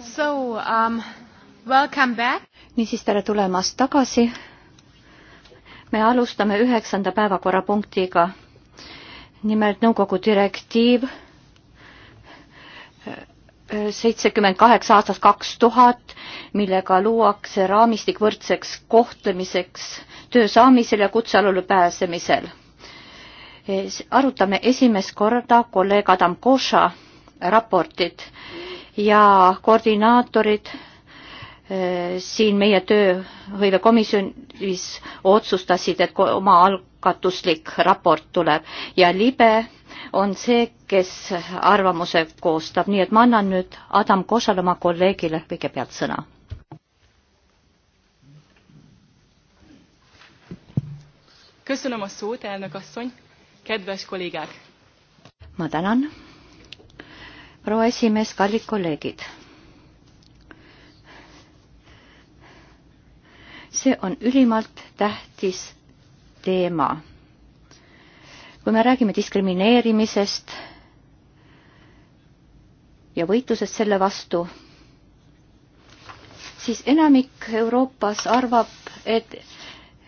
So um, welcome back. niisiis, tere tulemast tagasi. me alustame üheksanda päevakorrapunktiga. nimelt nõukogu direktiiv äh, äh, seitsekümmend kaheksa aastast kaks tuhat, millega luuakse raamistik võrdseks kohtlemiseks töö saamisel ja kutsealule pääsemisel. Äh, arutame esimest korda kolleeg Adam Koša raportit ja koordinaatorid eh, siin meie tööhõivekomisjonis otsustasid, et oma algatuslik raport tuleb ja libe on see, kes arvamuse koostab, nii et ma annan nüüd Adam Košale, oma kolleegile, kõigepealt sõna. ma tänan proua esimees, kallid kolleegid. see on ülimalt tähtis teema. kui me räägime diskrimineerimisest ja võitlusest selle vastu, siis enamik Euroopas arvab, et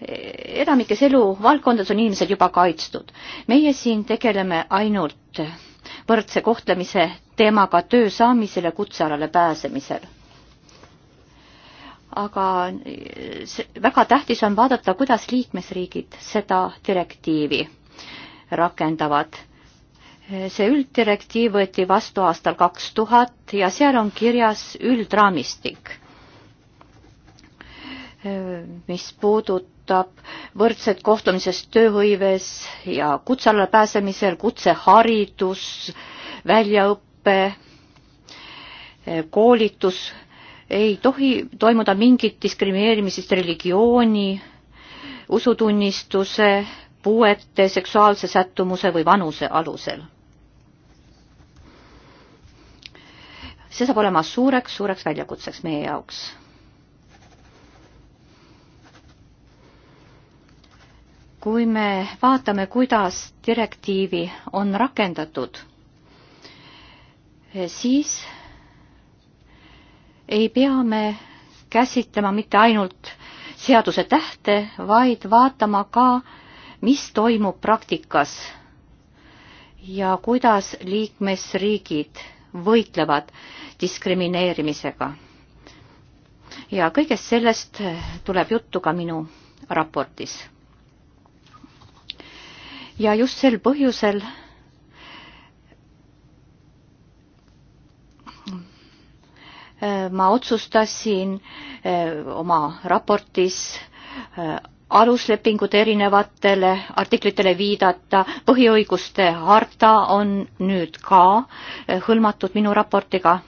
enamikes eluvaldkondades on inimesed juba kaitstud. meie siin tegeleme ainult võrdse kohtlemise teemaga töö saamisel ja kutsealale pääsemisel. aga see, väga tähtis on vaadata, kuidas liikmesriigid seda direktiivi rakendavad. see ülddirektiiv võeti vastu aastal kaks tuhat ja seal on kirjas üldraamistik, mis puudutab puudutab võrdset kohtumisest tööhõives ja kutsealale pääsemisel, kutseharidus, väljaõpe, koolitus, ei tohi toimuda mingit diskrimineerimisest religiooni, usutunnistuse, puuete, seksuaalse sättumuse või vanuse alusel. see saab olema suureks, suureks väljakutseks meie jaoks kui me vaatame, kuidas direktiivi on rakendatud, siis ei pea me käsitlema mitte ainult seaduse tähte, vaid vaatama ka, mis toimub praktikas ja kuidas liikmesriigid võitlevad diskrimineerimisega. ja kõigest sellest tuleb juttu ka minu raportis ja just sel põhjusel ma otsustasin eh, oma raportis eh, aluslepingud erinevatele artiklitele viidata, põhiõiguste harta on nüüd ka eh, hõlmatud minu raportiga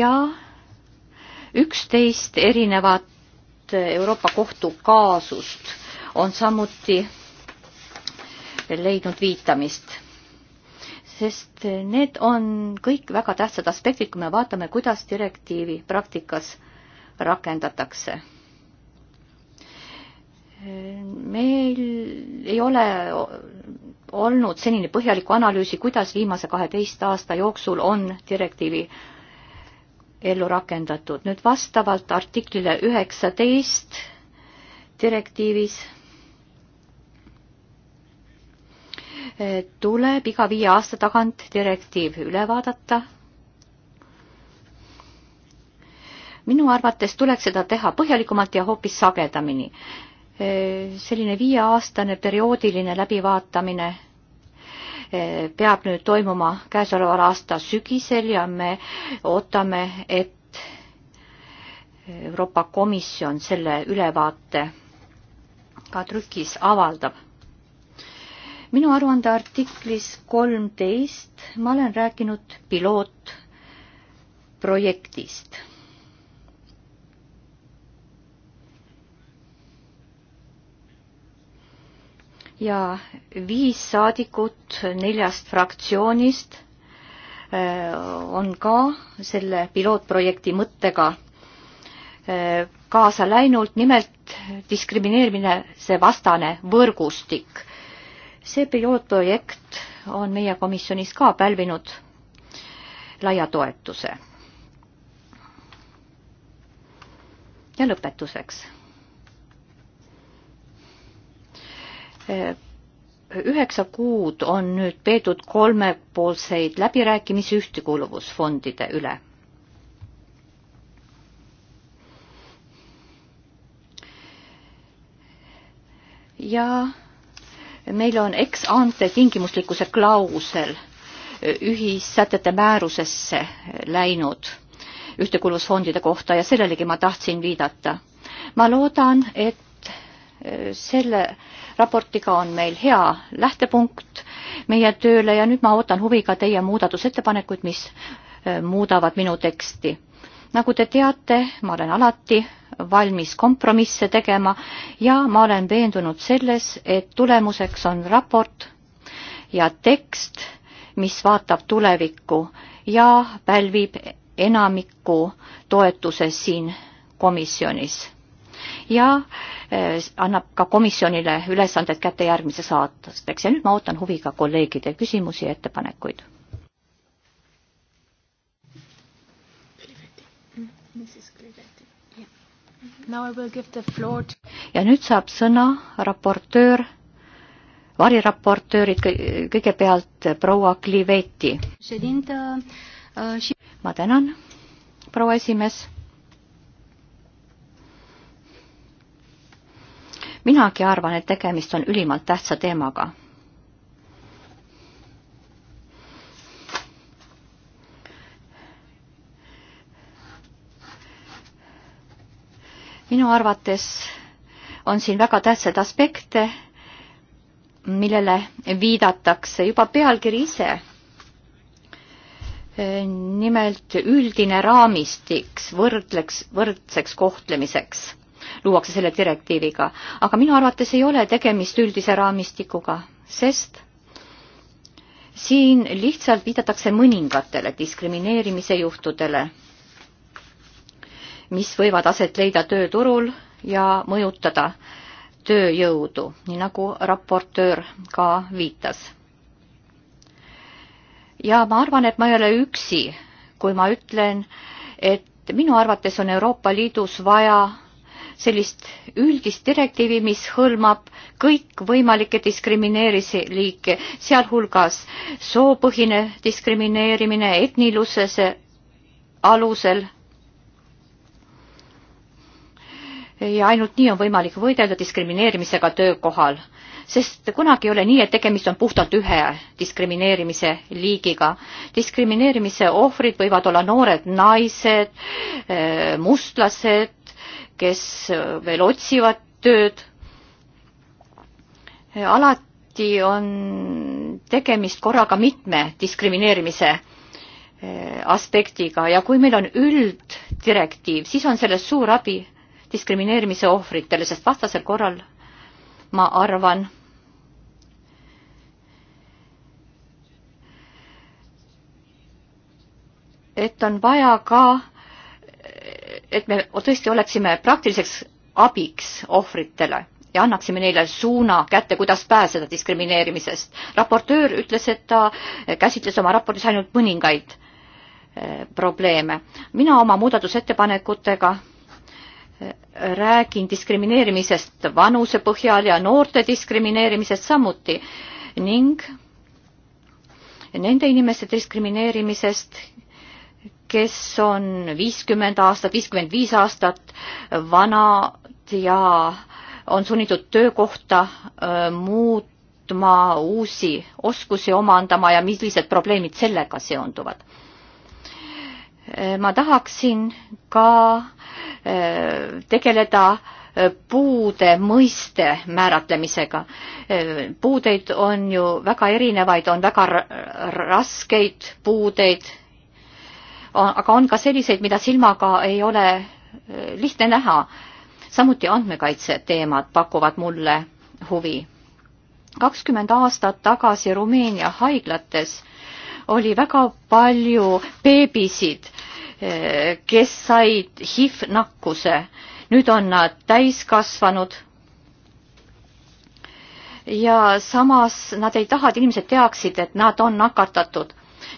ja üksteist erinevat Euroopa Kohtu kaasust on samuti leidnud viitamist. sest need on kõik väga tähtsad aspektid, kui me vaatame, kuidas direktiivi praktikas rakendatakse. meil ei ole olnud senini põhjalikku analüüsi, kuidas viimase kaheteist aasta jooksul on direktiivi ellu rakendatud. nüüd vastavalt artiklile üheksateist direktiivis tuleb iga viie aasta tagant direktiiv üle vaadata. minu arvates tuleks seda teha põhjalikumalt ja hoopis sagedamini. E, selline viieaastane perioodiline läbivaatamine e, peab nüüd toimuma käesoleval aasta sügisel ja me ootame, et Euroopa Komisjon selle ülevaate ka trükis avaldab minu aruande artiklis kolmteist ma olen rääkinud pilootprojektist. ja viis saadikut neljast fraktsioonist äh, on ka selle pilootprojekti mõttega äh, kaasa läinud, nimelt diskrimineerimise vastane võrgustik see pilootprojekt on meie komisjonis ka pälvinud laia toetuse. ja lõpetuseks. üheksa kuud on nüüd peetud kolmepoolseid läbirääkimisi ühtekuuluvusfondide üle. ja meil on ex-ante tingimuslikkuse klausel e, ühissätete määrusesse läinud ühtekuuluvusfondide kohta ja sellelegi ma tahtsin viidata. ma loodan, et e, selle raportiga on meil hea lähtepunkt meie tööle ja nüüd ma ootan huviga teie muudatusettepanekuid, mis e, muudavad minu teksti nagu te teate, ma olen alati valmis kompromisse tegema ja ma olen veendunud selles, et tulemuseks on raport ja tekst, mis vaatab tulevikku ja pälvib enamiku toetuse siin komisjonis ja eh, annab ka komisjonile ülesanded kätte järgmises aastateks ja nüüd ma ootan huviga kolleegide küsimusi ja ettepanekuid ja nüüd saab sõna raportöör, variraportöörid kõigepealt proua Kliveti. Äh, ma tänan, proua esimees. minagi arvan, et tegemist on ülimalt tähtsa teemaga minu arvates on siin väga tähtsaid aspekte, millele viidatakse juba pealkiri ise. nimelt üldine raamistik võrdleks, võrdseks kohtlemiseks luuakse selle direktiiviga, aga minu arvates ei ole tegemist üldise raamistikuga, sest siin lihtsalt viidatakse mõningatele diskrimineerimise juhtudele mis võivad aset leida tööturul ja mõjutada tööjõudu, nii nagu raportöör ka viitas. ja ma arvan, et ma ei ole üksi, kui ma ütlen, et minu arvates on Euroopa Liidus vaja sellist üldist direktiivi, mis hõlmab kõikvõimalikke diskrimineerilisi liike, sealhulgas soopõhine diskrimineerimine etniluse alusel ja ainult nii on võimalik võidelda diskrimineerimisega töökohal, sest kunagi ei ole nii, et tegemist on puhtalt ühe diskrimineerimise liigiga. diskrimineerimise ohvrid võivad olla noored naised, eh, mustlased, kes eh, veel otsivad tööd. Eh, alati on tegemist korraga mitme diskrimineerimise aspektiga ja kui meil on ülddirektiiv, siis on sellest suur abi diskrimineerimise ohvritele, sest vastasel korral ma arvan, et on vaja ka, et me tõesti oleksime praktiliseks abiks ohvritele ja annaksime neile suuna kätte, kuidas pääseda diskrimineerimisest. raportöör ütles, et ta käsitles oma raportis ainult mõningaid eh, probleeme. mina oma muudatusettepanekutega räägin diskrimineerimisest vanuse põhjal ja noorte diskrimineerimisest samuti ning nende inimeste diskrimineerimisest, kes on viiskümmend aastat, viiskümmend viis aastat vanad ja on sunnitud töökohta muutma, uusi oskusi omandama ja millised probleemid sellega seonduvad Eh, ma tahaksin ka eh, tegeleda eh, puude mõiste määratlemisega. puudeid on ju väga erinevaid, on väga raskeid puudeid, aga on ka selliseid, mida silmaga ei ole lihtne näha. samuti andmekaitse teemad pakuvad mulle huvi. kakskümmend aastat tagasi Rumeenia haiglates oli väga palju beebisid kes said HIV nakkuse. nüüd on nad täiskasvanud. ja samas nad ei taha, et inimesed teaksid, et nad on nakatatud.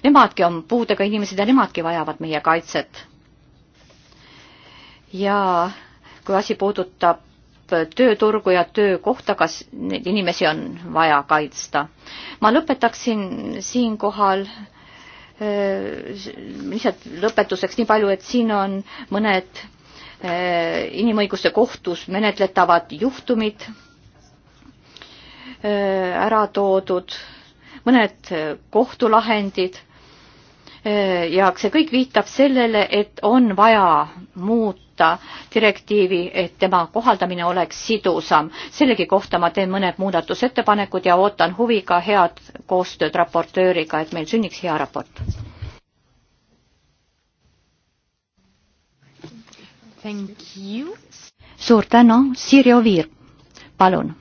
Nemadki on puudega inimesed ja nemadki vajavad meie kaitset. ja kui asi puudutab tööturgu ja töökohta, kas neid inimesi on vaja kaitsta. ma lõpetaksin siinkohal Äh, lihtsalt lõpetuseks nii palju, et siin on mõned äh, inimõiguste kohtus menetletavad juhtumid äh, ära toodud, mõned kohtulahendid Äh, ja see kõik viitab sellele, et on vaja muuta direktiivi, et tema kohaldamine oleks sidusam. sellegi kohta ma teen mõned muudatusettepanekud ja ootan huviga head koostööd raportööriga, et meil sünniks hea raport. suur tänu, Sirje Oviir, palun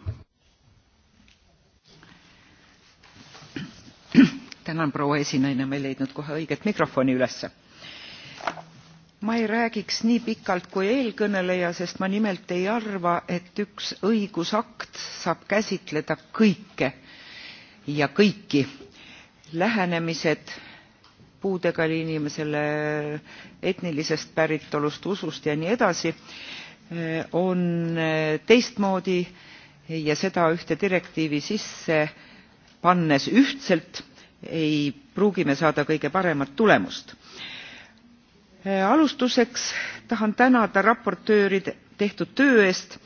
tänan proua esinaine ma ei leidnud kohe õiget mikrofoni ülesse ma ei räägiks nii pikalt kui eelkõneleja sest ma nimelt ei arva et üks õigusakt saab käsitleda kõike ja kõiki lähenemised puudega inimesele etnilisest päritolust usust ja nii edasi on teistmoodi ja seda ühte direktiivi sisse pannes ühtselt ei pruugi me saada kõige paremat tulemust. Äh, alustuseks tahan tänada raportööri tehtud töö eest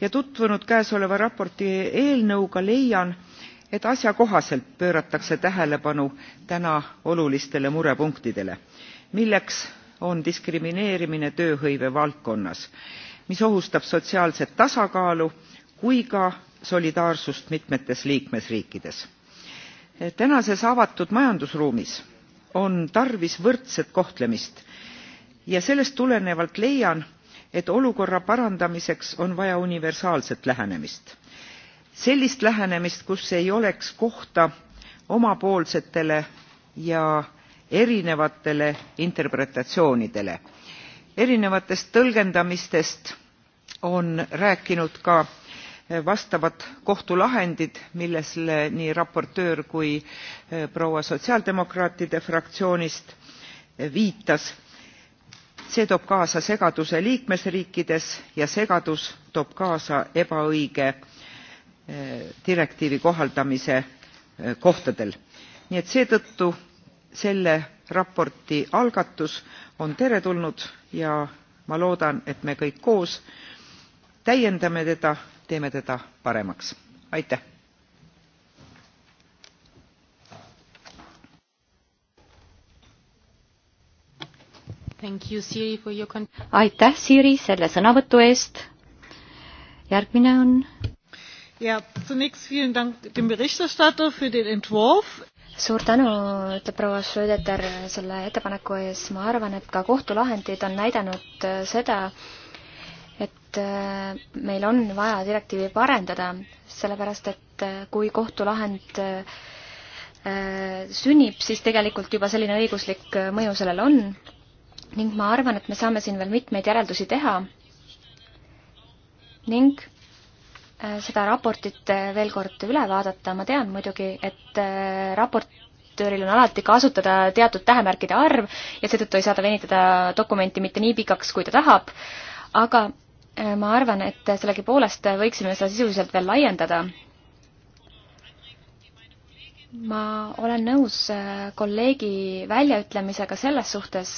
ja tutvunud käesoleva raporti eelnõuga leian et asjakohaselt pööratakse tähelepanu täna olulistele murepunktidele milleks on diskrimineerimine tööhõive valdkonnas mis ohustab sotsiaalset tasakaalu kui ka solidaarsust mitmetes liikmesriikides tänases avatud majandusruumis on tarvis võrdset kohtlemist ja sellest tulenevalt leian et olukorra parandamiseks on vaja universaalset lähenemist sellist lähenemist kus ei oleks kohta omapoolsetele ja erinevatele interpretatsioonidele. erinevatest tõlgendamistest on rääkinud ka vastavad kohtulahendid milles nii raportöör kui eh, proua sotsiaaldemokraatide fraktsioonist eh, viitas see toob kaasa segaduse liikmesriikides ja segadus toob kaasa ebaõige eh, direktiivi kohaldamise kohtadel nii et seetõttu selle raporti algatus on teretulnud ja ma loodan et me kõik koos täiendame teda teeme teda paremaks aitäh you, Siri, your... aitäh Siiri selle sõnavõtu eest järgmine on ja zunächst vielen Dank dem Berichterstatter für den Entwurf suur tänu, ütleb proua Schröder selle ettepaneku ees, ma arvan, et ka kohtulahendid on näidanud äh, seda, et äh, meil on vaja direktiivi parendada, sellepärast et äh, kui kohtulahend äh, sünnib, siis tegelikult juba selline õiguslik mõju sellel on ning ma arvan, et me saame siin veel mitmeid järeldusi teha ning seda raportit veel kord üle vaadata, ma tean muidugi, et raport direktööril on alati kasutada teatud tähemärkide arv ja seetõttu ei saa ta venitada dokumenti mitte nii pikaks, kui ta tahab, aga ma arvan, et sellegipoolest võiksime seda sisuliselt veel laiendada. ma olen nõus äh, kolleegi väljaütlemisega selles suhtes,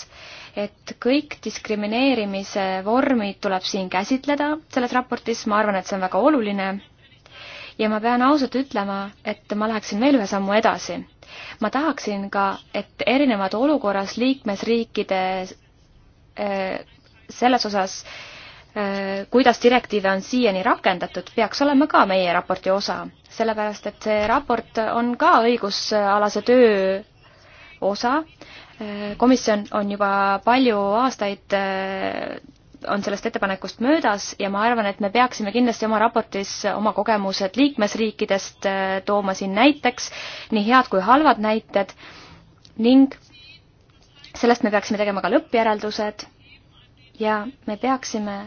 et kõik diskrimineerimise vormid tuleb siin käsitleda selles raportis, ma arvan, et see on väga oluline. ja ma pean ausalt ütlema, et ma läheksin veel ühe sammu edasi. ma tahaksin ka, et erinevad olukorras liikmesriikide äh, selles osas äh, Äh, kuidas direktiive on siiani rakendatud, peaks olema ka meie raporti osa, sellepärast et see raport on ka õigusalase töö osa. Äh, komisjon on juba palju aastaid, äh, on sellest ettepanekust möödas ja ma arvan, et me peaksime kindlasti oma raportis oma kogemused liikmesriikidest tooma siin näiteks, nii head kui halvad näited ning sellest me peaksime tegema ka lõppjäreldused ja me peaksime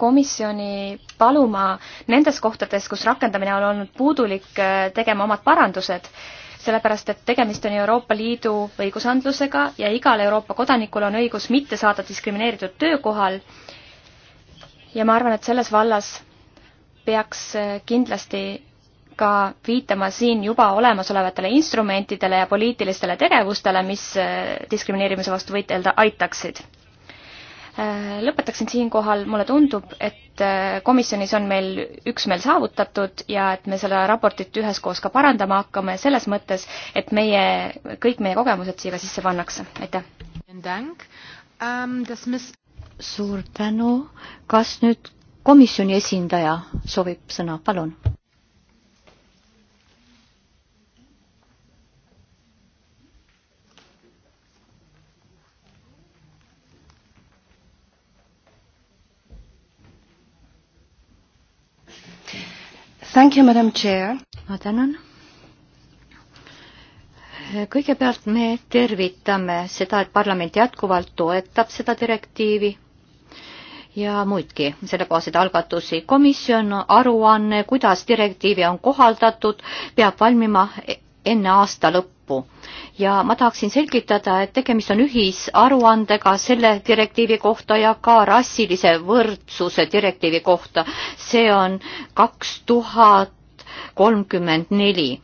komisjoni paluma nendes kohtades, kus rakendamine on olnud puudulik, äh, tegema omad parandused, sellepärast et tegemist on Euroopa Liidu õigusandlusega ja igal Euroopa kodanikul on õigus mitte saada diskrimineeritud töökohal. ja ma arvan, et selles vallas peaks äh, kindlasti ka viitama siin juba olemasolevatele instrumentidele ja poliitilistele tegevustele, mis äh, diskrimineerimise vastu võidelda aitaksid Äh, lõpetaksin siinkohal, mulle tundub, et äh, komisjonis on meil üksmeel saavutatud ja et me seda raportit üheskoos ka parandama hakkame selles mõttes, et meie, kõik meie kogemused siia ka sisse pannakse, aitäh. Ähm, suur tänu, kas nüüd komisjoni esindaja soovib sõna, palun? Thank you, madam chair. ma tänan. kõigepealt me tervitame seda, et parlament jätkuvalt toetab seda direktiivi ja muidki sellekohaseid algatusi. komisjon aruanne, kuidas direktiivi on kohaldatud, peab valmima enne aasta lõppu lõppu. ja ma tahaksin selgitada, et tegemist on ühisaruandega selle direktiivi kohta ja ka rassilise võrdsuse direktiivi kohta. see on kaks tuhat kolmkümmend neli.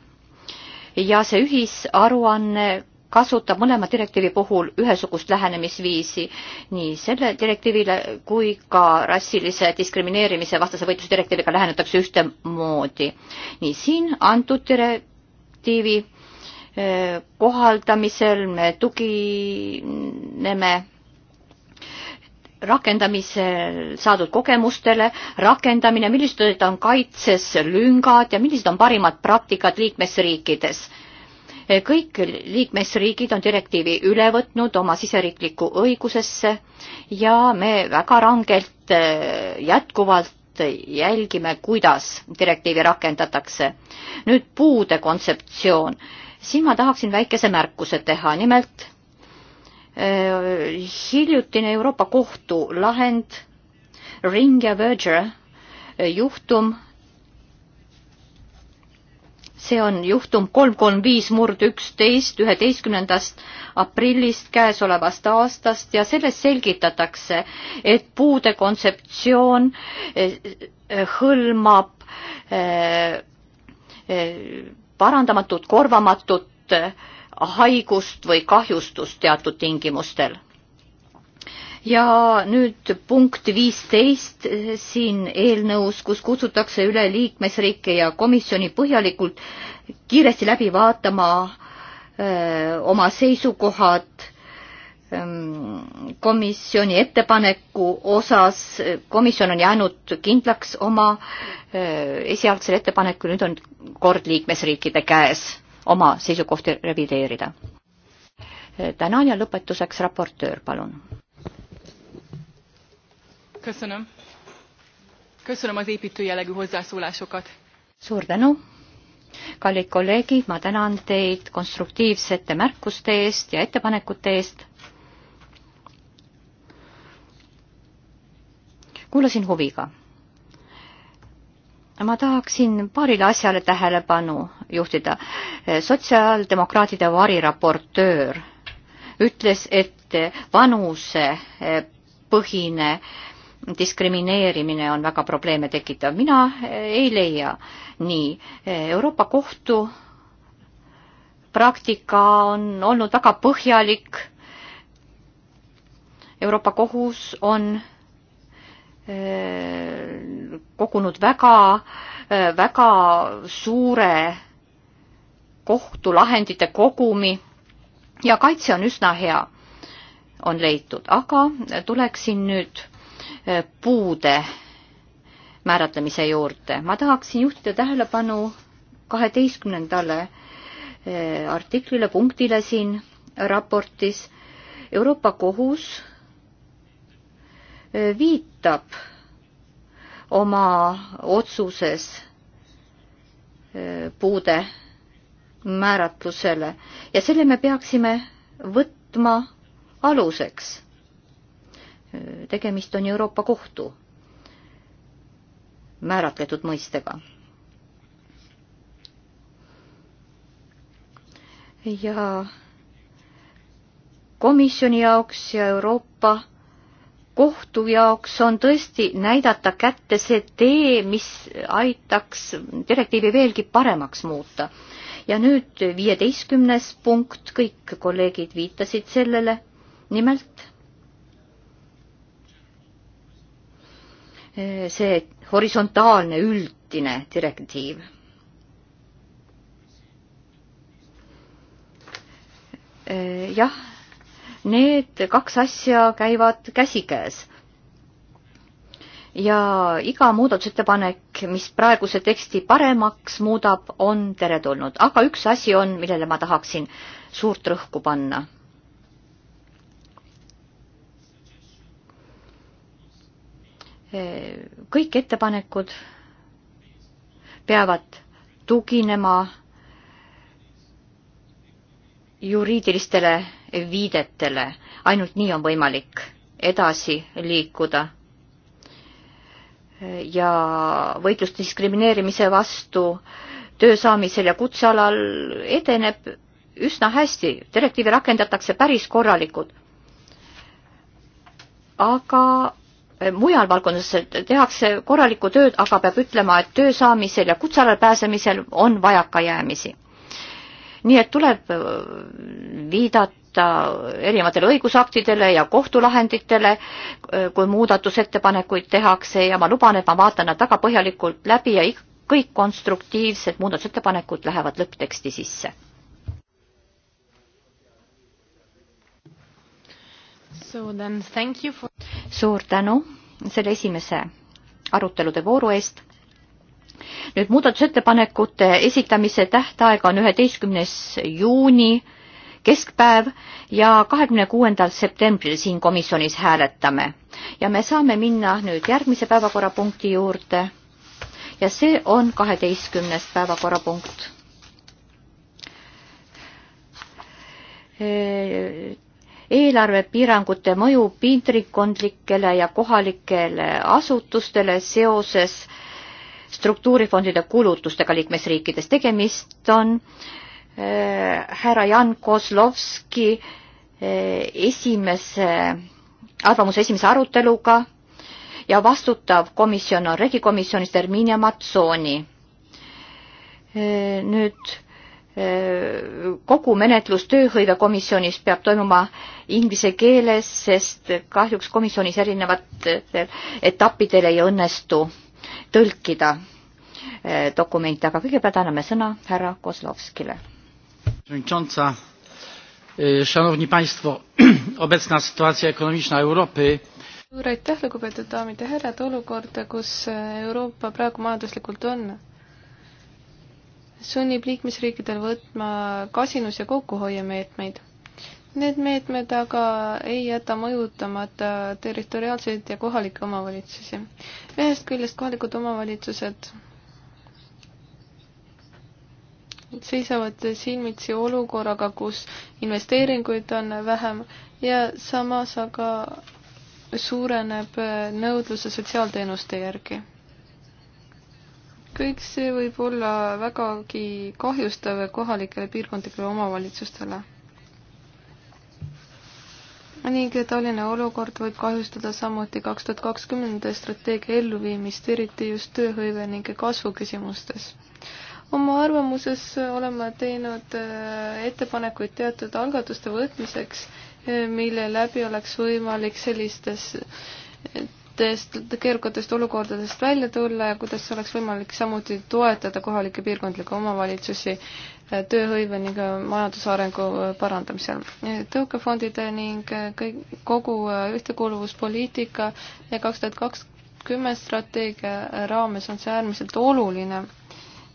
ja see ühisaruanne kasutab mõlema direktiivi puhul ühesugust lähenemisviisi nii selle direktiivile kui ka rassilise diskrimineerimise vastase võitluse direktiiviga lähenetakse ühtemoodi. nii siin antud direktiivi kohaldamisel me tugineme rakendamisel saadud kogemustele, rakendamine, millised on kaitses lüngad ja millised on parimad praktikad liikmesriikides. kõik liikmesriigid on direktiivi üle võtnud oma siseriiklikku õigusesse ja me väga rangelt äh, jätkuvalt jälgime, kuidas direktiivi rakendatakse. nüüd puude kontseptsioon siin ma tahaksin väikese märkuse teha, nimelt äh, hiljutine Euroopa Kohtu lahend Ring ja Verger äh, juhtum. see on juhtum kolm kolm viis murd üksteist üheteistkümnendast aprillist käesolevast aastast ja selles selgitatakse, et puude kontseptsioon äh, hõlmab parandamatut, korvamatut eh, haigust või kahjustust teatud tingimustel. ja nüüd punkt viisteist eh, siin eelnõus, kus kutsutakse üle liikmesriike ja komisjoni põhjalikult kiiresti läbi vaatama öö, eh, oma seisukohad Ähm, komisjoni ettepaneku osas, komisjon on jäänud kindlaks oma äh, esialgsele ettepanekule, nüüd on kord liikmesriikide käes oma seisukohti revideerida. Äh, tänan ja lõpetuseks raportöör, palun. köszönöm. köszönöm az építő jellegű hozzászólásokat. suur tänu kallid kolleegid, ma tänan teid konstruktiivsete märkuste eest ja ettepanekute eest kuulasin huviga. ma tahaksin paarile asjale tähelepanu juhtida. sotsiaaldemokraatide variraportöör ütles, et vanusepõhine diskrimineerimine on väga probleeme tekitav. mina ei leia nii. Euroopa Kohtu praktika on olnud väga põhjalik. Euroopa Kohus on kogunud väga, väga suure kohtulahendite kogumi ja kaitse on üsna hea, on leitud, aga tuleksin nüüd eh, puude määratlemise juurde. ma tahaksin juhtida tähelepanu kaheteistkümnendale eh, artiklile, punktile siin raportis. Euroopa Kohus viitab oma otsuses e, puude määratlusele ja selle me peaksime võtma aluseks. E, tegemist on Euroopa Kohtu määratletud mõistega. ja komisjoni jaoks ja Euroopa kohtu jaoks on tõesti näidata kätte see tee, mis aitaks direktiivi veelgi paremaks muuta. ja nüüd viieteistkümnes punkt, kõik kolleegid viitasid sellele, nimelt see horisontaalne üldine direktiiv. jah Need kaks asja käivad käsikäes. ja iga muudatusettepanek, mis praeguse teksti paremaks muudab, on teretulnud, aga üks asi on, millele ma tahaksin suurt rõhku panna kõik ettepanekud peavad tuginema juriidilistele viidetele, ainult nii on võimalik edasi liikuda. ja võitlus diskrimineerimise vastu töö saamisel ja kutsealal edeneb üsna hästi, direktiivi rakendatakse päris korralikult. aga mujal valdkondades tehakse korralikku tööd, aga peab ütlema, et töö saamisel ja kutsealal pääsemisel on vajakajäämisi nii et tuleb äh, viidata erinevatele õigusaktidele ja kohtulahenditele, äh, kui muudatusettepanekuid tehakse ja ma luban, et ma vaatan nad väga põhjalikult läbi ja kõik konstruktiivsed muudatusettepanekud lähevad lõppteksti sisse. For... suur tänu selle esimese arutelude vooru eest nüüd muudatusettepanekute esitamise tähtaeg on üheteistkümnes juuni keskpäev ja kahekümne kuuendal septembril siin komisjonis hääletame. ja me saame minna nüüd järgmise päevakorrapunkti juurde ja see on kaheteistkümnes päevakorrapunkt. eelarvepiirangute mõju piirkondlikele ja kohalikele asutustele seoses struktuurifondide kulutustega liikmesriikides. tegemist on äh, härra Jan Kozlovski äh, esimese, arvamuse esimese aruteluga ja vastutav komisjon on regikomisjonis Terminia Matsooni äh,. nüüd äh, kogu menetlus tööhõivekomisjonis peab toimuma inglise keeles, sest kahjuks komisjonis erinevatel etappidel ei õnnestu tõlkida eh, dokumente, aga kõigepealt anname sõna härra Kozlovskile. Eh, szanowni Państwo, obecna sytuacja ekonomiczna Europy suur aitäh, lugupeetud daamid ja härrad, olukorda, kus Euroopa praegu majanduslikult on, sunnib liikmesriikidel võtma kasinus- ja kokkuhoiumeetmeid Need meetmed aga ei jäta mõjutamata territoriaalseid ja kohalikke omavalitsusi. ühest küljest kohalikud omavalitsused seisavad silmitsi olukorraga, kus investeeringuid on vähem ja samas aga suureneb nõudluse sotsiaalteenuste järgi. kõik see võib olla vägagi kahjustav kohalikele piirkondlikele omavalitsustele ning taoline olukord võib kahjustada samuti kaks tuhat kakskümmend strateegia elluviimist, eriti just tööhõive ning kasvu küsimustes. oma arvamuses oleme teinud äh, ettepanekuid teatud algatuste võtmiseks, äh, mille läbi oleks võimalik sellistest keerukatest olukordadest välja tulla ja kuidas oleks võimalik samuti toetada kohalikke piirkondlikke omavalitsusi tööhõive ning majandusarengu parandamisel. tõukefondid ning kõik, kogu ühtekuuluvuspoliitika ja kaks tuhat kakskümmend strateegia raames on see äärmiselt oluline.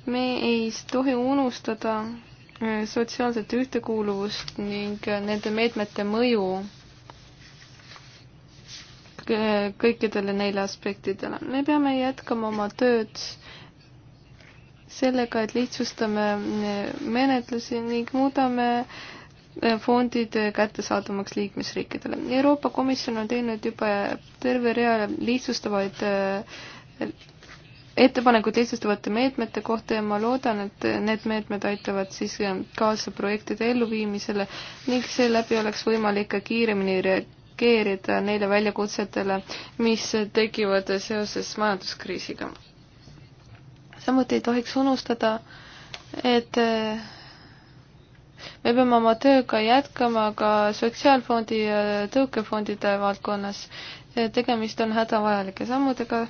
me ei tohi unustada sotsiaalset ühtekuuluvust ning nende meetmete mõju kõikidele neile aspektidele. me peame jätkama oma tööd sellega, et lihtsustame eh, menetlusi ning muudame eh, fondid eh, kättesaadavamaks liikmesriikidele. Euroopa Komisjon on teinud juba terve rea lihtsustavaid ettepanekud lihtsustavate meetmete kohta ja ma loodan, et need meetmed aitavad siis kaasa projektide elluviimisele ning seeläbi oleks võimalik ka kiiremini reageerida neile väljakutsetele, mis tekivad seoses majanduskriisiga samuti ei tohiks unustada, et äh, me peame oma tööga jätkama ka Sotsiaalfondi ja tõukefondide valdkonnas. tegemist on hädavajalike sammudega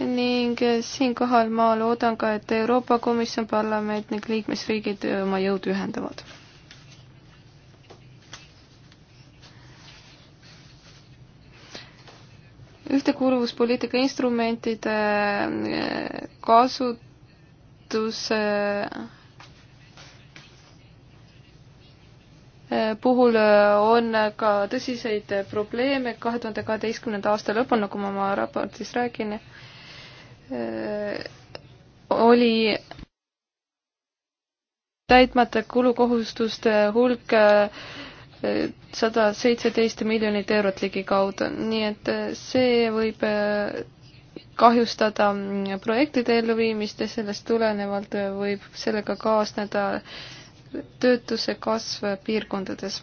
ning äh, siinkohal ma loodan ka, et Euroopa Komisjon, parlament ning liikmesriigid oma jõud ühendavad ühtekuuluvuspoliitika instrumentide äh, kasutuse äh, puhul äh, on ka tõsiseid probleeme kahe tuhande kaheteistkümnenda aasta lõpul, nagu ma oma raportis räägin, oli täitmata kulukohustuste hulk sada seitseteist miljonit eurot ligikaudu, nii et äh, see võib äh, kahjustada mm, projektide elluviimist ja sellest tulenevalt äh, võib sellega kaasneda töötuse kasv piirkondades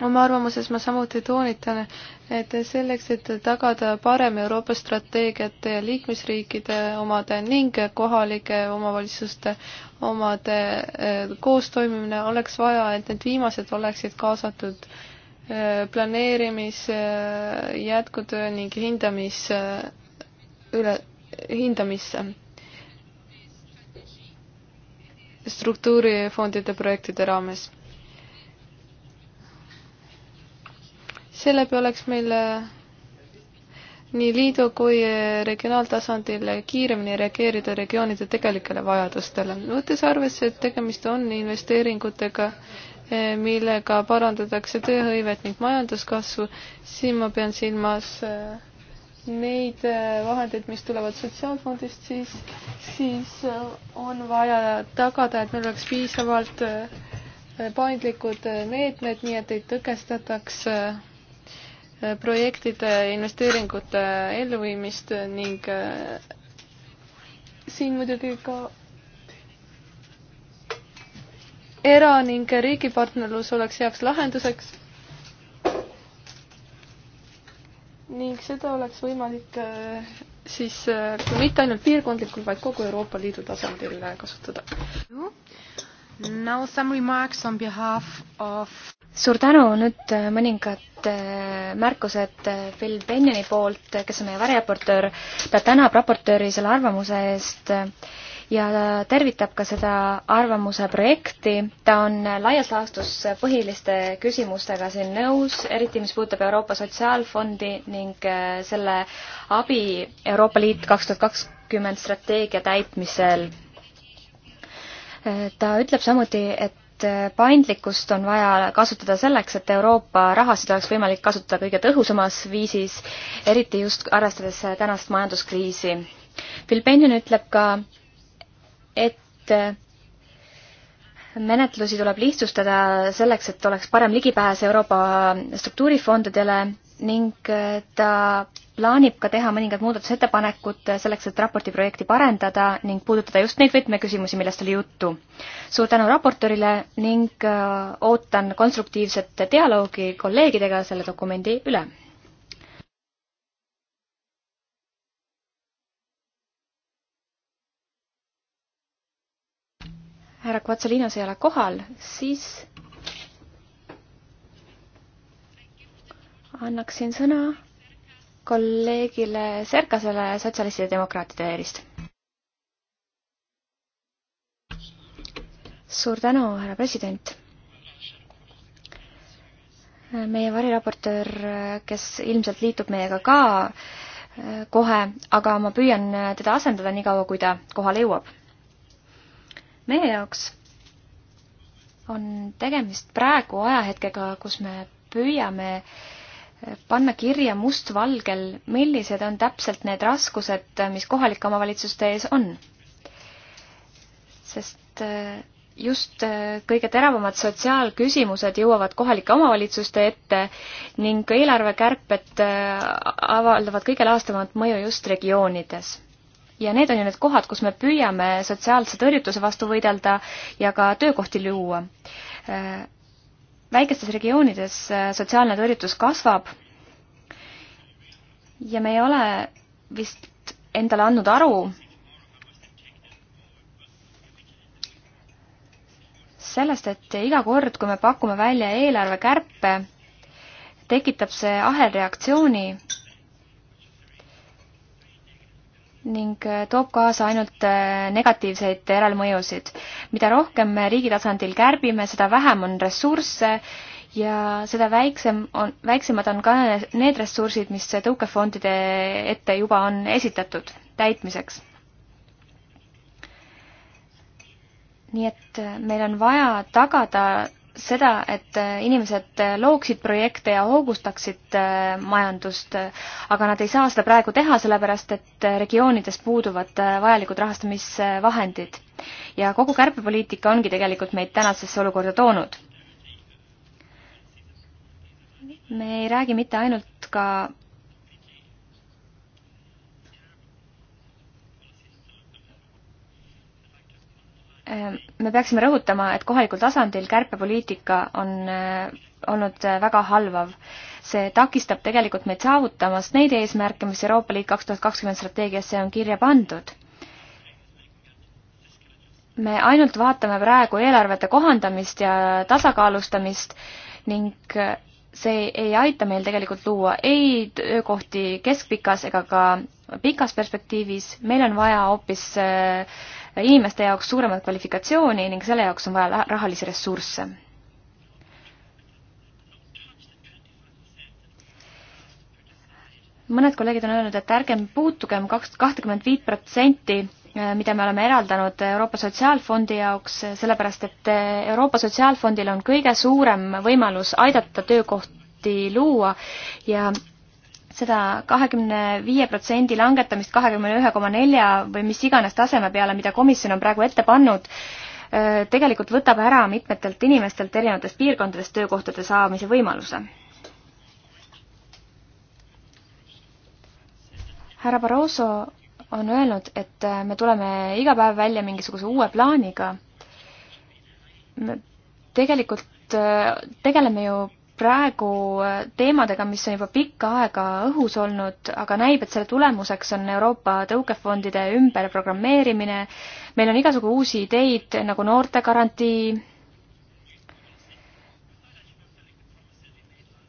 oma arvamuses ma samuti toonitan, et selleks, et tagada parem Euroopa strateegiate ja liikmesriikide omade ning kohalike omavalitsuste omade eh, koostoimimine, oleks vaja, et need viimased oleksid kaasatud eh, planeerimis, eh, jätkutöö ning hindamis üle, hindamisse struktuurifondide projektide raames seeläbi oleks meil äh, nii liidu kui äh, regionaaltasandil äh, kiiremini reageerida regioonide tegelikele vajadustele, võttes arvesse, et tegemist on investeeringutega, millega parandatakse tööhõivet ning majanduskasvu, siin ma pean silmas neid vahendeid, mis tulevad Sotsiaalfondist, siis, siis on vaja tagada, et meil oleks piisavalt paindlikud meetmed, nii et ei tõkestataks projektide investeeringute elluviimist ning äh, siin muidugi ka era- ning riigipartnerlus oleks heaks lahenduseks. ning seda oleks võimalik äh, siis äh, mitte ainult piirkondlikul, vaid kogu Euroopa Liidu tasandil kasutada. Now some remarks on behalf of suur tänu, nüüd äh, mõningad äh, märkused äh, Phil Benjoni poolt, kes on meie variraportöör. ta tänab raportööri selle arvamuse eest ja ta tervitab ka seda arvamuse projekti. ta on laias laastus põhiliste küsimustega siin nõus, eriti mis puudutab Euroopa Sotsiaalfondi ning selle abi Euroopa Liit kaks tuhat kakskümmend strateegia täitmisel ta ütleb samuti, et et äh, paindlikkust on vaja kasutada selleks, et Euroopa rahasid oleks võimalik kasutada kõige tõhusamas viisis, eriti just arvestades äh, tänast majanduskriisi. Bill Benjon ütleb ka, et äh, menetlusi tuleb lihtsustada selleks, et oleks parem ligipääs Euroopa struktuurifondadele ning ta plaanib ka teha mõningad muudatusettepanekud selleks, et raporti projekti parendada ning puudutada just neid võtmeküsimusi, millest oli juttu. suur tänu raportöörile ning äh, ootan konstruktiivset dialoogi kolleegidega selle dokumendi üle. härra Kvatsalinos ei ole kohal, siis annaksin sõna kolleegile Serkasele sotsialistide ja demokraatide eelist. suur tänu, härra president meie variraportöör, kes ilmselt liitub meiega ka äh, kohe, aga ma püüan äh, teda asendada niikaua, kui ta kohale jõuab. meie jaoks on tegemist praegu ajahetkega, kus me püüame äh, panna kirja mustvalgel, millised on täpselt need raskused, mis kohalike omavalitsuste ees on. sest äh, just äh, kõige teravamad sotsiaalküsimused jõuavad kohalike omavalitsuste ette ning eelarvekärped äh, avaldavad kõige laastavat mõju just regioonides. ja need on ju need kohad, kus me püüame sotsiaalse tõrjutuse vastu võidelda ja ka töökohti luua väikestes regioonides äh, sotsiaalne tõrjutus kasvab ja me ei ole vist endale andnud aru sellest, et iga kord, kui me pakume välja eelarvekärpe, tekitab see ahelreaktsiooni ning äh, toob kaasa ainult äh, negatiivseid järelmõjusid. mida rohkem me riigi tasandil kärbime, seda vähem on ressursse ja seda väiksem on, väiksemad on ka need ressursid, mis tõukefondide ette juba on esitatud täitmiseks. nii et äh, meil on vaja tagada seda, et äh, inimesed äh, looksid projekte ja hoogustaksid äh, majandust, aga nad ei saa seda praegu teha, sellepärast et regioonides puuduvad vajalikud rahastamisvahendid. ja kogu kärpepoliitika ongi tegelikult meid tänasesse olukorda toonud. me ei räägi mitte ainult ka Ehm, me peaksime rõhutama, et kohalikul tasandil kärpepoliitika on eh, olnud eh, väga halvav. see takistab tegelikult meid saavutamast neid eesmärke, mis Euroopa Liit kaks tuhat kakskümmend strateegiasse on kirja pandud. me ainult vaatame praegu eelarvete kohandamist ja tasakaalustamist ning eh, see ei aita meil tegelikult luua ei töökohti keskpikas ega ka pikas perspektiivis, meil on vaja hoopis äh, inimeste jaoks suuremat kvalifikatsiooni ning selle jaoks on vaja rahalisi ressursse. mõned kolleegid on öelnud, et ärgem puutugem kaks, kahtekümmet viit protsenti äh, mida me oleme eraldanud Euroopa Sotsiaalfondi jaoks, sellepärast et äh, Euroopa Sotsiaalfondil on kõige suurem võimalus aidata töökohti luua ja seda kahekümne viie protsendi langetamist kahekümne ühe koma nelja või mis iganes taseme peale, mida komisjon on praegu ette pannud, tegelikult võtab ära mitmetelt inimestelt erinevates piirkondades töökohtade saamise võimaluse. härra Barroso on öelnud, et me tuleme iga päev välja mingisuguse uue plaaniga. me tegelikult tegeleme ju praegu äh, teemadega, mis on juba pikka aega õhus olnud, aga näib, et selle tulemuseks on Euroopa tõukefondide ümberprogrammeerimine. meil on igasugu uusi ideid nagu noortegarantii,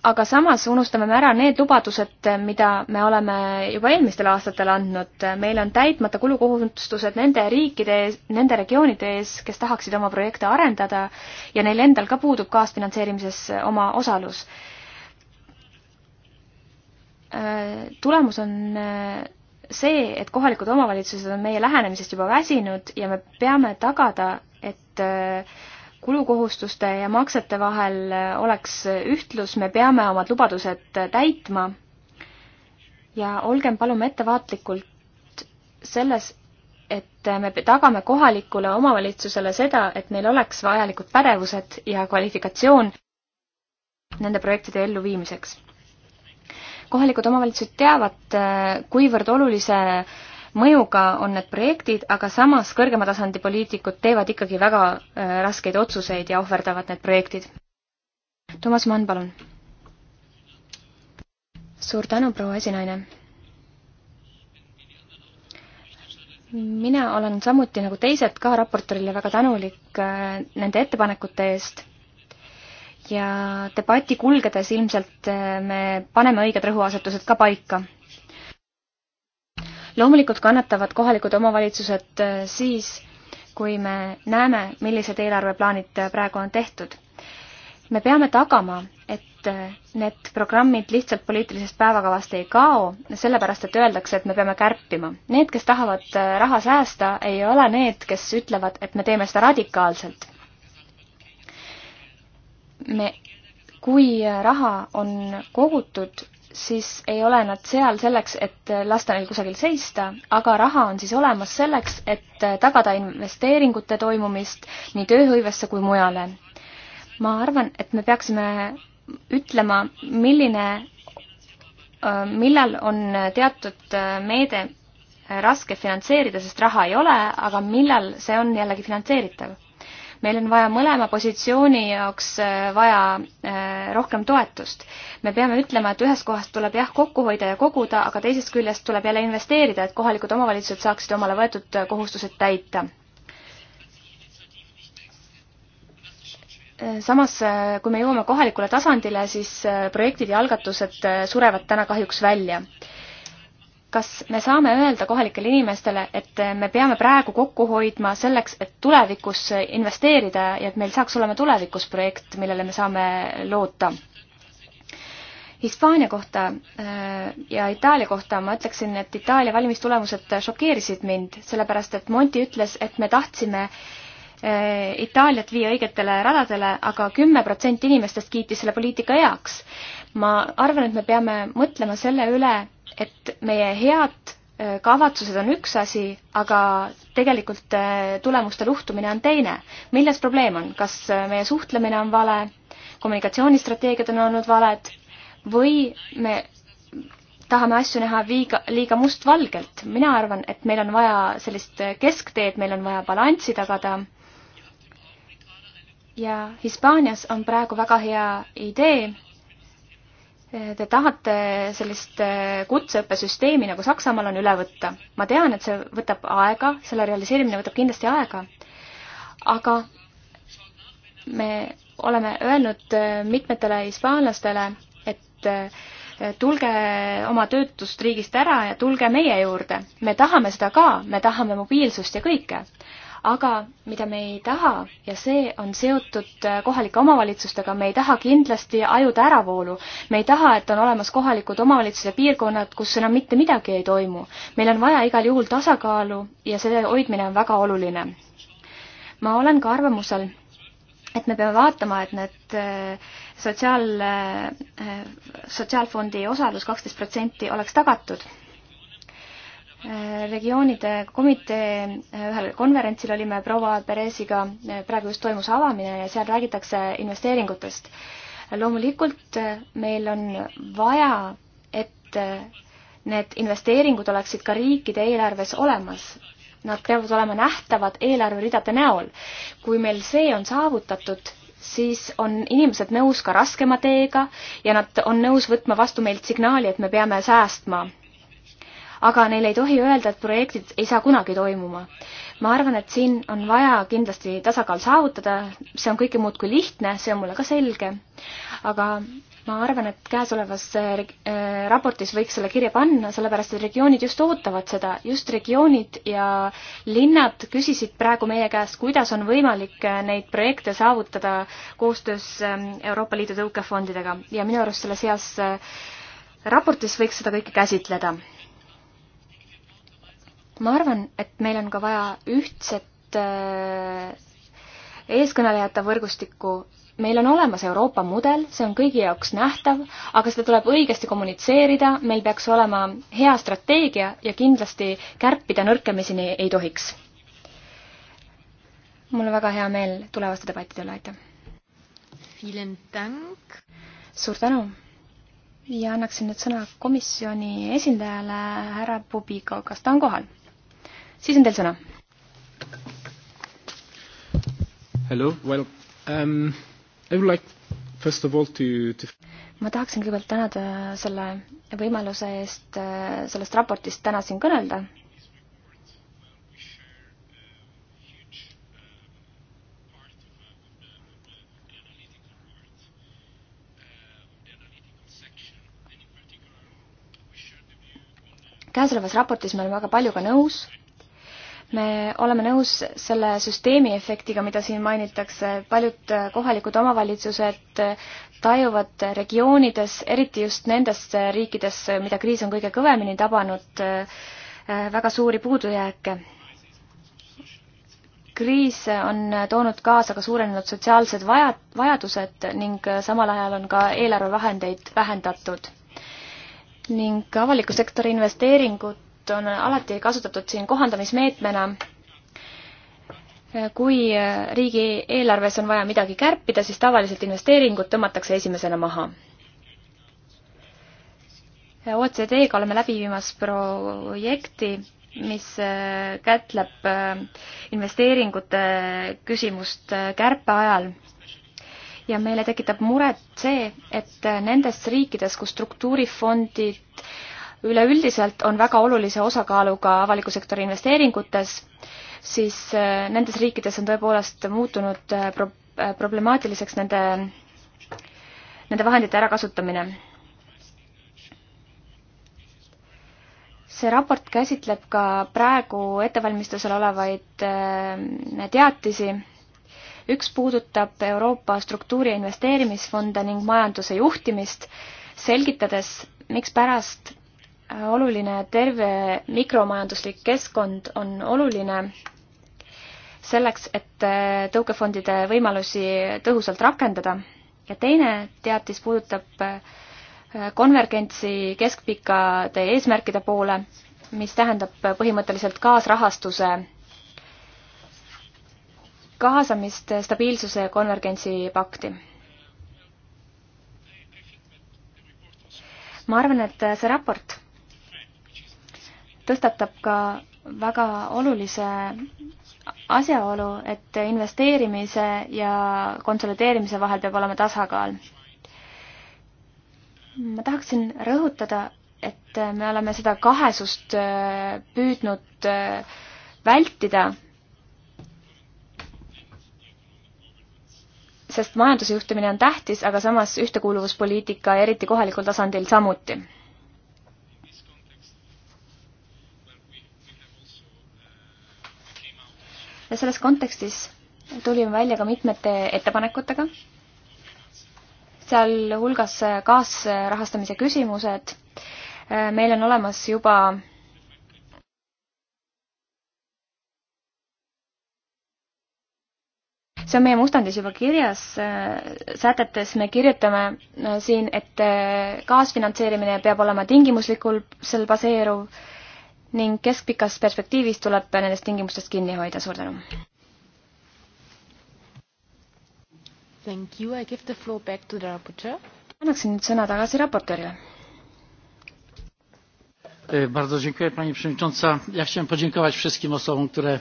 aga samas unustame me ära need lubadused, mida me oleme juba eelmistel aastatel andnud. meil on täitmata kulukohustused nende riikide ees, nende regioonide ees, kes tahaksid oma projekte arendada ja neil endal ka puudub kaasfinantseerimises oma osalus. Äh, tulemus on äh, see, et kohalikud omavalitsused on meie lähenemisest juba väsinud ja me peame tagada, et äh, kulukohustuste ja maksete vahel oleks ühtlus, me peame omad lubadused täitma. ja olgem palun ettevaatlikult selles, et me tagame kohalikule omavalitsusele seda, et neil oleks vajalikud pädevused ja kvalifikatsioon nende projektide elluviimiseks. kohalikud omavalitsused teavad, eh, kuivõrd olulise mõjuga on need projektid, aga samas kõrgema tasandi poliitikud teevad ikkagi väga äh, raskeid otsuseid ja ohverdavad need projektid. Toomas Mann, palun. suur tänu, proua esinaine. mina olen samuti nagu teised ka raportorile väga tänulik äh, nende ettepanekute eest ja debati kulgedes ilmselt äh, me paneme õiged rõhuasetused ka paika loomulikult kannatavad kohalikud omavalitsused äh, siis, kui me näeme, millised eelarveplaanid äh, praegu on tehtud. me peame tagama, et äh, need programmid lihtsalt poliitilisest päevakavast ei kao, sellepärast et öeldakse, et me peame kärpima. Need, kes tahavad raha säästa, ei ole need, kes ütlevad, et me teeme seda radikaalselt. me, kui raha on kogutud siis ei ole nad seal selleks, et lasta neil kusagil seista, aga raha on siis olemas selleks, et tagada investeeringute toimumist nii tööhõivesse kui mujale. ma arvan, et me peaksime ütlema, milline, millal on teatud meede raske finantseerida, sest raha ei ole, aga millal see on jällegi finantseeritav meil on vaja mõlema positsiooni jaoks äh, vaja äh, rohkem toetust. me peame ütlema, et ühest kohast tuleb jah, kokku hoida ja koguda, aga teisest küljest tuleb jälle investeerida, et kohalikud omavalitsused saaksid omale võetud äh, kohustused täita. samas, kui me jõuame kohalikule tasandile, siis projektid ja algatused surevad täna kahjuks välja kas me saame öelda kohalikele inimestele, et me peame praegu kokku hoidma selleks, et tulevikus investeerida ja et meil saaks olema tulevikus projekt, millele me saame loota? Hispaania kohta äh, ja Itaalia kohta ma ütleksin, et Itaalia valimistulemused šokeerisid mind, sellepärast et Monti ütles, et me tahtsime äh, Itaaliat viia õigetele radadele aga, aga kümme protsenti inimestest kiitis selle poliitika heaks. ma arvan, et me peame mõtlema selle üle, et meie head äh, kavatsused on üks asi, aga tegelikult äh, tulemuste luhtumine on teine. milles probleem on, kas äh, meie suhtlemine on vale, kommunikatsioonistrateegiad on olnud valed või me tahame asju näha liiga, liiga mustvalgelt. mina arvan, et meil on vaja sellist keskteed, meil on vaja balanssi tagada. ja Hispaanias on praegu väga hea idee te tahate sellist äh, kutseõppesüsteemi nagu Saksamaal on üle võtta. ma tean, et see võtab aega, selle realiseerimine võtab kindlasti aega, aga me oleme öelnud äh, mitmetele hispaanlastele, et äh, tulge oma töötust riigist ära ja tulge meie juurde. me tahame seda ka, me tahame mobiilsust ja kõike, aga mida me ei taha ja see on seotud äh, kohalike omavalitsustega, me ei taha kindlasti ajude äravoolu. me ei taha, et on olemas kohalikud omavalitsused ja piirkonnad, kus enam mitte midagi ei toimu. meil on vaja igal juhul tasakaalu ja selle hoidmine on väga oluline. ma olen ka arvamusel, et me peame vaatama, et need äh, sotsiaal, äh, sotsiaalfondi osalus kaksteist protsenti oleks tagatud Äh, regioonide komitee äh, ühel konverentsil olime proua Peresiga, äh, praegu just toimus avamine ja seal räägitakse investeeringutest. loomulikult meil on vaja, et need investeeringud oleksid ka riikide eelarves olemas. Nad peavad olema nähtavad eelarveridade näol. kui meil see on saavutatud, siis on inimesed nõus ka raskema teega ja nad on nõus võtma vastu meilt signaali, et me peame säästma aga neile ei tohi öelda, et projektid ei saa kunagi toimuma. ma arvan, et siin on vaja kindlasti tasakaal saavutada, see on kõike muud kui lihtne, see on mulle ka selge, aga ma arvan, et käesolevas äh, raportis võiks selle kirja panna, sellepärast et regioonid just ootavad seda, just regioonid ja linnad küsisid praegu meie käest, kuidas on võimalik äh, neid projekte saavutada koostöös ähm, Euroopa Liidu tõukefondidega ja minu arust selles heas äh, raportis võiks seda kõike käsitleda ma arvan, et meil on ka vaja ühtset äh, eeskõnelejate võrgustikku. meil on olemas Euroopa mudel, see on kõigi jaoks nähtav, aga seda tuleb õigesti kommunitseerida, meil peaks olema hea strateegia ja kindlasti kärpida nõrkemiseni ei tohiks. mul on väga hea meel tulevaste debattide üle, aitäh! suur tänu! ja annaksin nüüd sõna komisjoni esindajale, härra Pubigo, kas ta on kohal? siis on teil sõna. Hello, well um,, I would like first of all to, to ma tahaksin kõigepealt tänada selle võimaluse eest äh, sellest raportist täna siin kõnelda. käesolevas raportis me oleme väga paljuga nõus me oleme nõus selle süsteemi efektiga, mida siin mainitakse, paljud äh, kohalikud omavalitsused äh, tajuvad regioonides, eriti just nendes riikides, mida kriis on kõige kõvemini tabanud, äh, väga suuri puudujääke. kriis on toonud kaasa ka suurenenud sotsiaalsed vaja, vajadused ning samal ajal on ka eelarvevahendeid vähendatud ning avaliku sektori investeeringud on alati kasutatud siin kohandamismeetmena. kui riigieelarves on vaja midagi kärpida, siis tavaliselt investeeringud tõmmatakse esimesena maha. OECD-ga oleme läbi viimas projekti, mis kätleb investeeringute küsimust kärpe ajal ja meile tekitab muret see, et nendes riikides, kus struktuurifondid üleüldiselt on väga olulise osakaaluga avaliku sektori investeeringutes, siis äh, nendes riikides on tõepoolest muutunud äh, pro-, äh, problemaatiliseks nende, nende vahendite ärakasutamine. see raport käsitleb ka praegu ettevalmistusel olevaid teatisi üks puudutab Euroopa struktuuri investeerimisfonde ning majanduse juhtimist, selgitades, mikspärast oluline terve mikromajanduslik keskkond on oluline selleks, et äh, tõukefondide võimalusi tõhusalt rakendada. ja teine teatis puudutab äh, konvergentsi keskpikade eesmärkide poole, mis tähendab äh, põhimõtteliselt kaasrahastuse kaasamist stabiilsuse ja konvergentsi pakti. ma arvan, et see raport tõstatab ka väga olulise asjaolu, et investeerimise ja konsolideerimise vahel peab olema tasakaal. ma tahaksin rõhutada, et me oleme seda kahesust äh, püüdnud äh, vältida, sest majanduse juhtimine on tähtis, aga samas ühtekuuluvuspoliitika, eriti kohalikul tasandil, samuti selles kontekstis tulime välja ka mitmete ettepanekutega, sealhulgas kaasrahastamise küsimused. meil on olemas juba see on meie mustandis juba kirjas sätetes, me kirjutame siin, et kaasfinantseerimine peab olema tingimuslikul, seal baseeruv ning keskpikas perspektiivis tuleb nendest tingimustest kinni hoida, suur tänu. Thank you, I give the floor back to the raporteur. annaksin nüüd sõna tagasi raportöörile. E, bardzo dziękuję Pani Przewodnicząca. Ja chciałem podziękować wszystkim osobom, które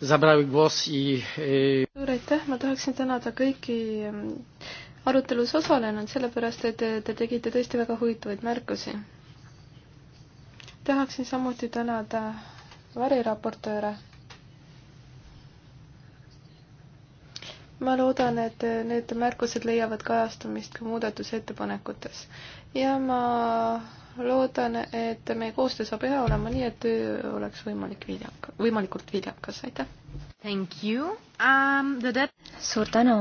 zabrały głos i... E, suur aitäh, ma tahaksin tänada kõiki mm, arutelus osalenud, sellepärast et te tegite tõesti väga huvitavaid märkusi tahaksin samuti tänada variraportööre. ma loodan, et need märkused leiavad kajastamist ka muudatusettepanekutes ja ma loodan, et meie koostöö saab hea olema nii, et töö oleks võimalik viljaka, võimalikult viljakas, aitäh! Thank you um,. The... suur tänu!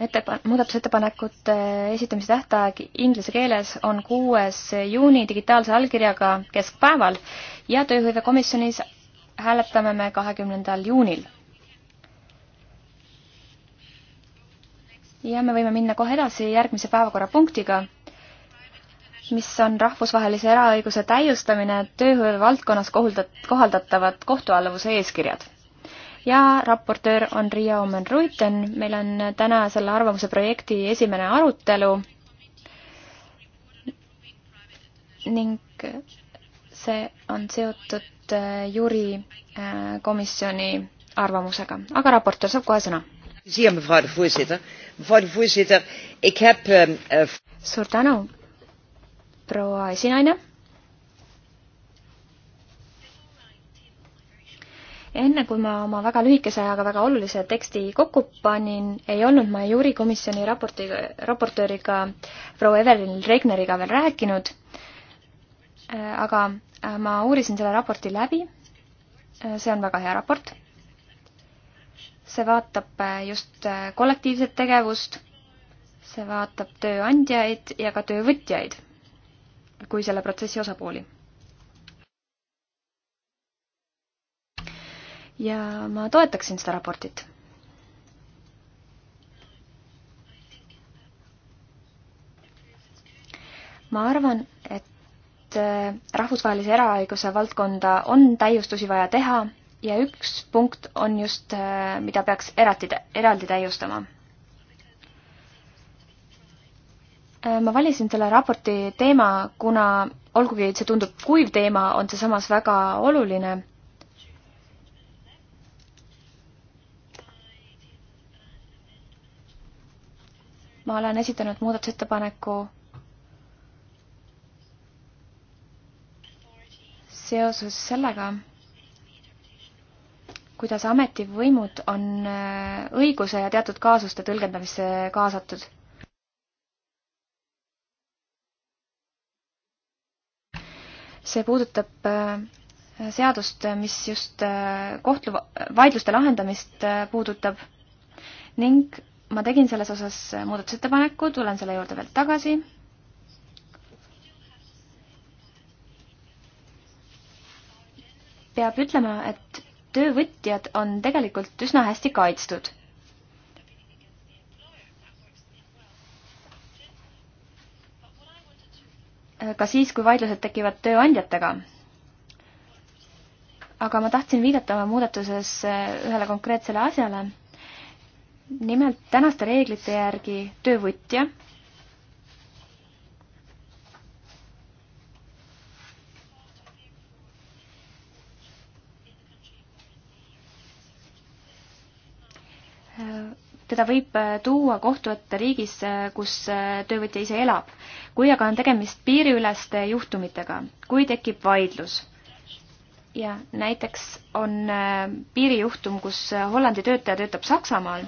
ettepan-, muudatusettepanekute esitamise tähtaeg inglise keeles on kuues juuni digitaalse allkirjaga keskpäeval ja tööhõivekomisjonis hääletame me kahekümnendal juunil. ja me võime minna kohe edasi järgmise päevakorrapunktiga, mis on rahvusvahelise eraõiguse täiustamine tööhõive valdkonnas kohuldat-, kohaldatavad kohtualluvuse eeskirjad ja raportöör on Riia Omen-Ruiten. meil on täna selle arvamuse projekti esimene arutelu ning see on seotud äh, juri äh, komisjoni arvamusega, aga raportöör saab kohe sõna. Ehm, eh, suur tänu, proua esinaine enne kui ma oma väga lühikese, aga väga olulise teksti kokku panin, ei olnud ma juurikomisjoni raporti, raportööriga proua Evelyn Regneriga veel rääkinud, äh, aga äh, ma uurisin selle raporti läbi, äh, see on väga hea raport, see vaatab just kollektiivset tegevust, see vaatab tööandjaid ja ka töövõtjaid kui selle protsessi osapooli ja ma toetaksin seda raportit. ma arvan, et äh, rahvusvahelise eraõiguse valdkonda on täiustusi vaja teha ja üks punkt on just, äh, mida peaks eraldi, eraldi täiustama äh, ma valisin selle raporti teema, kuna olgugi, et see tundub kuiv teema, on see samas väga oluline ma olen esitanud muudatusettepaneku seoses sellega, kuidas ametivõimud on äh, õiguse ja teatud kaasuste tõlgendamisse kaasatud. see puudutab äh, seadust, mis just äh, kohtu vaidluste lahendamist puudutab ning ma tegin selles osas muudatusettepaneku, tulen selle juurde veel tagasi. peab ütlema, et töövõtjad on tegelikult üsna hästi kaitstud. ka siis, kui vaidlused tekivad tööandjatega. aga ma tahtsin viidata oma muudatuses ühele konkreetsele asjale nimelt tänaste reeglite järgi töövõtja teda võib tuua kohtu ette riigis, kus töövõtja ise elab. kui aga on tegemist piiriüleste juhtumitega, kui tekib vaidlus ja näiteks on piirijuhtum, kus Hollandi töötaja töötab Saksamaal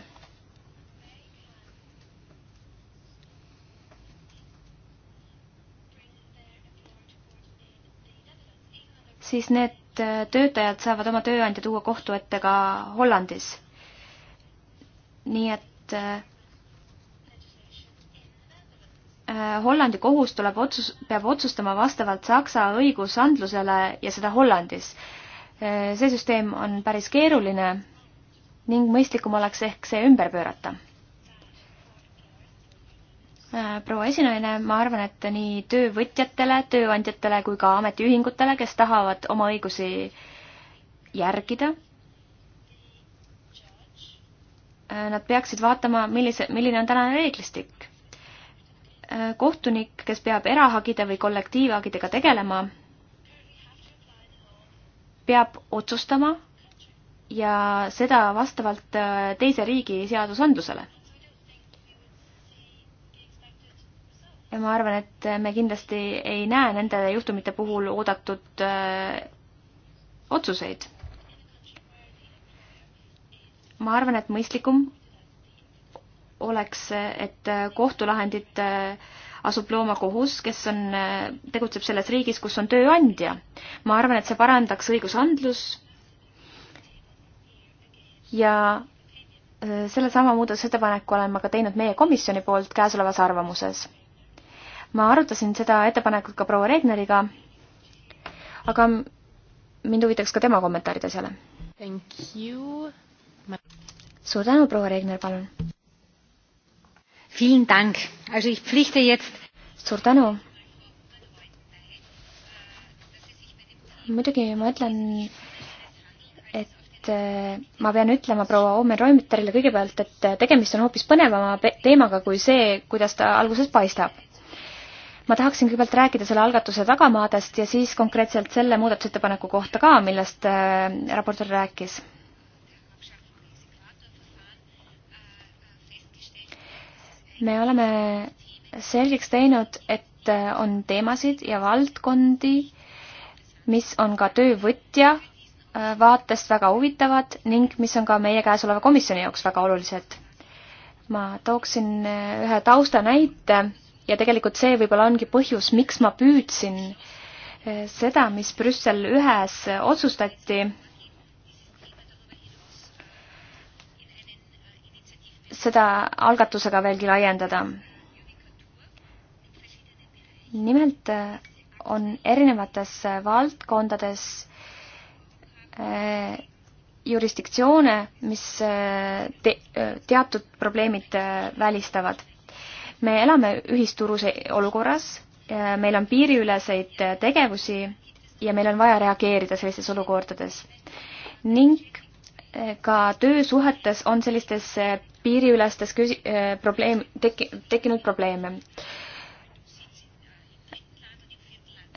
siis need äh, töötajad saavad oma tööandja tuua kohtu ette ka Hollandis. nii et äh, äh, Hollandi kohus tuleb otsus, peab otsustama vastavalt Saksa õigusandlusele ja seda Hollandis. see süsteem on päris keeruline ning mõistlikum oleks ehk see ümber pöörata Äh, proua esinaine, ma arvan, et nii töövõtjatele, tööandjatele kui ka ametiühingutele, kes tahavad oma õigusi järgida, äh, nad peaksid vaatama, millise, milline on tänane reeglistik. Äh, kohtunik, kes peab erahagide või kollektiivhagidega tegelema, peab otsustama ja seda vastavalt teise riigi seadusandlusele ja ma arvan, et me kindlasti ei näe nende juhtumite puhul oodatud öö, äh, otsuseid. ma arvan, et mõistlikum oleks, et kohtulahendit äh, asub looma kohus, kes on, äh, tegutseb selles riigis, kus on tööandja. ma arvan, et see parandaks õigusandlus ja sellesama muudatusettepaneku olen ma ka teinud meie komisjoni poolt käesolevas arvamuses ma arutasin seda ettepanekut ka proua Regneriga, aga mind huvitaks ka tema kommentaarid asjale. suur tänu, proua Regner, palun. suur tänu. muidugi ma ütlen, et äh, ma pean ütlema proua Omen Roimterile kõigepealt, et tegemist on hoopis põnevama teemaga kui see, kuidas ta alguses paistab ma tahaksin kõigepealt rääkida selle algatuse tagamaadest ja siis konkreetselt selle muudatusettepaneku kohta ka, millest äh, raportöör rääkis. me oleme selgeks teinud, et äh, on teemasid ja valdkondi, mis on ka töövõtja äh, vaatest väga huvitavad ning mis on ka meie käesoleva komisjoni jaoks väga olulised. ma tooksin ühe taustanäite ja tegelikult see võib-olla ongi põhjus, miks ma püüdsin eh, seda, mis Brüssel ühes otsustati, seda algatusega veelgi laiendada. nimelt eh, on erinevates eh, valdkondades jurisdiktsioone, mis te teatud probleemid välistavad me elame ühisturus olukorras, meil on piiriüleseid tegevusi ja meil on vaja reageerida sellistes olukordades. ning eh, ka töösuhetes on sellistes eh, piiriülestes küsi-, eh, probleem, teki-, tekkinud probleeme.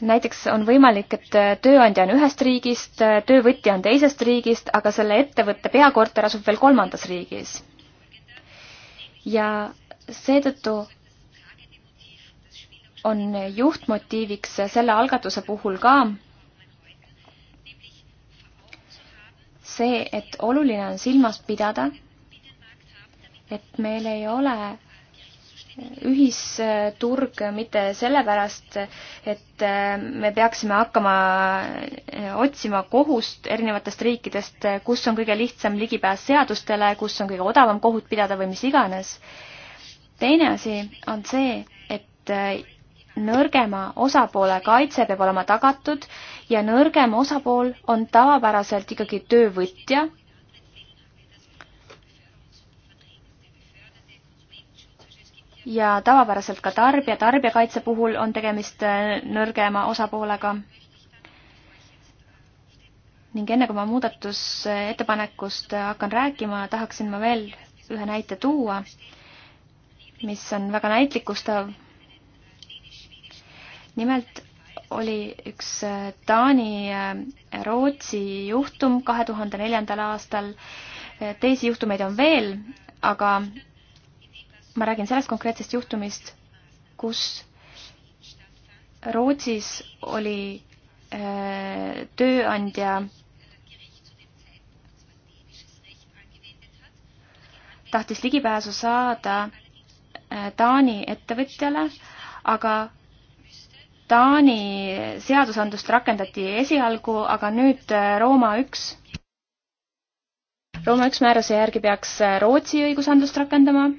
näiteks on võimalik, et tööandja on ühest riigist, töövõtja on teisest riigist, aga selle ettevõtte peakorter asub veel kolmandas riigis. ja seetõttu on juhtmotiiviks selle algatuse puhul ka see, et oluline on silmas pidada, et meil ei ole ühisturg mitte sellepärast, et me peaksime hakkama otsima kohust erinevatest riikidest, kus on kõige lihtsam ligipääs seadustele, kus on kõige odavam kohut pidada või mis iganes teine asi on see, et äh, nõrgema osapoole kaitse peab olema tagatud ja nõrgem osapool on tavapäraselt ikkagi töövõtja. ja tavapäraselt ka tarbija, tarbijakaitse puhul on tegemist äh, nõrgema osapoolega ning enne kui ma muudatusettepanekust äh, hakkan rääkima, tahaksin ma veel ühe näite tuua mis on väga näitlikustav. nimelt oli üks äh, Taani-Rootsi äh, juhtum kahe tuhande neljandal aastal. Äh, teisi juhtumeid on veel, aga ma räägin sellest konkreetsest juhtumist, kus Rootsis oli tööandja tahtis ligipääsu saada Äh, Taani ettevõtjale, aga Taani seadusandlust rakendati esialgu, aga nüüd äh, Rooma üks, Rooma üks määruse järgi peaks äh, Rootsi õigusandlust rakendama.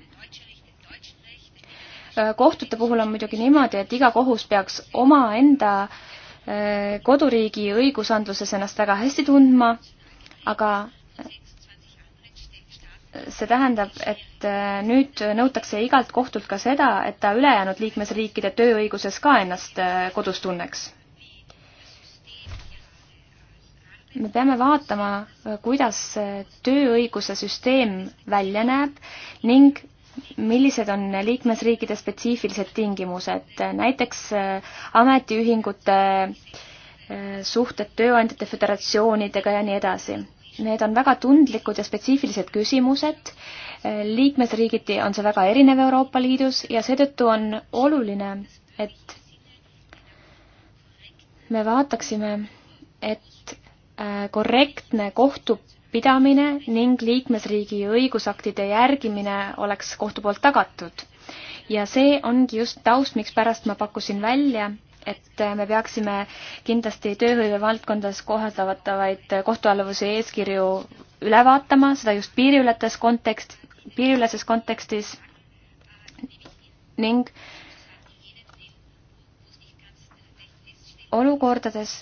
kohtute puhul on muidugi niimoodi, et iga kohus peaks omaenda koduriigi õigusandluses ennast väga hästi tundma, aga see tähendab, et äh, nüüd nõutakse igalt kohtult ka seda, et ta ülejäänud liikmesriikide tööõiguses ka ennast äh, kodus tunneks. me peame vaatama, äh, kuidas tööõiguse süsteem välja näeb ning millised on liikmesriikide spetsiifilised tingimused, näiteks ametiühingute suhted tööandjate föderatsioonidega ja nii edasi Need on väga tundlikud ja spetsiifilised küsimused. liikmesriigiti on see väga erinev Euroopa Liidus ja seetõttu on oluline, et me vaataksime, et äh, korrektne kohtupidamine ning liikmesriigi õigusaktide järgimine oleks kohtu poolt tagatud. ja see ongi just taust, mikspärast ma pakkusin välja, et me peaksime kindlasti tööhõive valdkondades kohaldatavaid kohtualluvuse eeskirju üle vaatama, seda just piiriületes kontekst, piiriüleses kontekstis ning olukordades,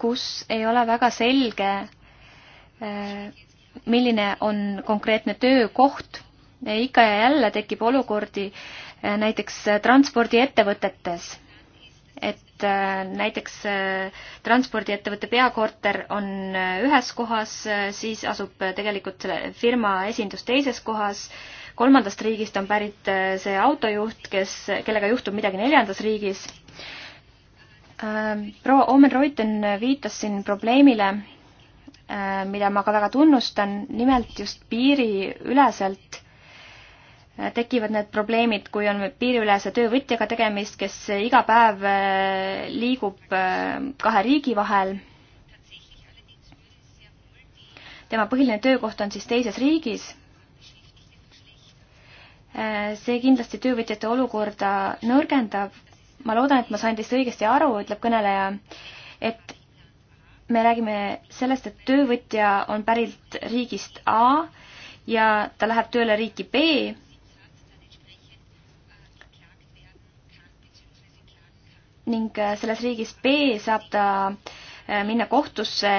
kus ei ole väga selge, eh, milline on konkreetne töökoht, ikka ja jälle tekib olukordi eh, näiteks transpordiettevõtetes et äh, näiteks äh, transpordiettevõtte peakorter on äh, ühes kohas, siis asub tegelikult selle firma esindus teises kohas, kolmandast riigist on pärit see autojuht, kes, kellega juhtub midagi neljandas riigis. Ähm, proua Omen Reuten viitas siin probleemile, mida ma ka väga tunnustan, nimelt just piiriüleselt tekivad need probleemid, kui on piiriülese töövõtjaga tegemist, kes iga päev äh, liigub äh, kahe riigi vahel. tema põhiline töökoht on siis teises riigis. Äh, see kindlasti töövõtjate olukorda nõrgendab. ma loodan, et ma sain teist õigesti aru, ütleb kõneleja, et me räägime sellest, et töövõtja on pärit riigist A ja ta läheb tööle riiki B ning äh, selles riigis B saab ta äh, minna kohtusse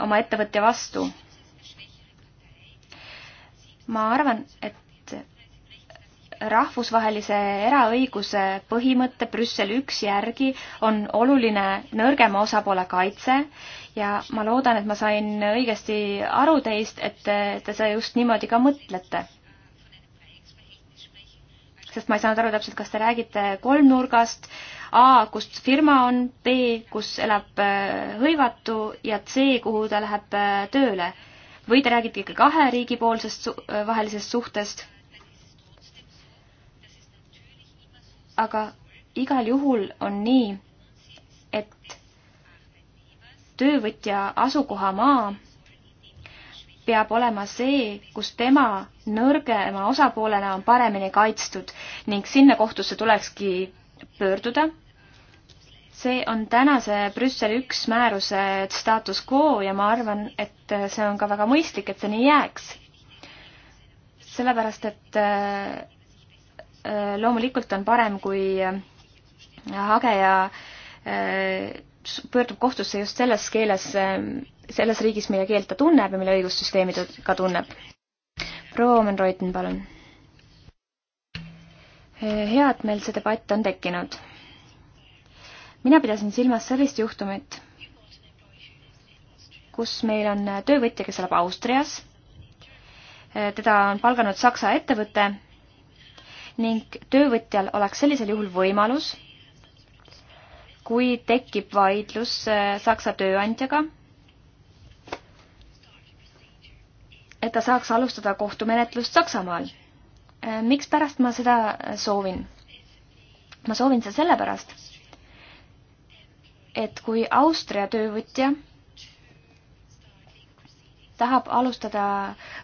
oma ettevõtja vastu. ma arvan, et rahvusvahelise eraõiguse põhimõtte Brüssel üks järgi on oluline nõrgema osapoole kaitse ja ma loodan, et ma sain õigesti aru teist, et te seda just niimoodi ka mõtlete sest ma ei saanud aru täpselt, kas te räägite kolmnurgast A, kus firma on, B, kus elab äh, hõivatu ja C, kuhu ta läheb äh, tööle. või te räägite ikka kahe riigi poolsest su äh, vahelisest suhtest? aga igal juhul on nii, et töövõtja asukohamaa peab olema see, kus tema nõrgema osapoolena on paremini kaitstud ning sinna kohtusse tulekski pöörduda see on tänase Brüsseli üks määruse staatus quo ja ma arvan, et see on ka väga mõistlik, et see nii jääks. sellepärast, et äh, äh, loomulikult on parem, kui äh, hageja pöördub kohtusse just selles keeles, selles riigis, mille keelt ta tunneb ja mille õigussüsteemi ta ka tunneb. proua Omen-Reuten, palun. hea, et meil see debatt on tekkinud mina pidasin silmas sellist juhtumit, kus meil on töövõtja, kes elab Austrias, teda on palganud Saksa ettevõte ning töövõtjal oleks sellisel juhul võimalus, kui tekib vaidlus äh, Saksa tööandjaga, et ta saaks alustada kohtumenetlust Saksamaal. Äh, mikspärast ma seda soovin? ma soovin seda sellepärast et kui Austria töövõtja tahab alustada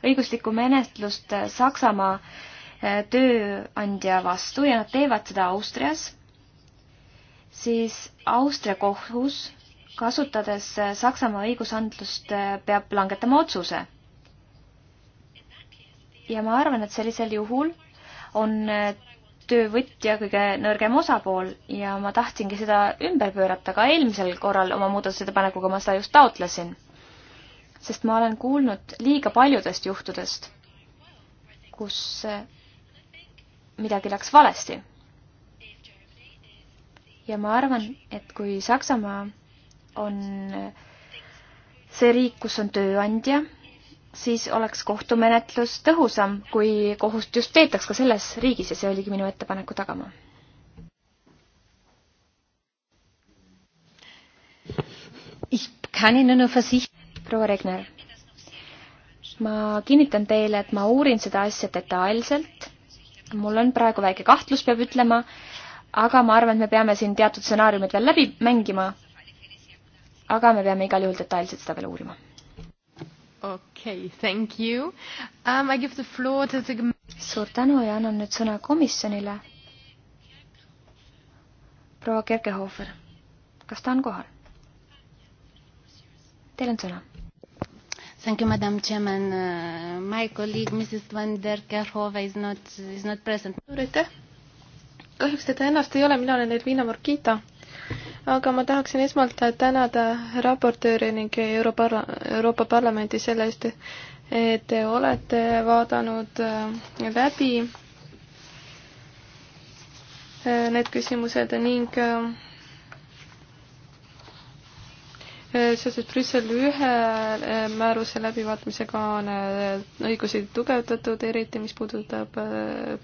õiguslikku menetlust Saksamaa äh, tööandja vastu ja nad teevad seda Austrias, siis Austria kohus, kasutades äh, Saksamaa õigusandlust, äh, peab langetama otsuse. ja ma arvan, et sellisel juhul on töövõtja kõige nõrgem osapool ja ma tahtsingi seda ümber pöörata, ka eelmisel korral oma muudatusettepanekuga ma seda just taotlesin. sest ma olen kuulnud liiga paljudest juhtudest, kus midagi läks valesti. ja ma arvan, et kui Saksamaa on see riik, kus on tööandja siis oleks kohtumenetlus tõhusam, kui kohust just peetaks ka selles riigis ja see oligi minu ettepaneku tagamaa. proua Regner, ma kinnitan teile, et ma uurin seda asja detailselt. mul on praegu väike kahtlus, peab ütlema, aga ma arvan, et me peame siin teatud stsenaariumid veel läbi mängima. aga me peame igal juhul detailselt seda veel uurima okei okay,, thank you um,. I give the floor to the. suur tänu ja annan nüüd sõna komisjonile. proua Kerkehofer, kas ta on kohal? Teil on sõna. Thank you, Madam Chairman uh,. My colleague Mrs Van der Kerhove is not, is not present. suur aitäh. kahjuks teda ennast ei ole, mina olen Elvina Markita aga ma tahaksin esmalt tänada raportööri ning Europarla-, Euroopa Parlamendi selle eest, et te olete vaadanud äh, läbi äh, need küsimused ning äh, seoses Brüsseli ühe määruse läbivaatmisega on õigusi tugevdatud, eriti mis puudutab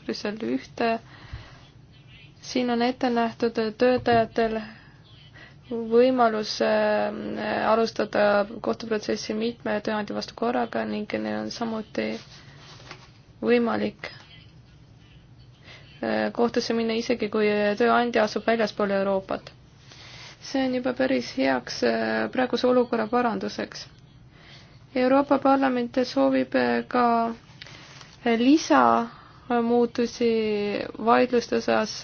Brüsseli ühte. siin on ette nähtud töötajatel võimalus äh, alustada kohtuprotsessi mitme tööandja vastu korraga ning neil on samuti võimalik äh, kohtusse minna isegi, kui tööandja asub väljaspool Euroopat. see on juba päris heaks äh, praeguse olukorra paranduseks. Euroopa Parlament soovib ka lisamuutusi vaidluste osas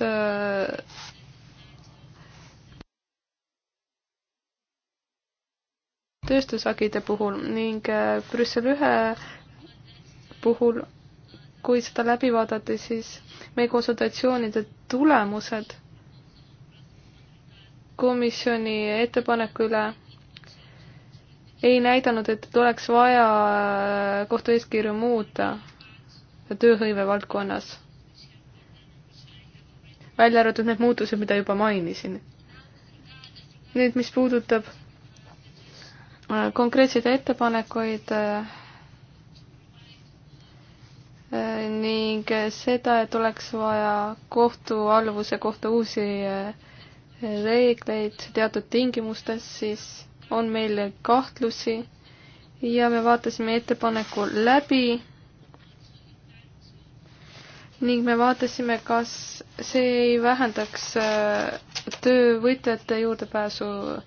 tööstushagide puhul ning äh, Brüssel ühe puhul, kui seda läbi vaadata, siis meie konsultatsioonide tulemused komisjoni ettepaneku üle ei näidanud, et oleks vaja äh, kohtueeskirju muuta tööhõive valdkonnas. välja arvatud need muutused, mida juba mainisin. nüüd, mis puudutab Äh, konkreetseid ettepanekuid äh, ning seda, et oleks vaja kohtualluvuse kohta uusi äh, reegleid teatud tingimustes, siis on meil kahtlusi ja me vaatasime ettepaneku läbi ning me vaatasime, kas see ei vähendaks töövõtjate juurdepääsu äh,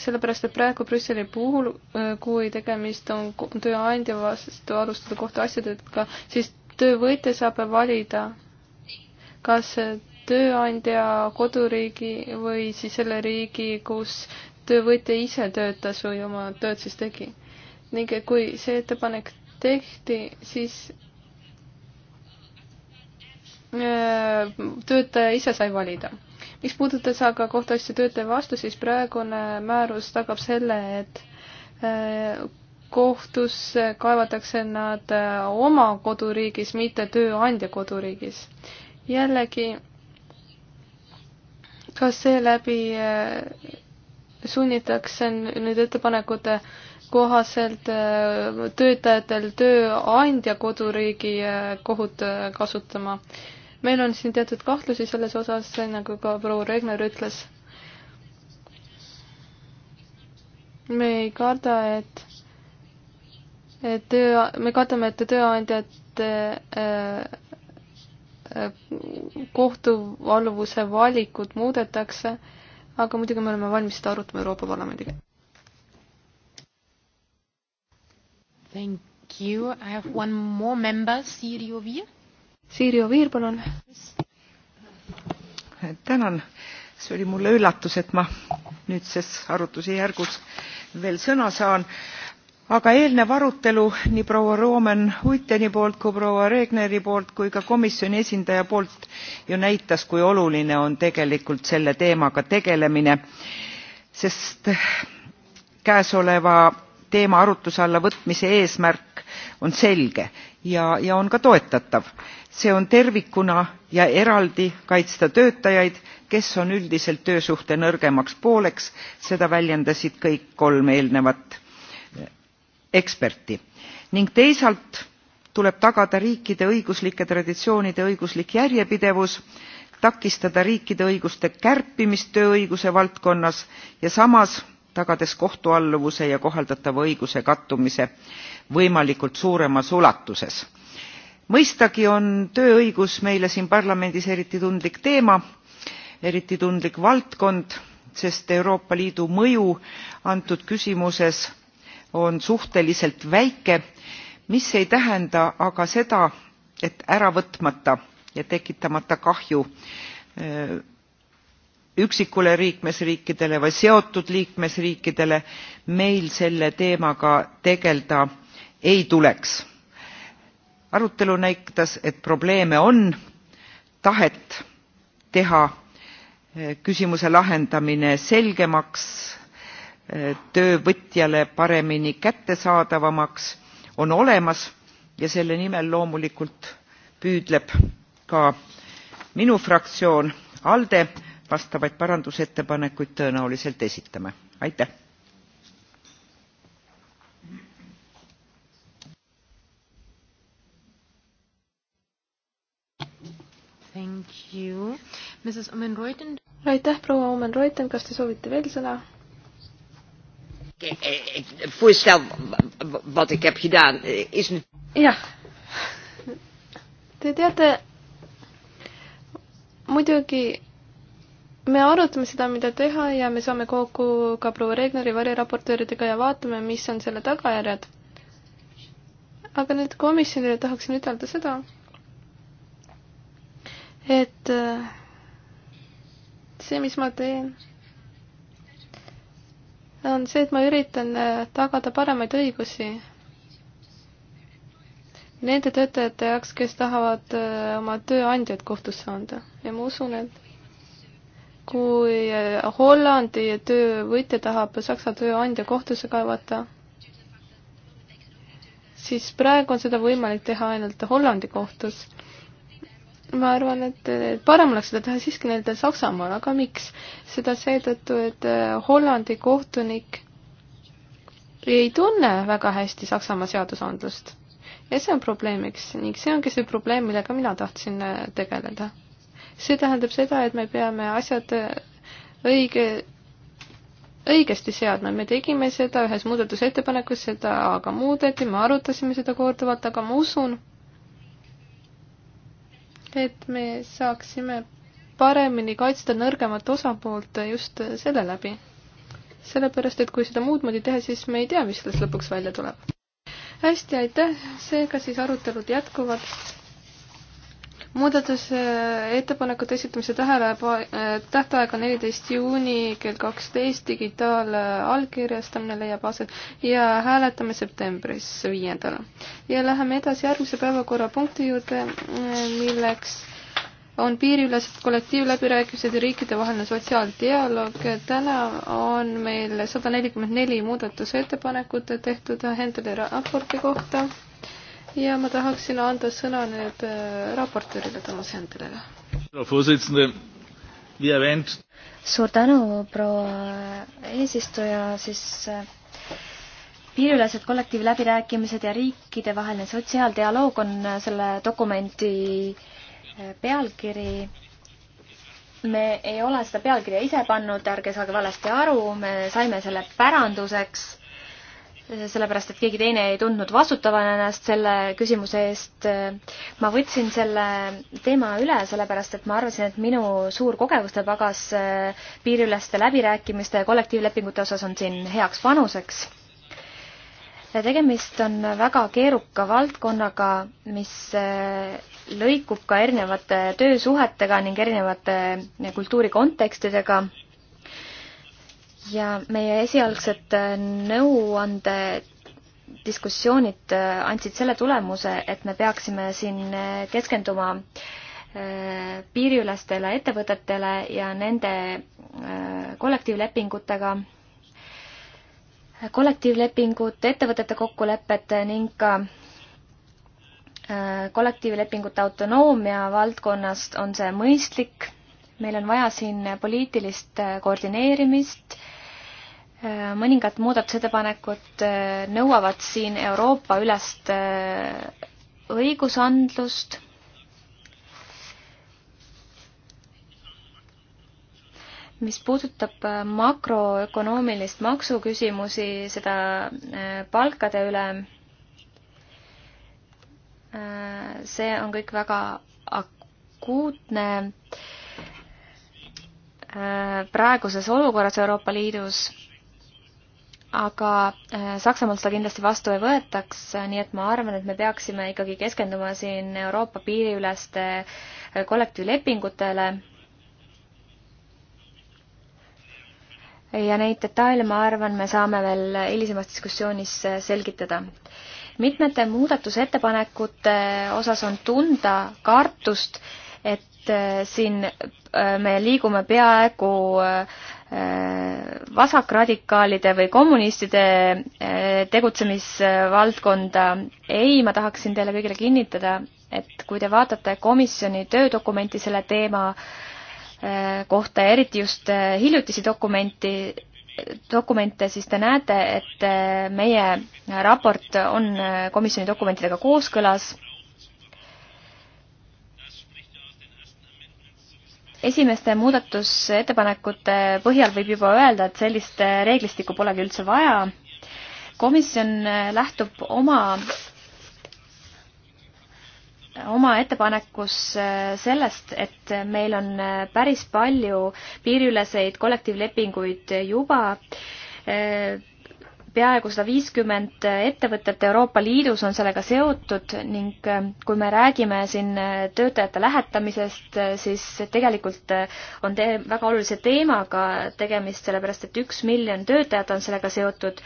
sellepärast, et praegu Brüsseli puhul, äh, kui tegemist on tööandja vastu alustada kohtuasjadega, siis töövõtja saab valida, kas tööandja koduriigi või siis selle riigi, kus töövõtja ise töötas või oma tööd siis tegi. ning kui see ettepanek tehti, siis äh, töötaja ise sai valida mis puudutas aga kohtuasju töötaja vastu, siis praegune määrus tagab selle, et äh, kohtusse kaevatakse nad äh, oma koduriigis, mitte tööandja koduriigis. jällegi, kas seeläbi äh, sunnitakse nüüd ettepanekute kohaselt töötajatel tööandja koduriigi kohut kasutama? meil on siin teatud kahtlusi selles osas, nagu ka proua Regner ütles. me ei karda, et, et töö, me kardame, et tööandjate äh, äh, kohtualluvuse valikut muudetakse, aga muidugi me oleme valmis seda arutama Euroopa Parlamendiga. Thank you, I have one more member, Siiri Oviir Siiri Oviir, palun. tänan, see oli mulle üllatus, et ma nüüdses arutluse järgus veel sõna saan aga eelnev arutelu nii proua oomen ruijteni poolt kui proua regneri poolt kui ka komisjoni esindaja poolt ju näitas kui oluline on tegelikult selle teemaga tegelemine sest käesoleva teema arutluse alla võtmise eesmärk on selge ja ja on ka toetatav see on tervikuna ja eraldi kaitsta töötajaid kes on üldiselt töösuhte nõrgemaks pooleks seda väljendasid kõik kolm eelnevat eh, eksperti ning teisalt tuleb tagada riikide õiguslike traditsioonide õiguslik järjepidevus takistada riikide õiguste kärpimist tööõiguse valdkonnas ja samas tagades kohtualluvuse ja kohaldatava õiguse kattumise võimalikult suuremas ulatuses mõistagi on tööõigus meile siin parlamendis eriti tundlik teema eriti tundlik valdkond sest euroopa liidu mõju antud küsimuses on suhteliselt väike mis ei tähenda aga seda et ära võtmata ja tekitamata kahju äh, üksikule liikmesriikidele või seotud liikmesriikidele meil selle teemaga tegelda ei tuleks arutelu näitas et probleeme on tahet teha eh, küsimuse lahendamine selgemaks eh, töövõtjale paremini kättesaadavamaks on olemas ja selle nimel loomulikult püüdleb ka minu fraktsioon alde vastavaid parandusettepanekuid tõenäoliselt esitame aitäh Thank you. Mrs. Omen-Reuten. aitäh, proua Omen-Reuten, kas te soovite veel sõna? Eh, eh, voorstel wat ik heb gedaan eh, is nu. jah. Te teate, muidugi me arutame seda, mida teha ja me saame kokku ka proua Regneri variraportööridega ja vaatame, mis on selle tagajärjed. aga nüüd komisjonile tahaksin ütelda seda, et äh, see, mis ma teen, on see, et ma üritan äh, tagada paremaid õigusi nende töötajate jaoks, kes tahavad äh, oma tööandjad kohtusse anda ja ma usun, et kui Hollandi töövõtja tahab Saksa tööandja kohtusse kaevata, siis praegu on seda võimalik teha ainult Hollandi kohtus ma arvan, et parem oleks seda teha siiski nendel Saksamaal, aga miks? seda seetõttu, et äh, Hollandi kohtunik ei tunne väga hästi Saksamaa seadusandlust. ja see on probleemiks ning see ongi see probleem, millega mina tahtsin äh, tegeleda. see tähendab seda, et me peame asjad äh, õige, õigesti seadma, me tegime seda ühes muudatusettepanekus, seda aga muudeti, me arutasime seda korduvalt, aga ma usun, et me saaksime paremini kaitsta nõrgemat osapoolt just selle läbi. sellepärast, et kui seda muud moodi teha, siis me ei tea, mis sellest lõpuks välja tuleb. hästi, aitäh, seega siis arutelud jätkuvad muudatusettepanekute esitamise äh, tähtaeg on neliteist juuni kell kaksteist, digitaalallkirjastamine leiab aset ja hääletame septembris viiendal. ja läheme edasi järgmise päevakorrapunkti juurde, äh, milleks on piiriülesed kollektiivläbirääkimised ja riikidevaheline sotsiaaldialoog. täna on meil sada nelikümmend neli muudatusettepanekut tehtud Hendeli raporti kohta ja ma tahaksin anda sõna nüüd äh, raportöörile Toomas Jändelele. suur tänu, proua eesistuja, siis äh, piiriülesed kollektiivläbirääkimised ja riikidevaheline sotsiaaldialoog on äh, selle dokumendi pealkiri me ei ole seda pealkirja ise pannud, ärge saage valesti aru, me saime selle päranduseks sellepärast et keegi teine ei tundnud vastutavana ennast selle küsimuse eest. ma võtsin selle teema üle, sellepärast et ma arvasin, et minu suur kogemuste pagas äh, piiriüleste läbirääkimiste ja kollektiivlepingute osas on siin heaks panuseks. tegemist on väga keeruka valdkonnaga, mis äh, lõikub ka erinevate töösuhetega ning erinevate kultuurikontekstidega ja meie esialgsed äh, nõuande diskussioonid äh, andsid selle tulemuse, et me peaksime siin äh, keskenduma piiriülestele ettevõtetele ja nende kollektiivlepingutega kollektiivlepingud, ettevõtete kokkulepped ning ka kollektiivlepingute autonoomia valdkonnast on see mõistlik meil on vaja siin poliitilist äh, koordineerimist, äh, mõningad muudatusettepanekud äh, nõuavad siin Euroopa ülest õigusandlust mis puudutab makroökonoomilist maksuküsimusi, seda palkade üle, see on kõik väga akuutne. Äh, praeguses olukorras Euroopa Liidus, aga äh, Saksamaalt seda kindlasti vastu ei võetaks, nii et ma arvan, et me peaksime ikkagi keskenduma siin Euroopa piiriüleste äh, kollektiivlepingutele. ja neid detaile, ma arvan, me saame veel hilisemas diskussioonis selgitada mitmete muudatusettepanekute osas on tunda kartust, et äh, siin äh, me liigume peaaegu äh, vasakradikaalide või kommunistide tegutsemisvaldkonda. ei, ma tahaksin teile kõigile kinnitada, et kui te vaatate komisjoni töödokumenti selle teema kohta ja eriti just hiljutisi dokumenti, dokumente, siis te näete, et meie raport on komisjoni dokumentidega kooskõlas esimeste muudatusettepanekute põhjal võib juba öelda, et sellist reeglistikku polegi üldse vaja. komisjon lähtub oma, oma ettepanekus sellest, et meil on päris palju piiriüleseid kollektiivlepinguid juba peaaegu sada viiskümmend ettevõtet Euroopa Liidus on sellega seotud ning äh, kui me räägime siin äh, töötajate lähetamisest, äh, siis tegelikult on te väga olulise teemaga tegemist, sellepärast et üks miljon töötajat on sellega seotud,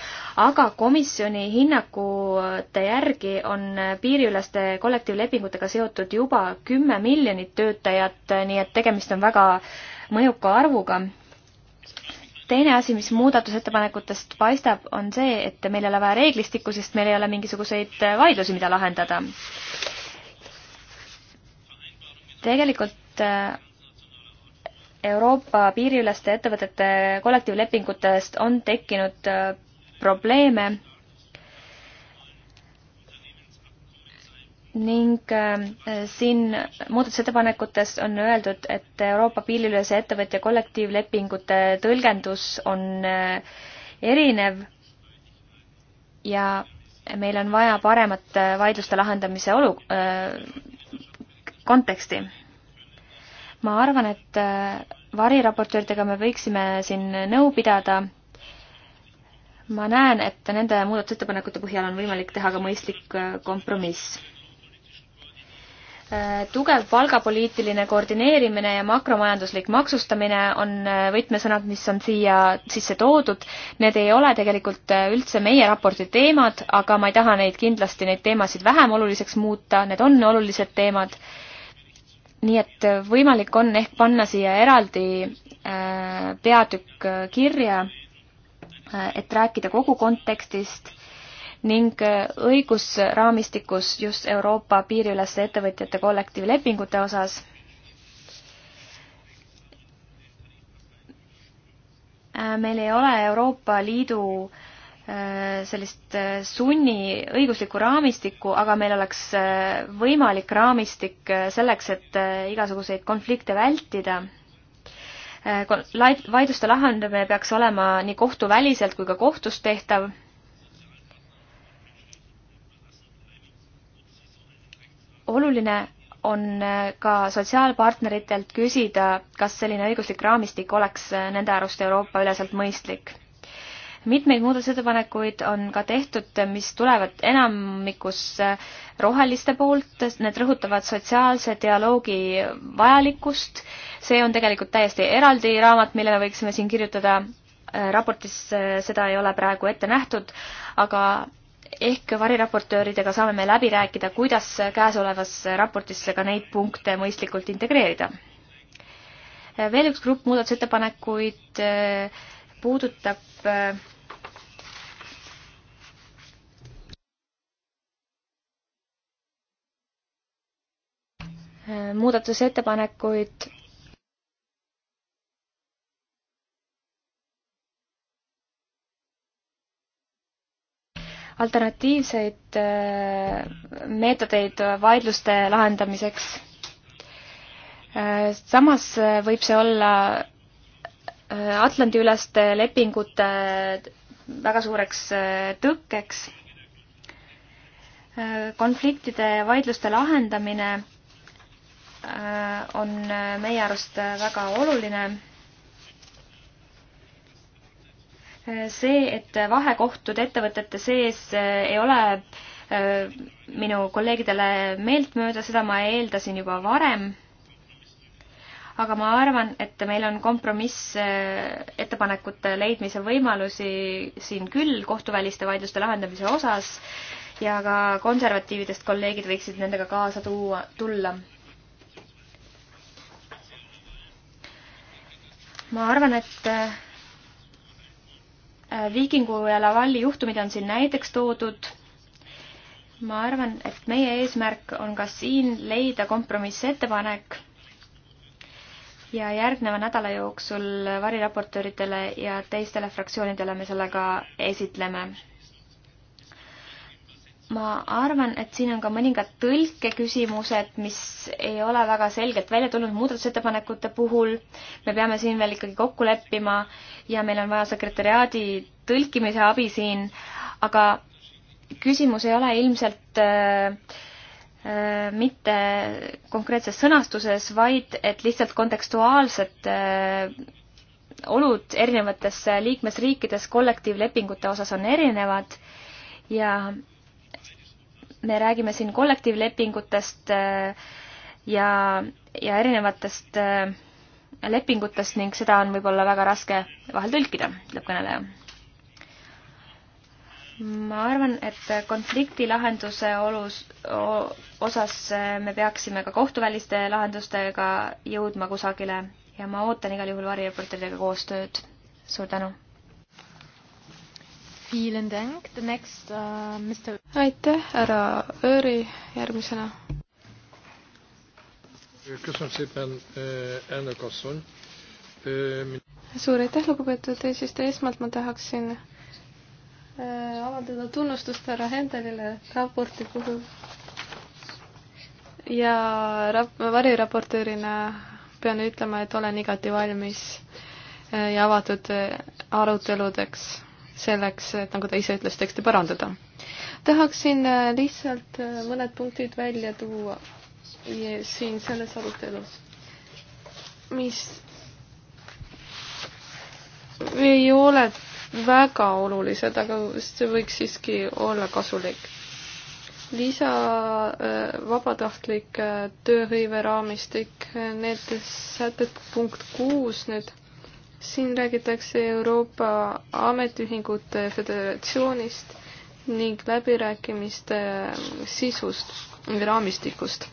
aga komisjoni hinnakute järgi on piiriüleste kollektiivlepingutega seotud juba kümme miljonit töötajat, nii et tegemist on väga mõjuka arvuga teine asi, mis muudatusettepanekutest paistab, on see, et meil ei ole vaja reeglistikku, sest meil ei ole mingisuguseid äh, vaidlusi, mida lahendada. tegelikult äh, Euroopa piiriüleste ettevõtete kollektiivlepingutest on tekkinud äh, probleeme ning äh, siin muudatusettepanekutes on öeldud, et Euroopa piiriülese ettevõtja kollektiivlepingute tõlgendus on äh, erinev ja meil on vaja paremat äh, vaidluste lahendamise olu-, konteksti. ma arvan, et variraportööridega me võiksime siin nõu pidada. ma näen, et nende muudatusettepanekute põhjal on võimalik teha ka mõistlik kompromiss Äh, tugev palgapoliitiline koordineerimine ja makromajanduslik maksustamine on äh, võtmesõnad, mis on siia sisse toodud. Need ei ole tegelikult äh, üldse meie raporti teemad, aga ma ei taha neid kindlasti, neid teemasid vähem oluliseks muuta, need on olulised teemad. nii et võimalik on ehk panna siia eraldi peatükk kirja, et rääkida kogu kontekstist ning äh, õigusraamistikus just Euroopa piiriüleste ettevõtjate kollektiivlepingute osas äh, meil ei ole Euroopa Liidu äh, sellist sunni õiguslikku raamistikku, aga meil oleks võimalik raamistik selleks, et igasuguseid konflikte vältida. vaidluste lahendamine peaks olema nii kohtuväliselt kui ka kohtus tehtav oluline on äh, ka sotsiaalpartneritelt küsida, kas selline õiguslik raamistik oleks äh, nende arust Euroopa-üleselt mõistlik. mitmeid muudatusettepanekuid on ka tehtud, äh, mis tulevad enamikus roheliste poolt, need rõhutavad sotsiaalse dialoogi vajalikkust, see on tegelikult täiesti eraldi raamat, mille me võiksime siin kirjutada, raportis seda ei ole praegu ette nähtud, aga ehk variraportööridega saame me läbi rääkida, kuidas käesolevas raportisse ka neid punkte mõistlikult integreerida. veel üks grupp muudatusettepanekuid eh, puudutab eh, muudatusettepanekuid alternatiivseid äh, meetodeid vaidluste lahendamiseks. Äh, samas äh, võib see olla Atlandi-üleste lepingute väga suureks tõkkeks. konfliktide ja vaidluste lahendamine on meie arust väga oluline see, et vahekohtud ettevõtete sees äh, ei ole äh, minu kolleegidele meeltmööda, seda ma eeldasin juba varem. aga ma arvan, et meil on kompromissettepanekute äh, leidmise võimalusi siin küll kohtuväliste vaidluste lahendamise osas ja ka konservatiividest kolleegid võiksid nendega kaasa tuua, tulla ma arvan, et Äh, Viikingu ja Lavalli juhtumid on siin näiteks toodud. ma arvan, et meie eesmärk on ka siin leida kompromissettepanek ja järgneva nädala jooksul variraportööridele ja teistele fraktsioonidele me selle ka esitleme ma arvan, et siin on ka mõningad tõlkeküsimused, mis ei ole väga selgelt välja tulnud muudatusettepanekute puhul. me peame siin veel ikkagi kokku leppima ja meil on vaja sekretäriaadi tõlkimise abi siin, aga küsimus ei ole ilmselt äh, äh, mitte konkreetses sõnastuses, vaid et lihtsalt kontekstuaalsed äh, olud erinevates liikmesriikides kollektiivlepingute osas on erinevad ja me räägime siin kollektiivlepingutest äh, ja, ja erinevatest äh, lepingutest ning seda on võib-olla väga raske vahel tõlkida, ütleb kõneleja. ma arvan, et konflikti lahenduse olus, osas äh, me peaksime ka kohtuväliste lahendustega jõudma kusagile ja ma ootan igal juhul varireporteridega koostööd. suur tänu! Next, uh, Mr... aitäh, härra Ööri, järgmisena. suur aitäh, lugupeetud eesistuja, esmalt ma tahaksin äh, avaldada tunnustust härra Hendelile raporti puhul ja rap-, variraportöörina pean ütlema, et olen igati valmis ja avatud aruteludeks selleks, et nagu ta ise ütles, teksti parandada. tahaksin äh, lihtsalt äh, mõned punktid välja tuua siin selles arutelus, mis ei ole väga olulised, aga see võiks siiski olla kasulik. lisa äh, vabatahtlik tööhõive raamistik, need sätted punkt kuus nüüd siin räägitakse Euroopa Ametiühingute Föderatsioonist ning läbirääkimiste sisust, raamistikust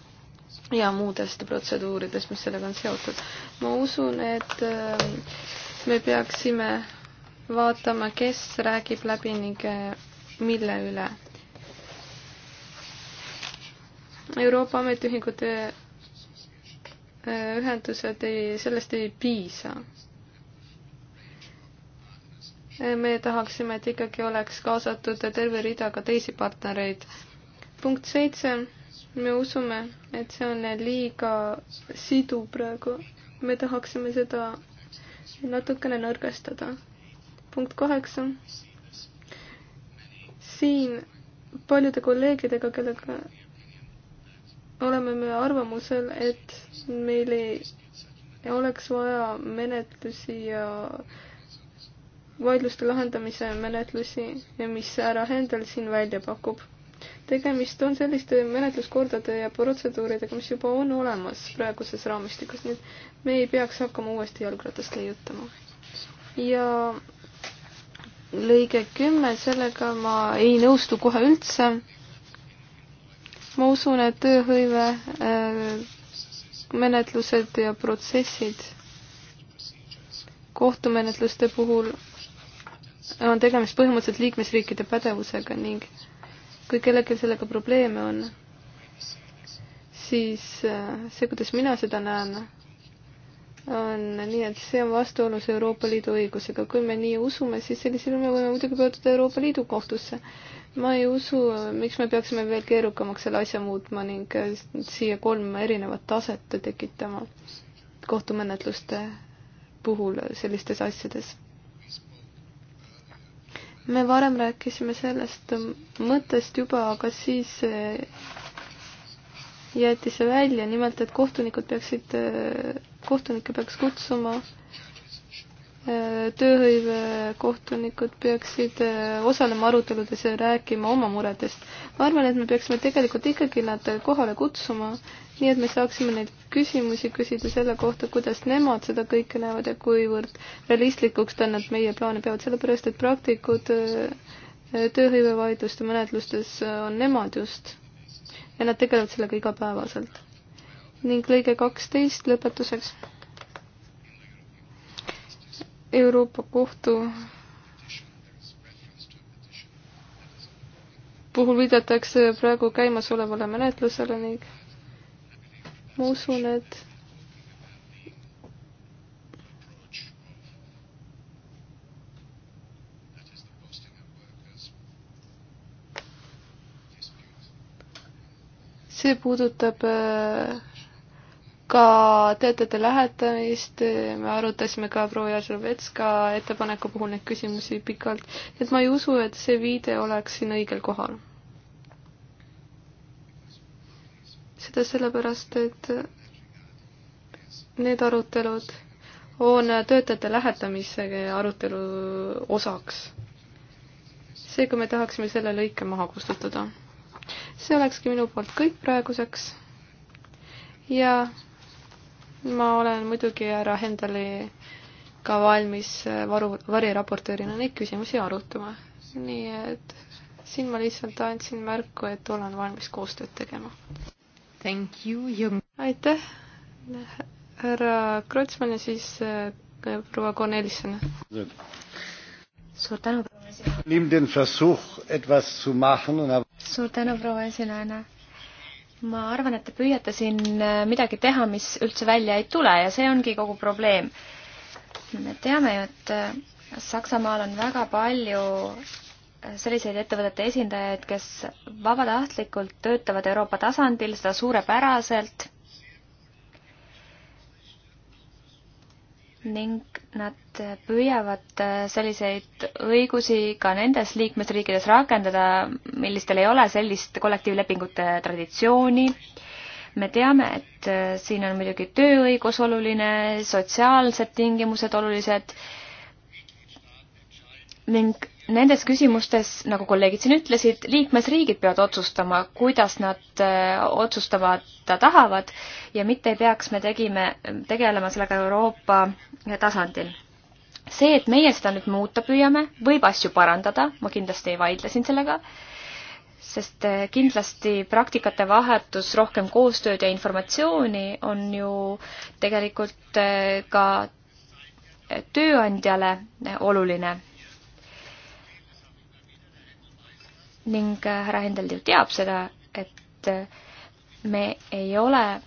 ja muudest protseduuridest, mis sellega on seotud. ma usun, et äh, me peaksime vaatama, kes räägib läbi ning äh, mille üle. Euroopa Ametiühingute äh, ühendused ei, sellest ei piisa me tahaksime, et ikkagi oleks kaasatud terve rida ka teisi partnereid. punkt seitse, me usume, et see on liiga sidu praegu. me tahaksime seda natukene nõrgestada. punkt kaheksa, siin paljude kolleegidega, kellega oleme me arvamusel, et meil ei oleks vaja menetlusi ja äh, vaidluste lahendamise menetlusi, mis härra Hendel siin välja pakub. tegemist on selliste menetluskordade ja protseduuridega, mis juba on olemas praeguses raamistikus, nii et me ei peaks hakkama uuesti jalgratast leiutama. ja lõige kümme, sellega ma ei nõustu kohe üldse. ma usun, et tööhõive äh, menetlused ja protsessid kohtumenetluste puhul on tegemist põhimõtteliselt liikmesriikide pädevusega ning kui kellelgi sellega probleeme on, siis äh, see, kuidas mina seda näen, on nii, et see on vastuolus Euroopa Liidu õigusega. kui me nii usume, siis sellisel juhul me võime muidugi pöörduda Euroopa Liidu kohtusse. ma ei usu, miks me peaksime veel keerukamaks selle asja muutma ning äh, siia kolm erinevat taset tekitama kohtumenetluste puhul sellistes asjades me varem rääkisime sellest mõttest juba, aga siis eh, jäeti see välja, nimelt et kohtunikud peaksid, eh, kohtunikke peaks kutsuma, eh, tööhõivekohtunikud peaksid osalema aruteludes ja rääkima oma muredest. ma arvan, et me peaksime tegelikult ikkagi nad kohale kutsuma nii et me saaksime neid küsimusi küsida selle kohta, kuidas nemad seda kõike näevad ja kuivõrd realistlikuks ta nad meie plaane peavad, sellepärast et praktikud äh, tööhõivevaidluste menetlustes äh, on nemad just ja nad tegelevad sellega igapäevaselt. ning lõige kaksteist lõpetuseks. Euroopa Kohtu puhul viidatakse praegu käimasolevale menetlusele ning ma usun, et see puudutab äh, ka töötajate lähetamist, me arutasime ka proua Jažovetska ettepaneku puhul neid küsimusi pikalt, et ma ei usu, et see viide oleks siin õigel kohal seda sellepärast, et need arutelud on töötajate lähetamise arutelu osaks. seega me tahaksime selle lõike maha kustutada. see olekski minu poolt kõik praeguseks ja ma olen muidugi härra Hendali ka valmis varu, variraportöörina neid küsimusi arutama. nii et siin ma lihtsalt andsin märku, et olen valmis koostööd tegema. Thank you, Jürgen. aitäh, härra Kreutzmann ja siis äh, proua Cornelisson. suur tänu, proua esinaine. suur tänu, proua esinaine. ma arvan, et te püüate siin äh, midagi teha, mis üldse välja ei tule ja see ongi kogu probleem. me teame ju, et äh, Saksamaal on väga palju selliseid ettevõtete esindajaid, kes vabatahtlikult töötavad Euroopa tasandil, seda suurepäraselt ning nad püüavad selliseid õigusi ka nendes liikmesriikides rakendada, millistel ei ole sellist kollektiivlepingute traditsiooni. me teame, et siin on muidugi tööõigus oluline, sotsiaalsed tingimused olulised ning nendes küsimustes, nagu kolleegid siin ütlesid, liikmesriigid peavad otsustama, kuidas nad äh, otsustada tahavad ja mitte ei peaks me tegime, tegelema sellega Euroopa tasandil. see, et meie seda nüüd muuta püüame, võib asju parandada, ma kindlasti ei vaidle siin sellega, sest äh, kindlasti praktikate vahetus, rohkem koostööd ja informatsiooni on ju tegelikult äh, ka tööandjale oluline ning äh, härra Hendel ju teab seda, et äh, me ei ole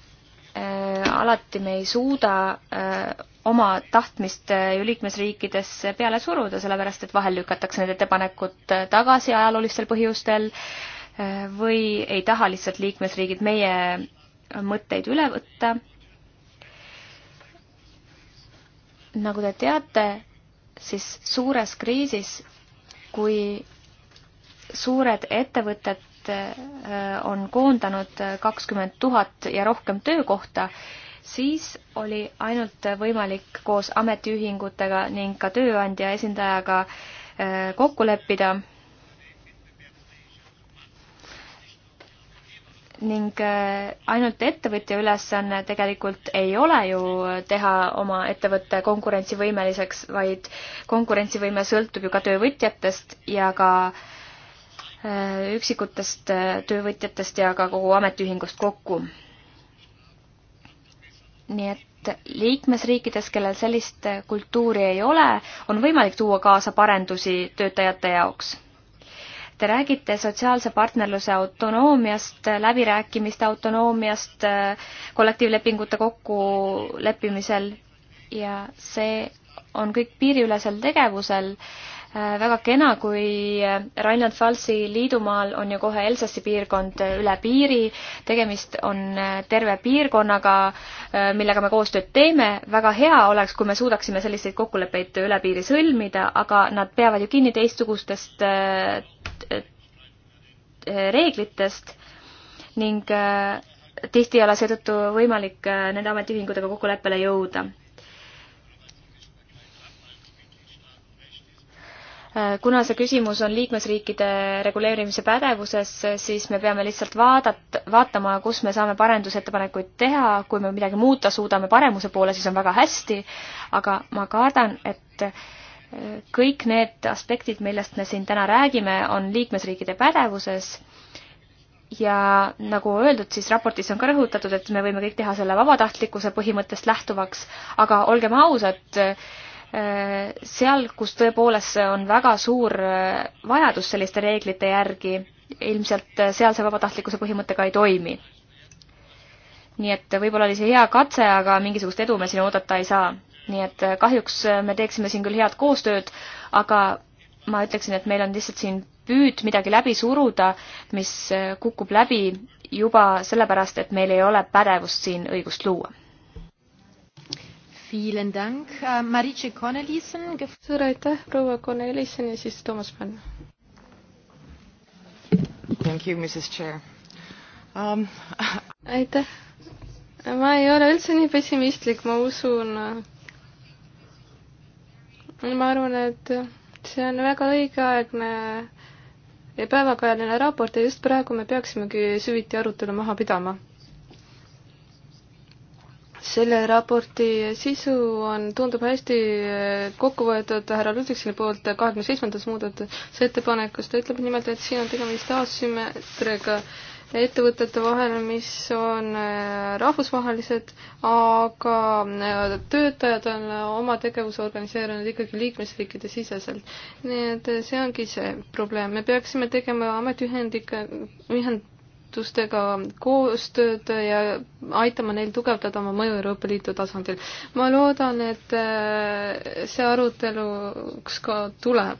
äh,, alati me ei suuda äh, oma tahtmist äh, ju liikmesriikides peale suruda, sellepärast et vahel lükatakse need ettepanekud tagasi ajaloolistel põhjustel või ei taha lihtsalt liikmesriigid meie mõtteid üle võtta. nagu te teate, siis suures kriisis, kui suured ettevõtted äh, on koondanud kakskümmend tuhat ja rohkem töökohta, siis oli ainult võimalik koos ametiühingutega ning ka tööandja esindajaga äh, kokku leppida ning äh, ainult ettevõtja ülesanne tegelikult ei ole ju teha oma ettevõtte konkurentsivõimeliseks, vaid konkurentsivõime sõltub ju ka töövõtjatest ja ka äh, Äh, üksikutest äh, töövõtjatest ja ka kogu ametiühingust kokku. nii et liikmesriikides, kellel sellist äh, kultuuri ei ole, on võimalik tuua kaasa parendusi töötajate jaoks. Te räägite sotsiaalse partnerluse autonoomiast, läbirääkimiste autonoomiast kollektiivlepingute kokkuleppimisel ja see on kõik piiriülesel tegevusel äh, Äh, väga kena, kui äh, Rheinland-Pfalzi liidumaal on ju kohe Elsassi piirkond äh, üle piiri, tegemist on terve piirkonnaga, millega me koostööd teeme, väga hea oleks, kui me suudaksime selliseid kokkuleppeid üle piiri sõlmida, aga nad peavad ju kinni teistsugustest reeglitest ning tihti ei ole seetõttu võimalik nende ametiühingutega kokkuleppele jõuda Äh, kuna see küsimus on liikmesriikide reguleerimise pädevuses, siis me peame lihtsalt vaadat-, vaatama, kus me saame parendusettepanekuid teha, kui me midagi muuta suudame paremuse poole, siis on väga hästi, aga ma kardan, et äh, kõik need aspektid, millest me siin täna räägime, on liikmesriikide pädevuses ja nagu öeldud, siis raportis on ka rõhutatud, et me võime kõik teha selle vabatahtlikkuse põhimõttest lähtuvaks, aga olgem ausad, Äh, seal, kus tõepoolest on väga suur äh, vajadus selliste reeglite järgi, ilmselt äh, seal see vabatahtlikkuse põhimõte ka ei toimi. nii et võib-olla oli see hea katse, aga mingisugust edu me siin oodata ei saa. nii et kahjuks me teeksime siin küll head koostööd, aga ma ütleksin, et meil on lihtsalt siin püüd midagi läbi suruda, mis kukub läbi juba sellepärast, et meil ei ole pädevust siin õigust luua Äh, suur aitäh, proua Cornelissen ja siis Toomas Pann. Um... aitäh. ma ei ole üldse nii pessimistlik, ma usun. ma arvan, et see on väga õigeaegne ja päevakajaline raport ja just praegu me peaksimegi süviti arutelu maha pidama selle raporti sisu on, tundub hästi eh, kokku võetud härra Ludvigsoni poolt kahekümne seitsmendas muudatusettepanekus, ta ütleb nimelt, et siin on tegemist asümmeetriga ettevõtete vahel, mis on eh, rahvusvahelised, aga eh, töötajad on oma tegevuse organiseerinud ikkagi liikmesriikide siseselt. nii et see ongi see probleem, me peaksime tegema ametiühendiga, ühend, asutustega koostööd ja aitama neil tugevdada oma mõju Euroopa Liidu tasandil. ma loodan, et äh, see aruteluks ka tuleb.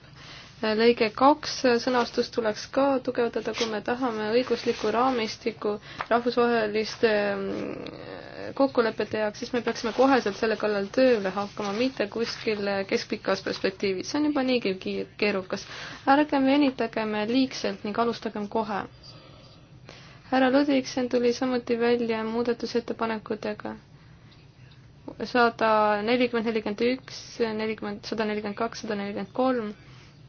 lõige kaks sõnastust tuleks ka tugevdada, kui me tahame õiguslikku raamistikku rahvusvaheliste äh, kokkulepete jaoks, siis me peaksime koheselt selle kallal tööle hakkama, mitte kuskil keskpikas perspektiivis, see on juba niigi keerukas. ärgem venitagem liigselt ning alustagem kohe härra Ludvigsen tuli samuti välja muudatusettepanekutega sada nelikümmend, nelikümmend üks, nelikümmend, sada nelikümmend kaks, sada nelikümmend kolm,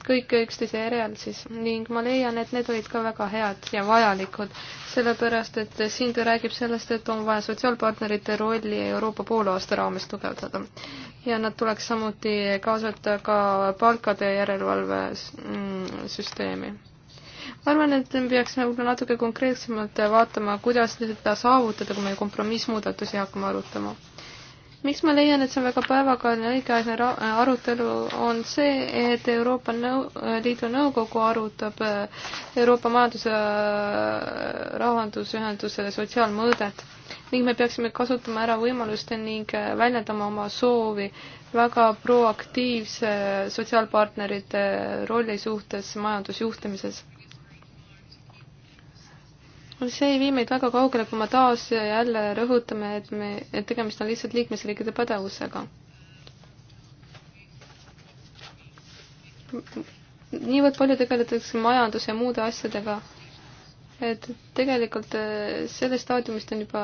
kõik üksteise järel siis ning ma leian, et need olid ka väga head ja vajalikud, sellepärast et siin ta räägib sellest, et on vaja sotsiaalpartnerite rolli Euroopa poolaasta raames tugevdada. ja nad tuleks samuti kaasata ka palkade järelevalve mm, süsteemi ma arvan, et me peaksime võib-olla natuke konkreetsemalt vaatama, kuidas seda saavutada, kui me kompromissmuudatusi hakkame arutama. miks ma leian, et see on väga päevakajaline õigeaegne arutelu, on see, et Euroopa Nõu-, Liidu Nõukogu arutab äh, Euroopa Majandus- ja äh, Rahandusühenduse sotsiaalmõõdet ning me peaksime kasutama ära võimalust ning äh, väljendama oma soovi väga proaktiivse sotsiaalpartnerite rolli suhtes majandusjuhtimises see ei vii meid väga kaugele, kui me taas ja jälle rõhutame, et me, et tegemist on lihtsalt liikmesriikide pädevusega. niivõrd palju tegeletakse majanduse ja muude asjadega, et tegelikult eh, sellest staadiumist on juba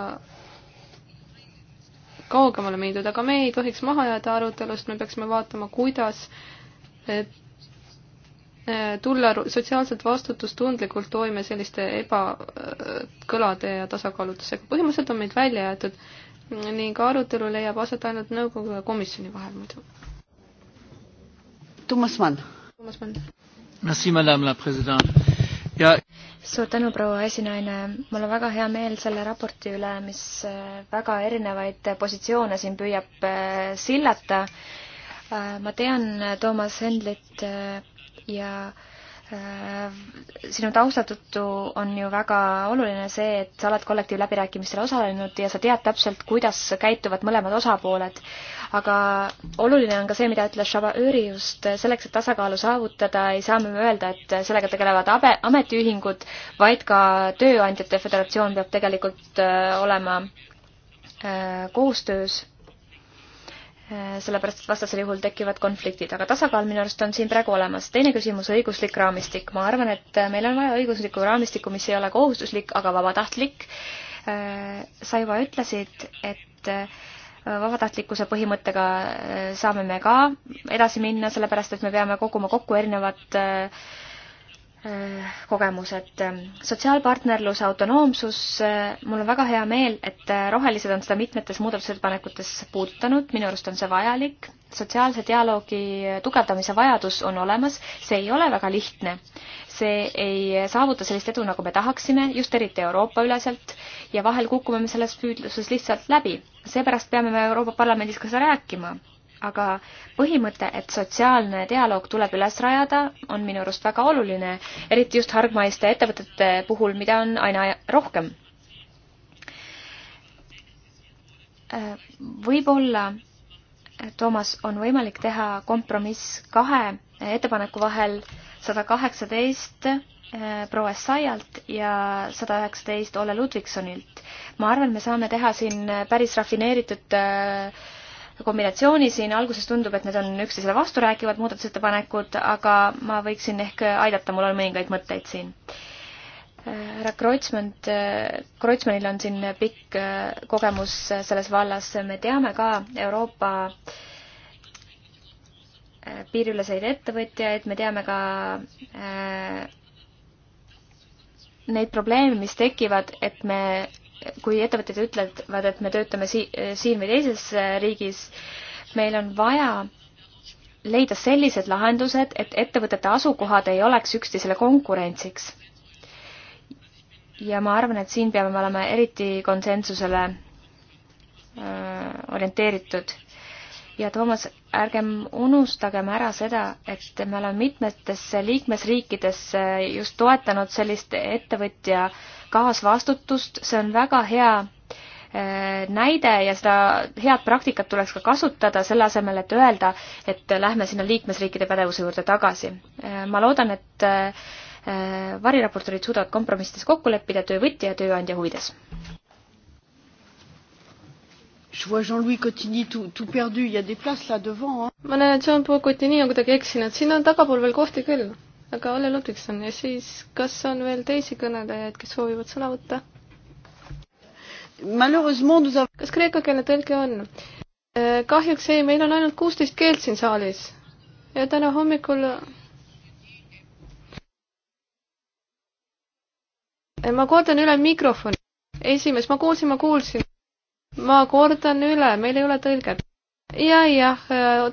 kaugemale mindud, aga me ei tohiks maha jääda arutelust, me peaksime vaatama, kuidas eh, tulla sotsiaalselt vastutustundlikult toime selliste ebakõlade ja tasakaalutusega. põhimõtteliselt on meid välja jäetud ning arutelu leiab aset ainult nõukogu ja komisjoni vahel muidu. Toomas Mann. Toomas Mann. Merci, madame la president. Ja... suur tänu, proua esinaine. mul on väga hea meel selle raporti üle, mis äh, väga erinevaid positsioone siin püüab äh, sillata. Äh, ma tean Toomas Hendlit ja äh, sinu tausta tõttu on ju väga oluline see, et sa oled kollektiivläbirääkimistel osalenud ja sa tead täpselt, kuidas käituvad mõlemad osapooled. aga oluline on ka see, mida ütles Shabaööri just, selleks, et tasakaalu saavutada, ei saa me öelda, et sellega tegelevad abe, ametiühingud, vaid ka Tööandjate Föderatsioon peab tegelikult äh, olema äh, koostöös Äh, sellepärast, et vastasel juhul tekivad konfliktid, aga tasakaal minu arust on siin praegu olemas. teine küsimus, õiguslik raamistik. ma arvan, et äh, meil on vaja õiguslikku raamistikku, mis ei ole kohustuslik, aga vabatahtlik. Äh, sa juba ütlesid, et vabatahtlikkuse põhimõttega saame me ka edasi minna, sellepärast et me peame koguma kokku erinevad äh, kogemused. sotsiaalpartnerluse autonoomsus, mul on väga hea meel, et rohelised on seda mitmetes muudatusettepanekutes puudutanud, minu arust on see vajalik. sotsiaalse dialoogi tugevdamise vajadus on olemas, see ei ole väga lihtne. see ei saavuta sellist edu, nagu me tahaksime, just eriti Euroopa-üleselt, ja vahel kukume me selles püüdluses lihtsalt läbi. seepärast peame me Euroopa Parlamendis ka seda rääkima aga põhimõte, et sotsiaalne dialoog tuleb üles rajada, on minu arust väga oluline, eriti just hargmaiste ettevõtete puhul, mida on aina rohkem. võib-olla, Toomas, on võimalik teha kompromiss kahe ettepaneku vahel sada kaheksateist eh, proua Essayalt ja sada üheksateist Olle Ludvigsonilt. ma arvan, me saame teha siin päris rafineeritud äh, kombinatsiooni siin, alguses tundub, et need on üksteisele vasturääkivad muudatusettepanekud, aga ma võiksin ehk aidata, mul on mõningaid mõtteid siin. härra Kreutzmann, Kreutzmannil on siin pikk äh, kogemus äh, selles vallas, me teame ka Euroopa äh, piiriüleseid ettevõtjaid, me teame ka neid probleeme, mis tekivad, et me kui ettevõtted ütlevad, et me töötame si siin või teises riigis, meil on vaja leida sellised lahendused, et ettevõtete asukohad ei oleks üksteisele konkurentsiks. ja ma arvan, et siin peame me olema eriti konsensusele äh, orienteeritud ja Toomas, ärgem unustagem ära seda, et me oleme mitmetes liikmesriikides just toetanud sellist ettevõtja kaasvastutust, see on väga hea eh, näide ja seda head praktikat tuleks ka kasutada, selle asemel, et öelda, et lähme sinna liikmesriikide pädevuse juurde tagasi. Eh, ma loodan, et eh, variraportorid suudavad kompromissides kokku leppida töövõtja ja tööandja huvides. Je vois Jean-Louis Cotigny tout, tout perdu, il y a des places là devant hein. ma näen, et Jean-Paul Cotigny on kuidagi eksinud, siin on tagapool veel kohti küll. aga Olle Ludvigson ja siis kas on veel teisi kõnelejaid, kes soovivad sõna võtta? kas kreekakeelne tõlge on? Äh, kahjuks ei, meil on ainult kuusteist keelt siin saalis. ja täna hommikul äh, ma kordan üle mikrofoni. esimees, ma kuulsin, ma kuulsin ma kordan üle, meil ei ole tõlget. ja jah,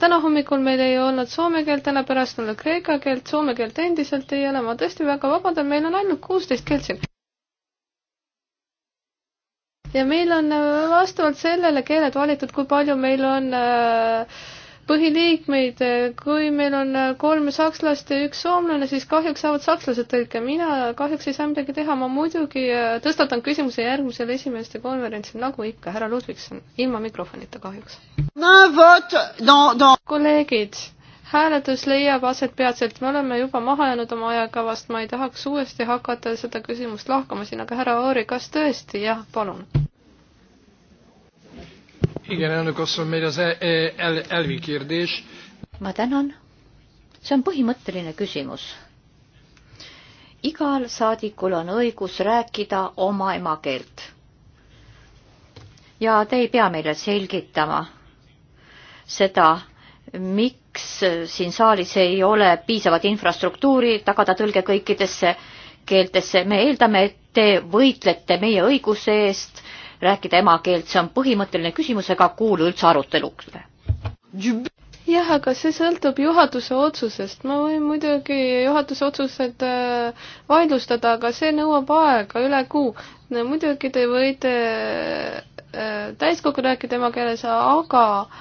täna hommikul meil ei olnud soome keelt, täna pärast on kreeka keelt, soome keelt endiselt ei ole, ma tõesti väga vabandan, meil on ainult kuusteist keelt siin. ja meil on vastavalt sellele keeled valitud, kui palju meil on äh, põhiliikmeid, kui meil on kolm sakslast ja üks soomlane, siis kahjuks saavad sakslased tõlke, mina kahjuks ei saa midagi teha, ma muidugi äh, tõstatan küsimuse järgmisel esimeeste konverentsil, nagu ikka, härra Ludvigson, ilma mikrofonita kahjuks no,. No, no. kolleegid, hääletus leiab aset peatselt, me oleme juba maha jäänud oma ajakavast, ma ei tahaks uuesti hakata seda küsimust lahkama siin, aga härra Oori, kas tõesti, jah, palun? igen, elnök asszony, meil az el, elvi kérdés. ma tänan. see on põhimõtteline küsimus. igal saadikul on õigus rääkida oma emakeelt. ja te ei pea meile selgitama seda, miks siin saalis ei ole piisavat infrastruktuuri tagada tõlge kõikidesse keeltesse. me eeldame, et te võitlete meie õiguse eest rääkida emakeelt, see on põhimõtteline küsimus ega kuulu üldse arutelule. jah, aga see sõltub juhatuse otsusest, ma võin muidugi juhatuse otsused äh, vaidlustada, aga see nõuab aega, üle kuu. no muidugi te võite äh, täiskogul rääkida emakeeles, aga äh,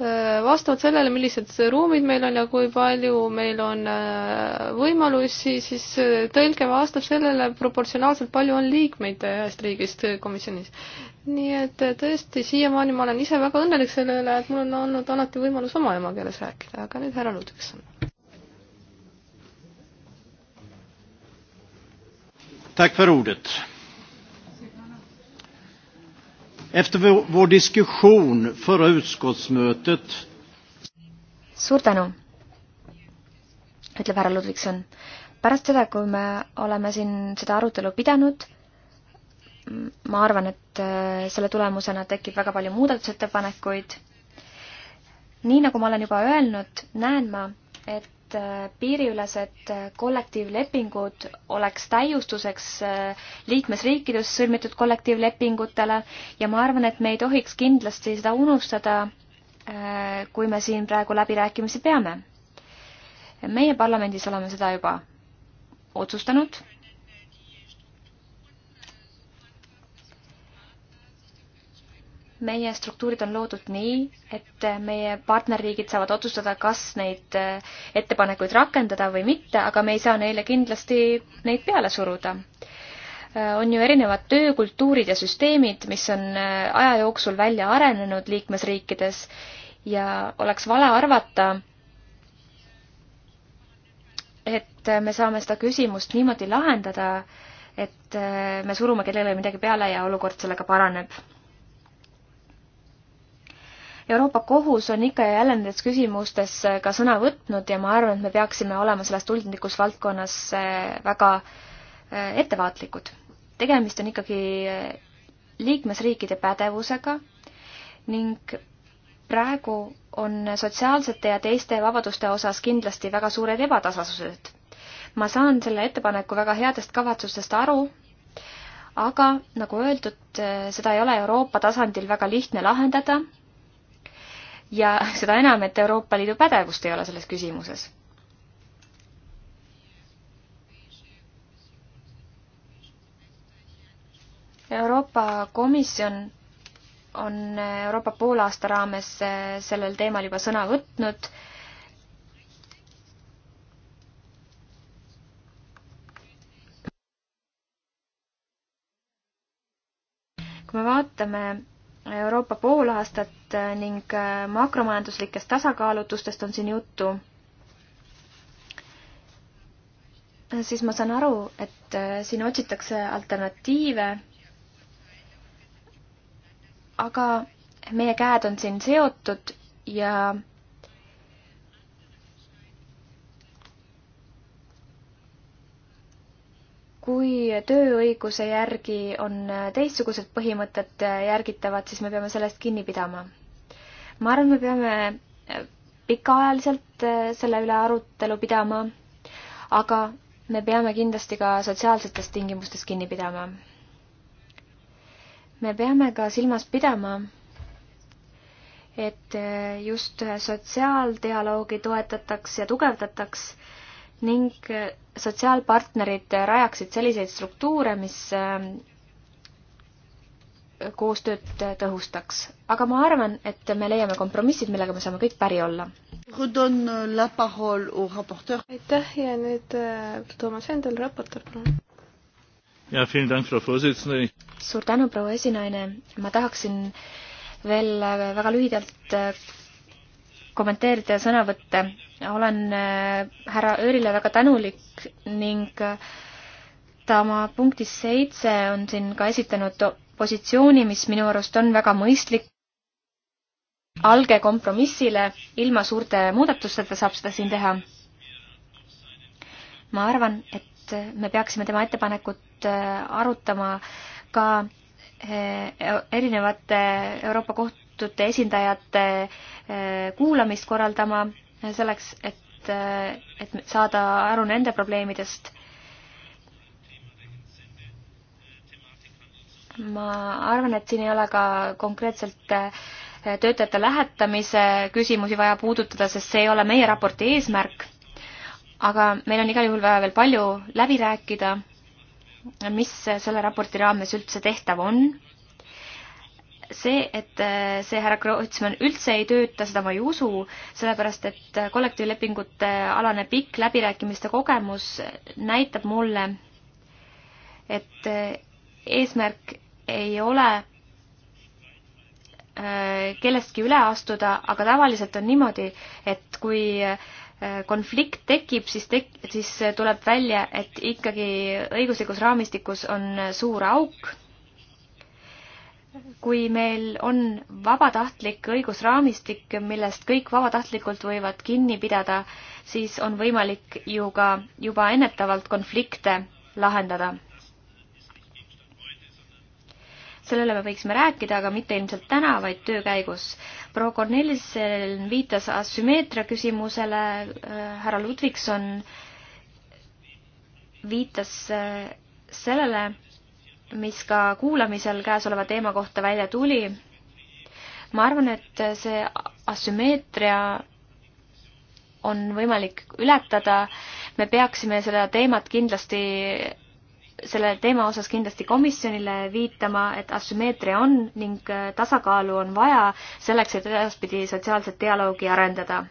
Äh, vastavalt sellele, millised ruumid meil on ja kui palju meil on äh, võimalusi, siis äh, tõlge vastab sellele proportsionaalselt, palju on liikmeid ühest riigist komisjonis. nii et tõesti, siiamaani ma olen ise väga õnnelik selle üle, et mul on olnud alati võimalus oma emakeeles rääkida, aga nüüd härra Ludvigson. Tack för ordet. Efter vår, vår diskussion förra utskottsmötet suur tänu, ütleb härra Ludvigson. pärast seda, kui me oleme siin seda arutelu pidanud, ma arvan, et äh, selle tulemusena tekib väga palju muudatusettepanekuid. nii nagu ma olen juba öelnud, näen ma, et et äh, piiriülesed äh, kollektiivlepingud oleks täiustuseks äh, liikmesriikides sõlmitud kollektiivlepingutele ja ma arvan, et me ei tohiks kindlasti seda unustada, kui me siin praegu läbirääkimisi peame. meie parlamendis oleme seda juba otsustanud meie struktuurid on loodud nii, et meie partnerriigid saavad otsustada, kas neid eh, ettepanekuid rakendada või mitte, aga me ei saa neile kindlasti neid peale suruda. Eh, on ju erinevad töökultuurid ja süsteemid, mis on eh, aja jooksul välja arenenud liikmesriikides ja oleks vale arvata, et me saame seda küsimust niimoodi lahendada, et me surume kellelegi midagi peale ja olukord sellega paraneb Euroopa Kohus on ikka ja jälle nendes küsimustes äh, ka sõna võtnud ja ma arvan, et me peaksime olema selles tundlikus valdkonnas äh, väga äh, ettevaatlikud. tegemist on ikkagi liikmesriikide pädevusega ning praegu on sotsiaalsete ja teiste vabaduste osas kindlasti väga suured ebatasasused. ma saan selle ettepaneku väga headest kavatsustest aru, aga nagu öeldud, seda ei ole Euroopa tasandil väga lihtne lahendada ja seda enam, et Euroopa Liidu pädevust ei ole selles küsimuses. Euroopa Komisjon on Euroopa poolaasta raames eh, sellel teemal juba sõna võtnud. kui me vaatame Euroopa poolaastat äh, ning äh, makromajanduslikest tasakaalutustest on siin juttu, äh, siis ma saan aru, et siin otsitakse alternatiive, aga meie käed on siin seotud ja kui tööõiguse järgi on teistsugused põhimõtted järgitavad, siis me peame sellest kinni pidama. ma arvan, me peame äh, pikaajaliselt äh, selle üle arutelu pidama, aga me peame kindlasti ka sotsiaalsetest tingimustest kinni pidama. me peame ka silmas pidama, et äh, just sotsiaaldialoogi toetataks ja tugevdataks äh, ning sotsiaalpartnerid rajaksid selliseid struktuure, mis äh, koostööd tõhustaks. aga ma arvan, et me leiame kompromissid, millega me saame kõik päri olla. aitäh ja nüüd äh, Toomas Endel, raportöör, palun. Ja, vielen Dank, Frau Vorsitzende. suur tänu, proua esinaine. ma tahaksin veel äh, väga lühidalt kommenteerida ja sõnavõtte. olen äh, härra Öörile väga tänulik ning äh, ta oma punktis seitse on siin ka esitanud positsiooni, mis minu arust on väga mõistlik. alge kompromissile, ilma suurte muudatusteta saab seda siin teha. ma arvan, et me peaksime tema ettepanekut äh, arutama ka erinevate Euroopa Koht-, Liitude esindajate eh, kuulamist korraldama selleks, et, eh, et saada aru nende probleemidest. ma arvan, et siin ei ole ka konkreetselt eh, töötajate lähetamise küsimusi vaja puudutada, sest see ei ole meie raporti eesmärk. aga meil on igal juhul vaja veel palju läbi rääkida, mis selle raporti raames üldse tehtav on see, et äh, see härra Kreutzmann üldse ei tööta, seda ma ei usu, sellepärast et äh, kollektiivlepingute äh, alane pikk läbirääkimiste kogemus näitab mulle, et eesmärk ei ole kellestki üle astuda, aga tavaliselt on niimoodi, et kui konflikt tekib, siis tek-, siis tuleb välja, et ikkagi õiguslikus raamistikus on suur auk kui meil on vabatahtlik õigusraamistik, millest kõik vabatahtlikult võivad kinni pidada, siis on võimalik ju ka juba ennetavalt konflikte lahendada. selle üle me võiksime rääkida, aga mitte ilmselt täna, vaid töö käigus. proua Cornelissen viitas asümmeetria küsimusele, äh, härra Ludvikson viitas äh, sellele, mis ka kuulamisel käesoleva teema kohta välja tuli. ma arvan, et see asümmeetria on võimalik ületada. me peaksime seda teemat kindlasti, selle teema osas kindlasti komisjonile viitama, et asümmeetria on ning tasakaalu on vaja selleks, et edaspidi sotsiaalset dialoogi arendada.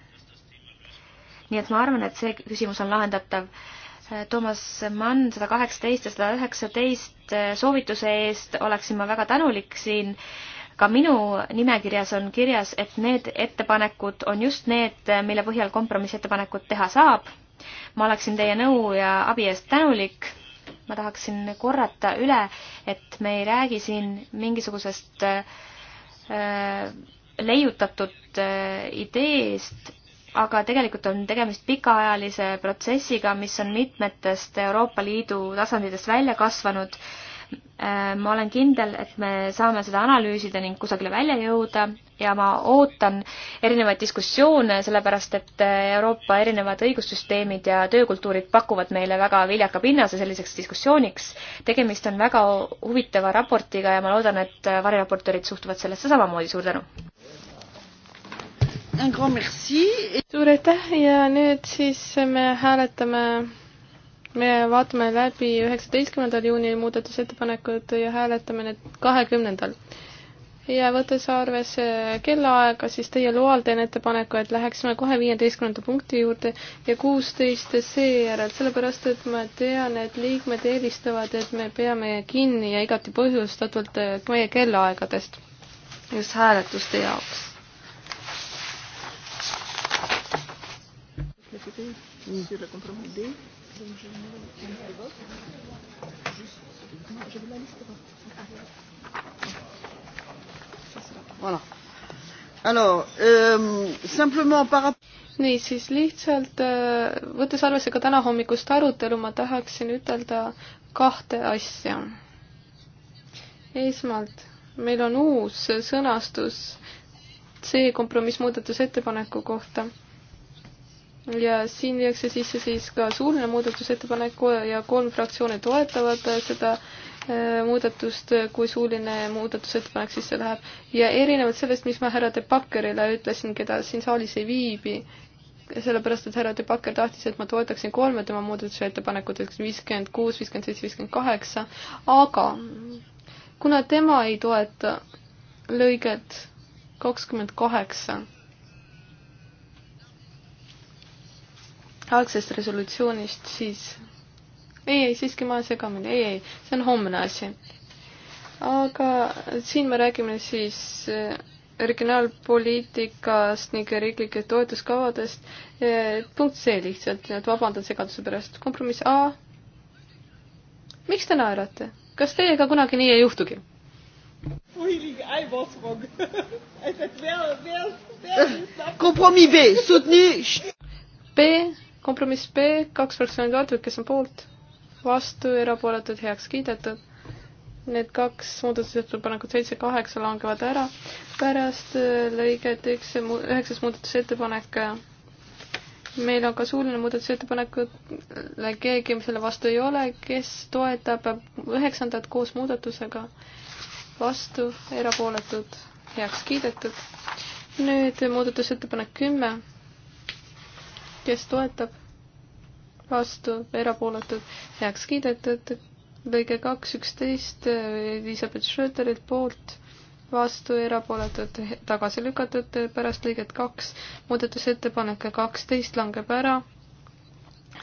nii et ma arvan, et see küsimus on lahendatav Toomas Mann sada kaheksateist ja sada üheksateist eh, soovituse eest oleksin ma väga tänulik siin. ka minu nimekirjas on kirjas, et need ettepanekud on just need, eh, mille põhjal kompromissettepanekut teha saab. ma oleksin teie nõu ja abi eest tänulik. ma tahaksin korrata üle, et me ei räägi siin mingisugusest äh, leiutatud ideest, aga tegelikult on tegemist pikaajalise protsessiga, mis on mitmetest Euroopa Liidu tasanditest välja kasvanud. Äh, ma olen kindel, et me saame seda analüüsida ning kusagile välja jõuda ja ma ootan erinevaid diskussioone, sellepärast et äh, Euroopa erinevad õigussüsteemid ja töökultuurid pakuvad meile väga viljaka pinnase selliseks diskussiooniks. tegemist on väga huvitava raportiga ja ma loodan, et äh, variraportöörid suhtuvad sellesse samamoodi. suur tänu! suur aitäh ja nüüd siis me hääletame, me vaatame läbi üheksateistkümnendal juunil muudatusettepanekud ja hääletame need kahekümnendal. ja võttes arvesse kellaaega, siis teie loal teen ettepaneku, et läheksime kohe viieteistkümnenda punkti juurde ja kuusteist seejärel, sellepärast et ma tean, et liikmed eelistavad, et me peame kinni ja igati põhjustatult meie kellaaegadest just hääletuste jaoks discuter oui. sur le compromis D. Donc je mets le vote. Juste. Non, je veux la liste de vote. Voilà. Alors, euh, simplement par rapport nii, siis lihtsalt äh, võttes arvesse ka täna hommikust arutelu, ma tahaksin ütelda kahte asja. esmalt, meil on uus sõnastus C kompromissmuudatusettepaneku kohta ja siin viiakse sisse siis ka suuline muudatusettepanek ja kolm fraktsiooni toetavad seda äh, muudatust, kui suuline muudatusettepanek sisse läheb. ja erinevalt sellest, mis ma härra De Bakkerile ütlesin, keda siin saalis ei viibi, sellepärast et härra De Bakker tahtis, et ma toetaksin kolme tema muudatusettepanekut, eks viiskümmend kuus, viiskümmend seitse, viiskümmend kaheksa, aga kuna tema ei toeta lõiget kakskümmend kaheksa, algsest resolutsioonist, siis ei, ei, siiski ma olen segamini, ei, ei, see on homne asi. aga siin me räägime siis eh, regionaalpoliitikast ning riiklikest toetuskavadest. Eh, punkt C lihtsalt, nii et vabandan segaduse pärast. kompromiss A. miks te naerate? kas teiega kunagi nii ei juhtugi? kompromiss B, soutenu. B kompromiss B, kaks fraktsiooni toetavad, kes on poolt, vastu, erapooletud, heaks kiidetud. Need kaks muudatusettepanekut seitse, kaheksa langevad ära. pärast äh, lõiget üks, üheksas muudatusettepanek. Äh, meil on ka suuline muudatusettepanek, äh, keegi selle vastu ei ole, kes toetab üheksandat koos muudatusega, vastu, erapooletud, heaks kiidetud. nüüd muudatusettepanek kümme kes toetab, vastu, erapooletud, heaks kiidetud. lõige kaks, üksteist, Elizabeth Schröderilt poolt, vastu, erapooletud, tagasi lükatud, pärast lõiget kaks, muudatusettepanek kaksteist langeb ära.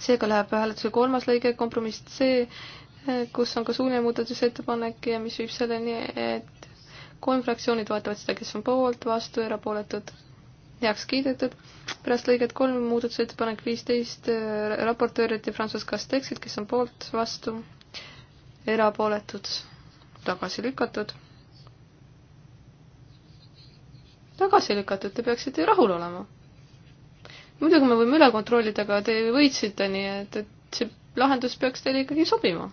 seega läheb hääletuse kolmas lõige, kompromiss C, kus on ka suuline muudatusettepanek ja mis viib selleni, et kolm fraktsiooni toetavad seda, kes on poolt, vastu, erapooletud heaks kiidetud. pärast lõiget kolm muudatusettepanek viisteist äh, raportööriti Francis Castexit, kes on poolt, vastu, erapooletud, tagasi lükatud. tagasi lükatud, te peaksite ju rahul olema. muidugi me võime üle kontrollida, aga te võitsite, nii et, et see lahendus peaks teile ikkagi sobima.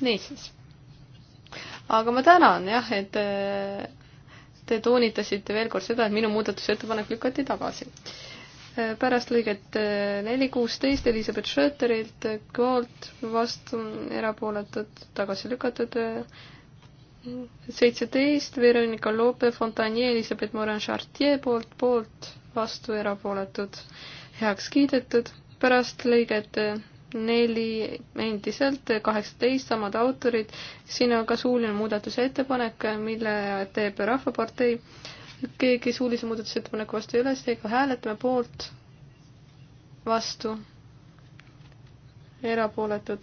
niisiis. aga ma tänan jah, et äh, Te toonitasite veel kord seda, et minu muudatusettepanek lükati tagasi. Äh, pärast lõiget äh, neli kuusteist Elizabeth Schröterilt äh, poolt vastu erapooletud tagasi lükatud seitseteist Veronika Lope Fontanier Elizabeth Morin Chartier poolt poolt vastu erapooletud heaks kiidetud pärast lõiget neli endiselt, kaheksateist, samad autorid. siin on ka suuline muudatusettepanek, mille teeb Rahvapartei. keegi suulise muudatusettepaneku vastu ei ole, seega hääletame poolt, vastu, erapooletud,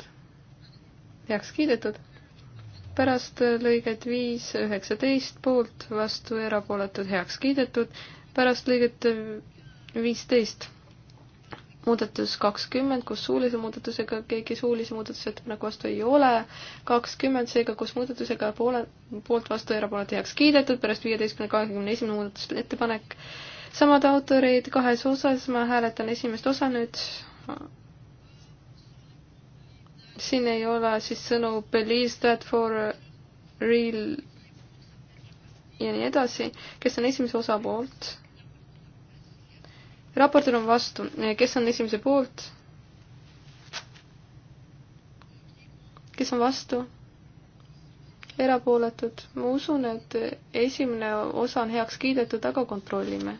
heaks kiidetud. pärast lõiget viis, üheksateist poolt, vastu, erapooletud, heaks kiidetud. pärast lõiget viisteist muudatus kakskümmend, kus suulise muudatusega keegi suulise muudatusettepaneku vastu ei ole, kakskümmend seega koos muudatusega poole, poolt vastu erapooletu heaks kiidetud, pärast viieteistkümne kahekümne esimene muudatusettepanek. samad autoreid kahes osas, ma hääletan esimest osa nüüd. siin ei ole siis sõnu believes that for real ja nii edasi, kes on esimese osa poolt raportöör on vastu, kes on esimese poolt? kes on vastu? erapooletud, ma usun, et esimene osa on heaks kiidetud, aga kontrollime.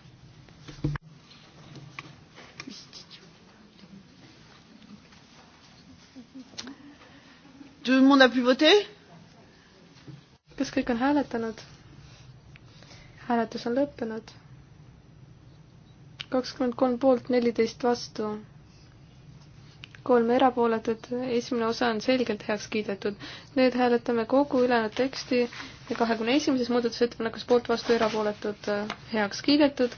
kas kõik on hääletanud? hääletus on lõppenud kakskümmend kolm poolt, neliteist vastu, kolm erapooletut, esimene osa on selgelt heaks kiidetud. nüüd hääletame kogu ülejäänud teksti kahekümne esimeses muudatusettepanekus poolt, vastu, erapooletud, heaks kiidetud.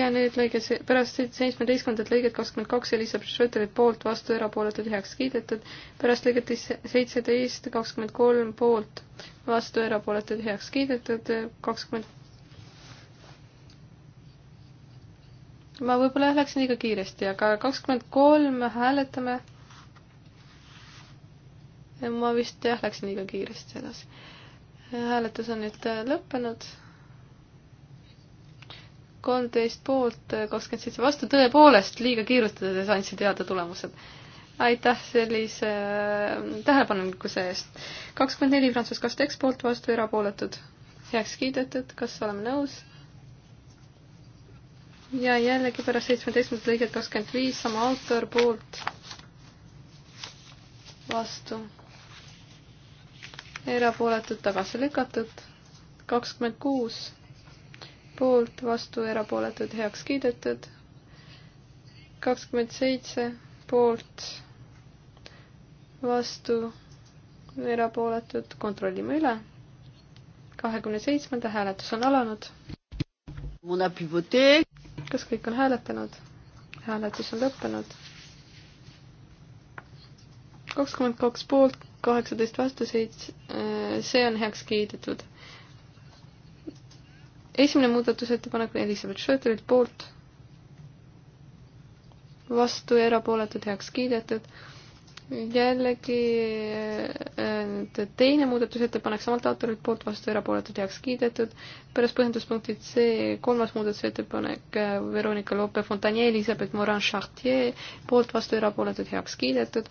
ja nüüd lõige, pärast seitsmeteistkümnendat lõiget kakskümmend kaks Elizabeth Schröderi poolt, vastu, erapooletud, heaks kiidetud. pärast lõiget seitseteist kakskümmend kolm poolt, vastu, erapooletud, heaks kiidetud, kakskümmend ma võib-olla jah, läksin liiga kiiresti, aga kakskümmend kolm hääletame. ma vist jah, läksin liiga kiiresti edasi. hääletus on nüüd äh, lõppenud. kolmteist poolt, äh, kakskümmend seitse vastu, tõepoolest liiga kiirustades andsin teada tulemused. aitäh sellise äh, tähelepanelikkuse eest. kakskümmend neli Prantsus kast eksport vastu, erapooletud heaks kiidetud, kas oleme nõus? ja jällegi pärast seitsmeteistkümnendat lõiget kakskümmend viis sama autor poolt vastu erapooletud tagasi lükatud kakskümmend kuus poolt vastu erapooletud heaks kiidetud kakskümmend seitse poolt vastu erapooletud kontrollime üle kahekümne seitsmenda hääletus on alanud kas kõik on hääletanud? hääletus on lõppenud. kakskümmend kaks poolt, kaheksateist vastuseid, äh, see on heaks kiidetud. esimene muudatusettepanek on Elizabeth Schröderilt poolt, vastu ja erapooletud heaks kiidetud jällegi eh, teine muudatusettepanek samalt autorilt poolt vastu erapooletud heaks kiidetud. pärast põhjenduspunktid C kolmas muudatusettepanek eh, Veronika Lope-Fontanier, Elizabeth Morin-Chartier poolt vastu erapooletud heaks kiidetud.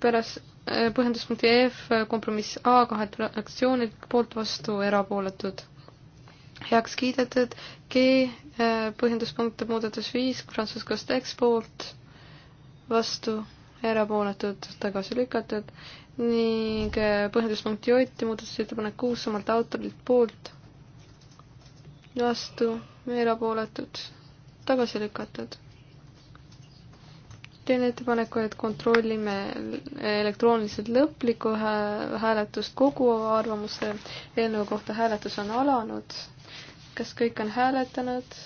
pärast eh, põhjenduspunkti F kompromiss A kahelt fraktsioonilt poolt vastu erapooletud heaks kiidetud. G põhjenduspunkt muudatus viis Prantsus Kosteks poolt vastu erapooletud, tagasi lükatud ning äh, põhjenduspunkti Ott, muudatusettepanek kuus samalt autorilt poolt, vastu, erapooletud, tagasi lükatud. teen ettepaneku, et kontrollime elektrooniliselt lõplikku hääletust kogu arvamuse eelnõu kohta, hääletus on alanud kas kõik on hääletanud,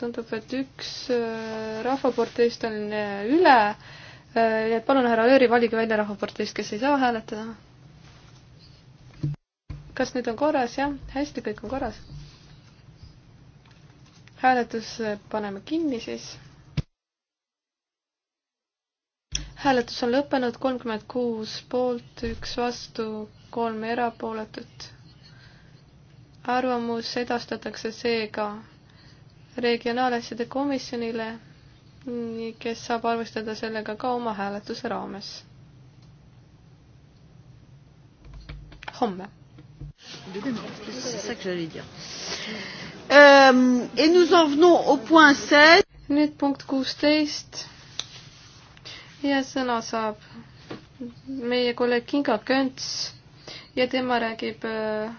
tundub, et üks äh, rahvaporteist on äh, üle Äh, nii et palun, härra Ööri, valige välja rahvaparteist, kes ei saa hääletada. kas nüüd on korras, jah? hästi, kõik on korras. hääletus paneme kinni siis. hääletus on lõppenud, kolmkümmend kuus poolt, üks vastu, kolm erapooletut. arvamus edastatakse seega regionaalasjade komisjonile kes saab arvestada sellega ka oma hääletuse raames. homme. Euh, nüüd punkt kuusteist ja sõna saab meie kolleeg Kinga Könts ja tema räägib äh,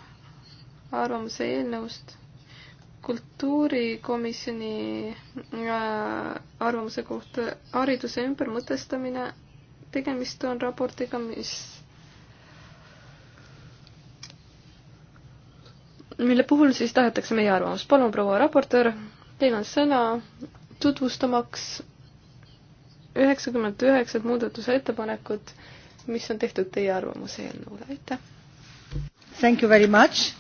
arvamuse eelnõust kultuurikomisjoni äh, arvamuse kohta hariduse ümbermõtestamine. tegemist on raportiga, mis, mille puhul siis tahetakse meie arvamust. palun, proua raportöör, teil on sõna tutvustamaks üheksakümmend üheksat muudatusettepanekut, mis on tehtud teie arvamuse eelnõule, aitäh! Thank you very much!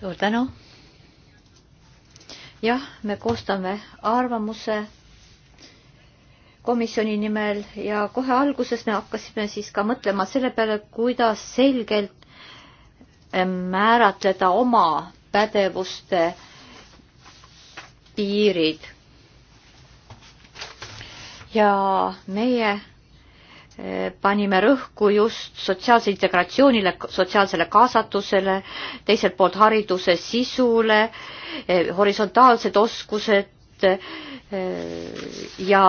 suur tänu! jah, me koostame arvamuse komisjoni nimel ja kohe alguses me hakkasime siis ka mõtlema selle peale, kuidas selgelt määratleda oma pädevuste piirid. ja meie panime rõhku just sotsiaalse integratsioonile, sotsiaalsele kaasatusele, teiselt poolt hariduse sisule, horisontaalsed oskused eh, ja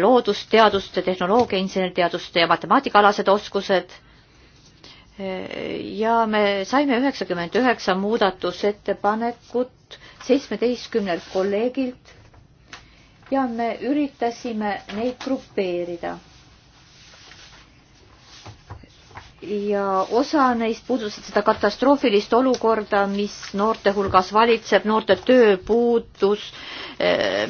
loodusteaduste, tehnoloogia, inseneriteaduste ja matemaatikaalased oskused. Eh, ja me saime üheksakümmend üheksa muudatusettepanekut seitsmeteistkümnelt kolleegilt ja me üritasime neid grupeerida ja osa neist puudutasid seda katastroofilist olukorda, mis noorte hulgas valitseb, noorte tööpuudus.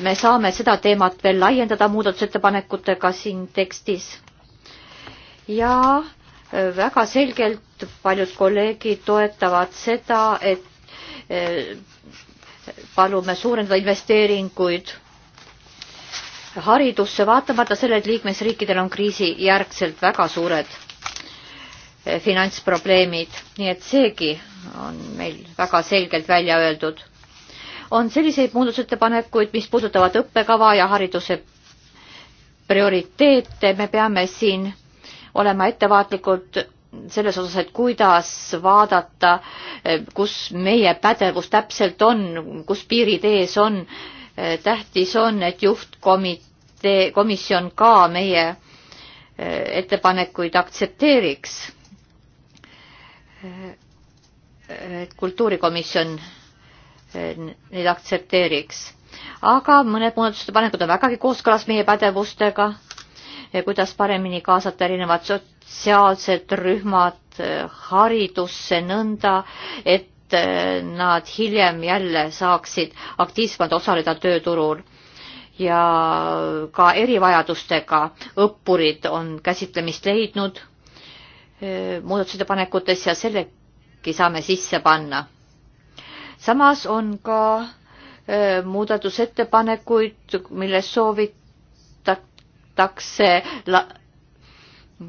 me saame seda teemat veel laiendada muudatusettepanekutega siin tekstis. ja väga selgelt paljud kolleegid toetavad seda, et eh, palume suurendada investeeringuid haridusse, vaatamata sellele, et liikmesriikidel on kriisi järgselt väga suured Eh, finantsprobleemid, nii et seegi on meil väga selgelt välja öeldud. on selliseid muudatusettepanekuid, mis puudutavad õppekava ja hariduse prioriteete, me peame siin olema ettevaatlikud selles osas, et kuidas vaadata, eh, kus meie pädevus täpselt on, kus piirid ees on. Eh, tähtis on, et juhtkomitee, komisjon ka meie ettepanekuid aktsepteeriks et kultuurikomisjon neid aktsepteeriks. aga mõned muudatustepanekud on vägagi kooskõlas meie pädevustega, kuidas paremini kaasata erinevad sotsiaalsed rühmad eh, haridusse nõnda, et eh, nad hiljem jälle saaksid aktiivsemalt osaleda tööturul ja ka erivajadustega õppurid on käsitlemist leidnud muudatusettepanekutes ja sellegi saame sisse panna. samas on ka muudatusettepanekuid, milles soovitatakse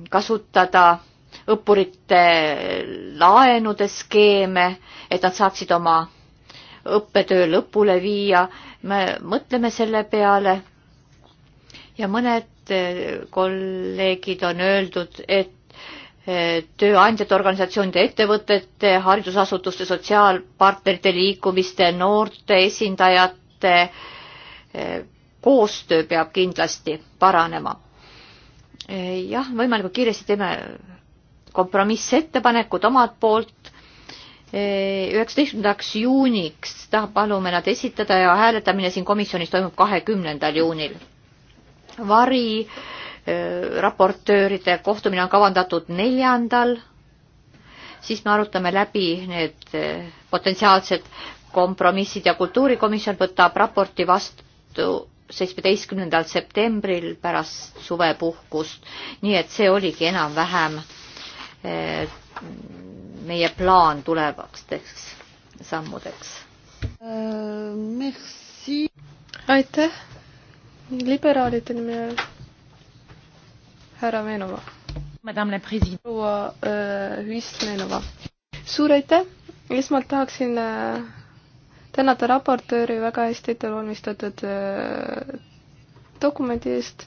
kasutada õppurite laenude skeeme, et nad saaksid oma õppetöö lõpule viia. me mõtleme selle peale ja mõned kolleegid on öeldud, et tööandjate organisatsioonide, ettevõtete, haridusasutuste, sotsiaalpartnerite liikumiste, noorte esindajate eh, koostöö peab kindlasti paranema. Eh, jah, võimalikult kiiresti teeme kompromissettepanekud omalt poolt. Eh, üheksateistkümnendaks juuniks tahab, palume nad esitada ja hääletamine siin komisjonis toimub kahekümnendal juunil. vari äh, Äh, raportööride kohtumine on kavandatud neljandal, siis me arutame läbi need äh, potentsiaalsed kompromissid ja kultuurikomisjon võtab raporti vastu seitsmeteistkümnendal septembril pärast suvepuhkust. nii et see oligi enam-vähem äh, meie plaan tulevasteks sammudeks äh,. Merci. aitäh liberaalide nimel härra Meenova. proua Vist äh, Meenova. suur aitäh, esmalt tahaksin äh, tänada raportööri väga hästi ettevalmistatud äh, dokumendi eest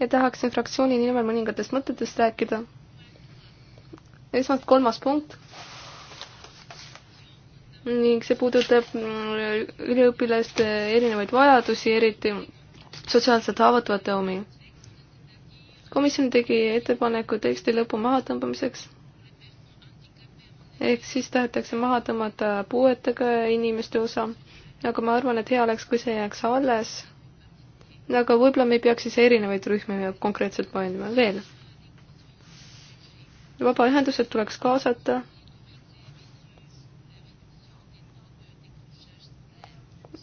ja tahaksin fraktsiooni nimel mõningatest mõtetest rääkida. esmalt kolmas punkt ning see puudutab mm, üliõpilaste erinevaid vajadusi, eriti sotsiaalselt haavatavate omi komisjon tegi ettepaneku teksti lõpu mahatõmbamiseks. ehk siis tahetakse maha tõmmata puuetega inimeste osa, aga ma arvan, et hea oleks, kui see jääks alles. aga võib-olla me ei peaks siis erinevaid rühmi konkreetselt mainima veel. vabaühendused tuleks kaasata.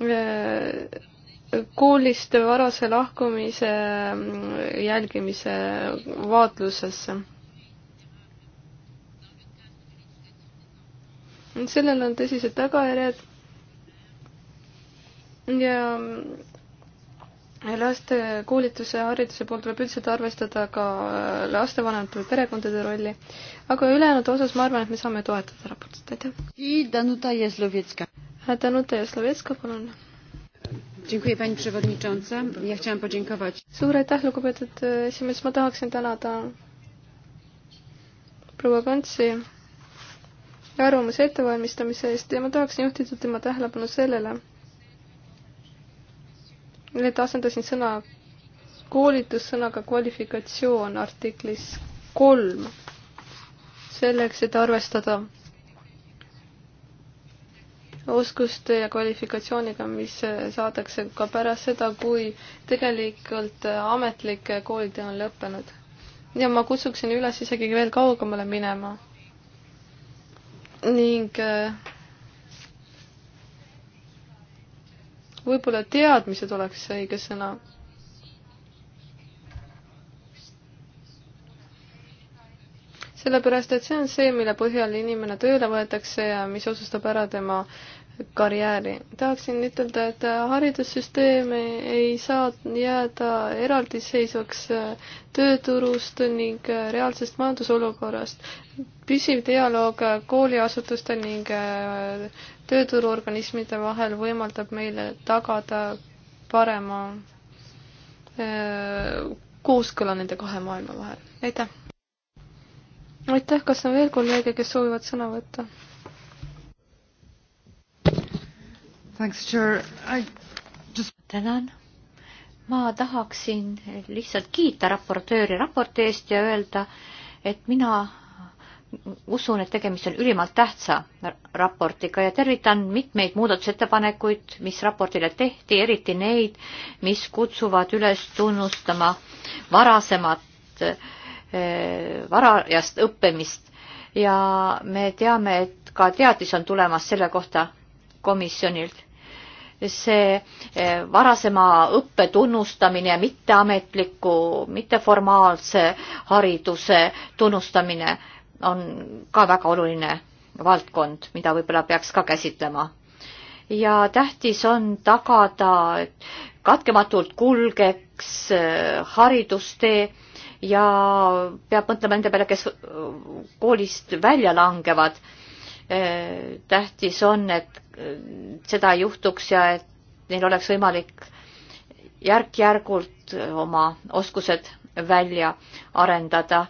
Äh, koolist varase lahkumise mm, jälgimise vaatlusesse. sellel on tõsised tagajärjed ja mm, laste koolituse ja hariduse poolt võib üldiselt arvestada ka äh, lastevanemate või perekondade rolli, aga ülejäänud osas ma arvan, et me saame toetada raportit, aitäh. Danuta Jezlovetska. Danuta Jezlovetska, palun suur aitäh, lugupeetud e, esimees, ma tahaksin tänada proua Kantsi arvamuse ettevalmistamise eest ja ma tahaksin juhtida tema tähelepanu sellele, et asendasin sõna koolitus sõnaga kvalifikatsioon artiklis kolm, selleks, et arvestada oskuste ja kvalifikatsiooniga, mis äh, saadakse ka pärast seda, kui tegelikult äh, ametlik äh, koolitee on lõppenud. ja ma kutsuksin üles isegi veel kaugemale minema. ning võib-olla teadmised oleks õige sõna sellepärast, et see on see, mille põhjal inimene tööle võetakse ja mis otsustab ära tema karjääri. tahaksin ütelda, et äh, haridussüsteem ei saa jääda eraldiseisvaks äh, tööturust ning äh, reaalsest majandusolukorrast. püsiv dialoog kooliasutuste ning tööturuorganismide vahel võimaldab meile tagada parema kooskõla nende kahe maailma vahel. aitäh! aitäh, kas on veel kolleege, kes soovivad sõna võtta? Just... tänan. ma tahaksin lihtsalt kiita raportööri raporti eest ja öelda, et mina usun, et tegemist on ülimalt tähtsa raportiga ja tervitan mitmeid muudatusettepanekuid, mis raportile tehti, eriti neid, mis kutsuvad üles tunnustama varasemat äh, varajast õppimist ja me teame, et ka teadis on tulemas selle kohta komisjonilt see eh, varasema õppe tunnustamine ja mitteametliku, mitteformaalse hariduse tunnustamine on ka väga oluline valdkond, mida võib-olla peaks ka käsitlema. ja tähtis on tagada, et katkematult kulgeks eh, haridustee ja peab mõtlema nende peale, kes koolist välja langevad Äh, tähtis on, et äh, seda ei juhtuks ja et neil oleks võimalik järk-järgult oma oskused välja arendada.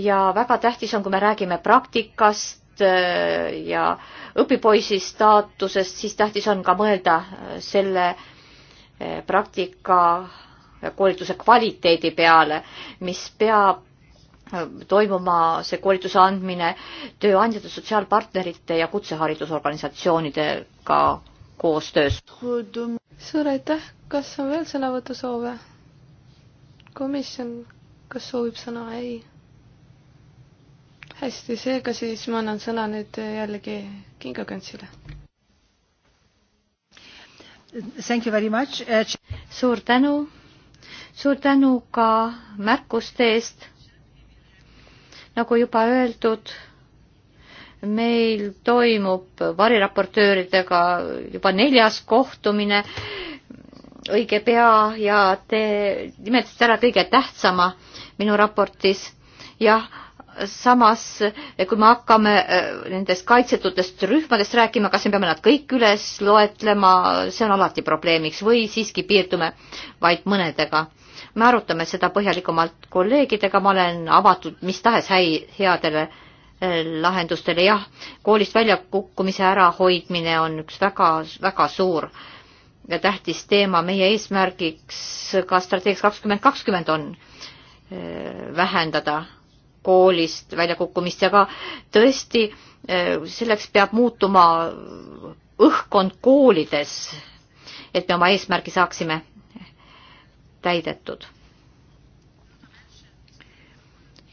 ja väga tähtis on, kui me räägime praktikast äh, ja õpipoisi staatusest, siis tähtis on ka mõelda selle praktika koolituse kvaliteedi peale, mis peab toimuma see koolituse andmine tööandjate, sotsiaalpartnerite ja kutseharidusorganisatsioonidega koostöös. suur aitäh, kas on veel sõnavõtusoove? komisjon, kas soovib sõna? ei. hästi, seega siis ma annan sõna nüüd jällegi Kinga Köntsile. Thank you very much. suur tänu, suur tänu ka märkuste eest nagu juba öeldud, meil toimub variraportööridega juba neljas kohtumine õige pea ja te nimetasite ära kõige tähtsama minu raportis. jah, samas kui me hakkame äh, nendest kaitsetutest rühmadest rääkima, kas me peame nad kõik üles loetlema, see on alati probleemiks või siiski piirdume vaid mõnedega me arutame seda põhjalikumalt kolleegidega, ma olen avatud mis tahes häi-, headele eh, lahendustele, jah, koolist väljakukkumise ärahoidmine on üks väga, väga suur ja tähtis teema, meie eesmärgiks ka strateegias kakskümmend kakskümmend on eh, vähendada koolist väljakukkumist ja ka tõesti eh, selleks peab muutuma õhkkond koolides, et me oma eesmärgi saaksime täidetud.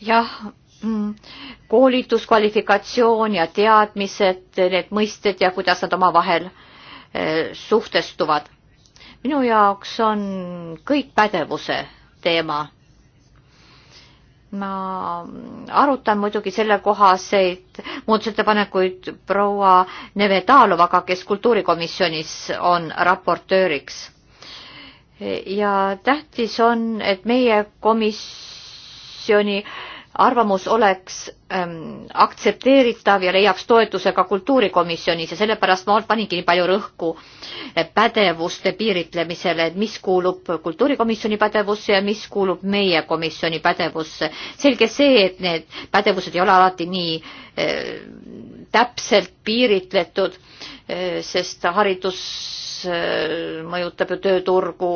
jah, mm, koolitus, kvalifikatsioon ja teadmised, need mõisted ja kuidas nad omavahel eh, suhtestuvad. minu jaoks on kõik pädevuse teema. ma arutan muidugi sellekohaseid muudatusettepanekuid proua Neve Taalovaga, kes kultuurikomisjonis on raportööriks ja tähtis on, et meie komisjoni arvamus oleks ähm, aktsepteeritav ja leiaks toetuse ka kultuurikomisjonis ja sellepärast ma paningi nii palju rõhku pädevuste piiritlemisele, et mis kuulub kultuurikomisjoni pädevusse ja mis kuulub meie komisjoni pädevusse. selge see, et need pädevused ei ole alati nii äh, täpselt piiritletud äh,, sest haridus Äh, mõjutab ju tööturgu.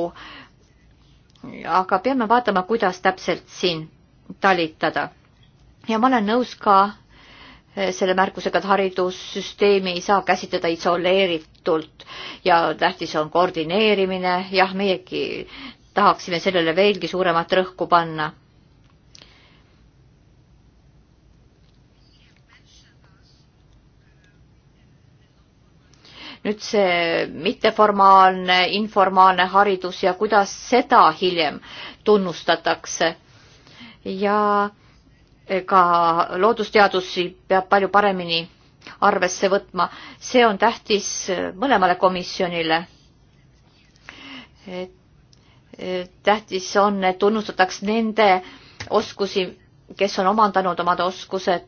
aga peame vaatama, kuidas täpselt siin talitada. ja ma olen nõus ka äh, selle märkusega, et haridussüsteemi ei saa käsitleda isoleeritult ja tähtis on koordineerimine, jah, meiegi tahaksime sellele veelgi suuremat rõhku panna nüüd see mitteformaalne, informaalne haridus ja kuidas seda hiljem tunnustatakse. ja ka loodusteadusi peab palju paremini arvesse võtma, see on tähtis mõlemale komisjonile. tähtis on, et tunnustataks nende oskusi, kes on omandanud omad oskused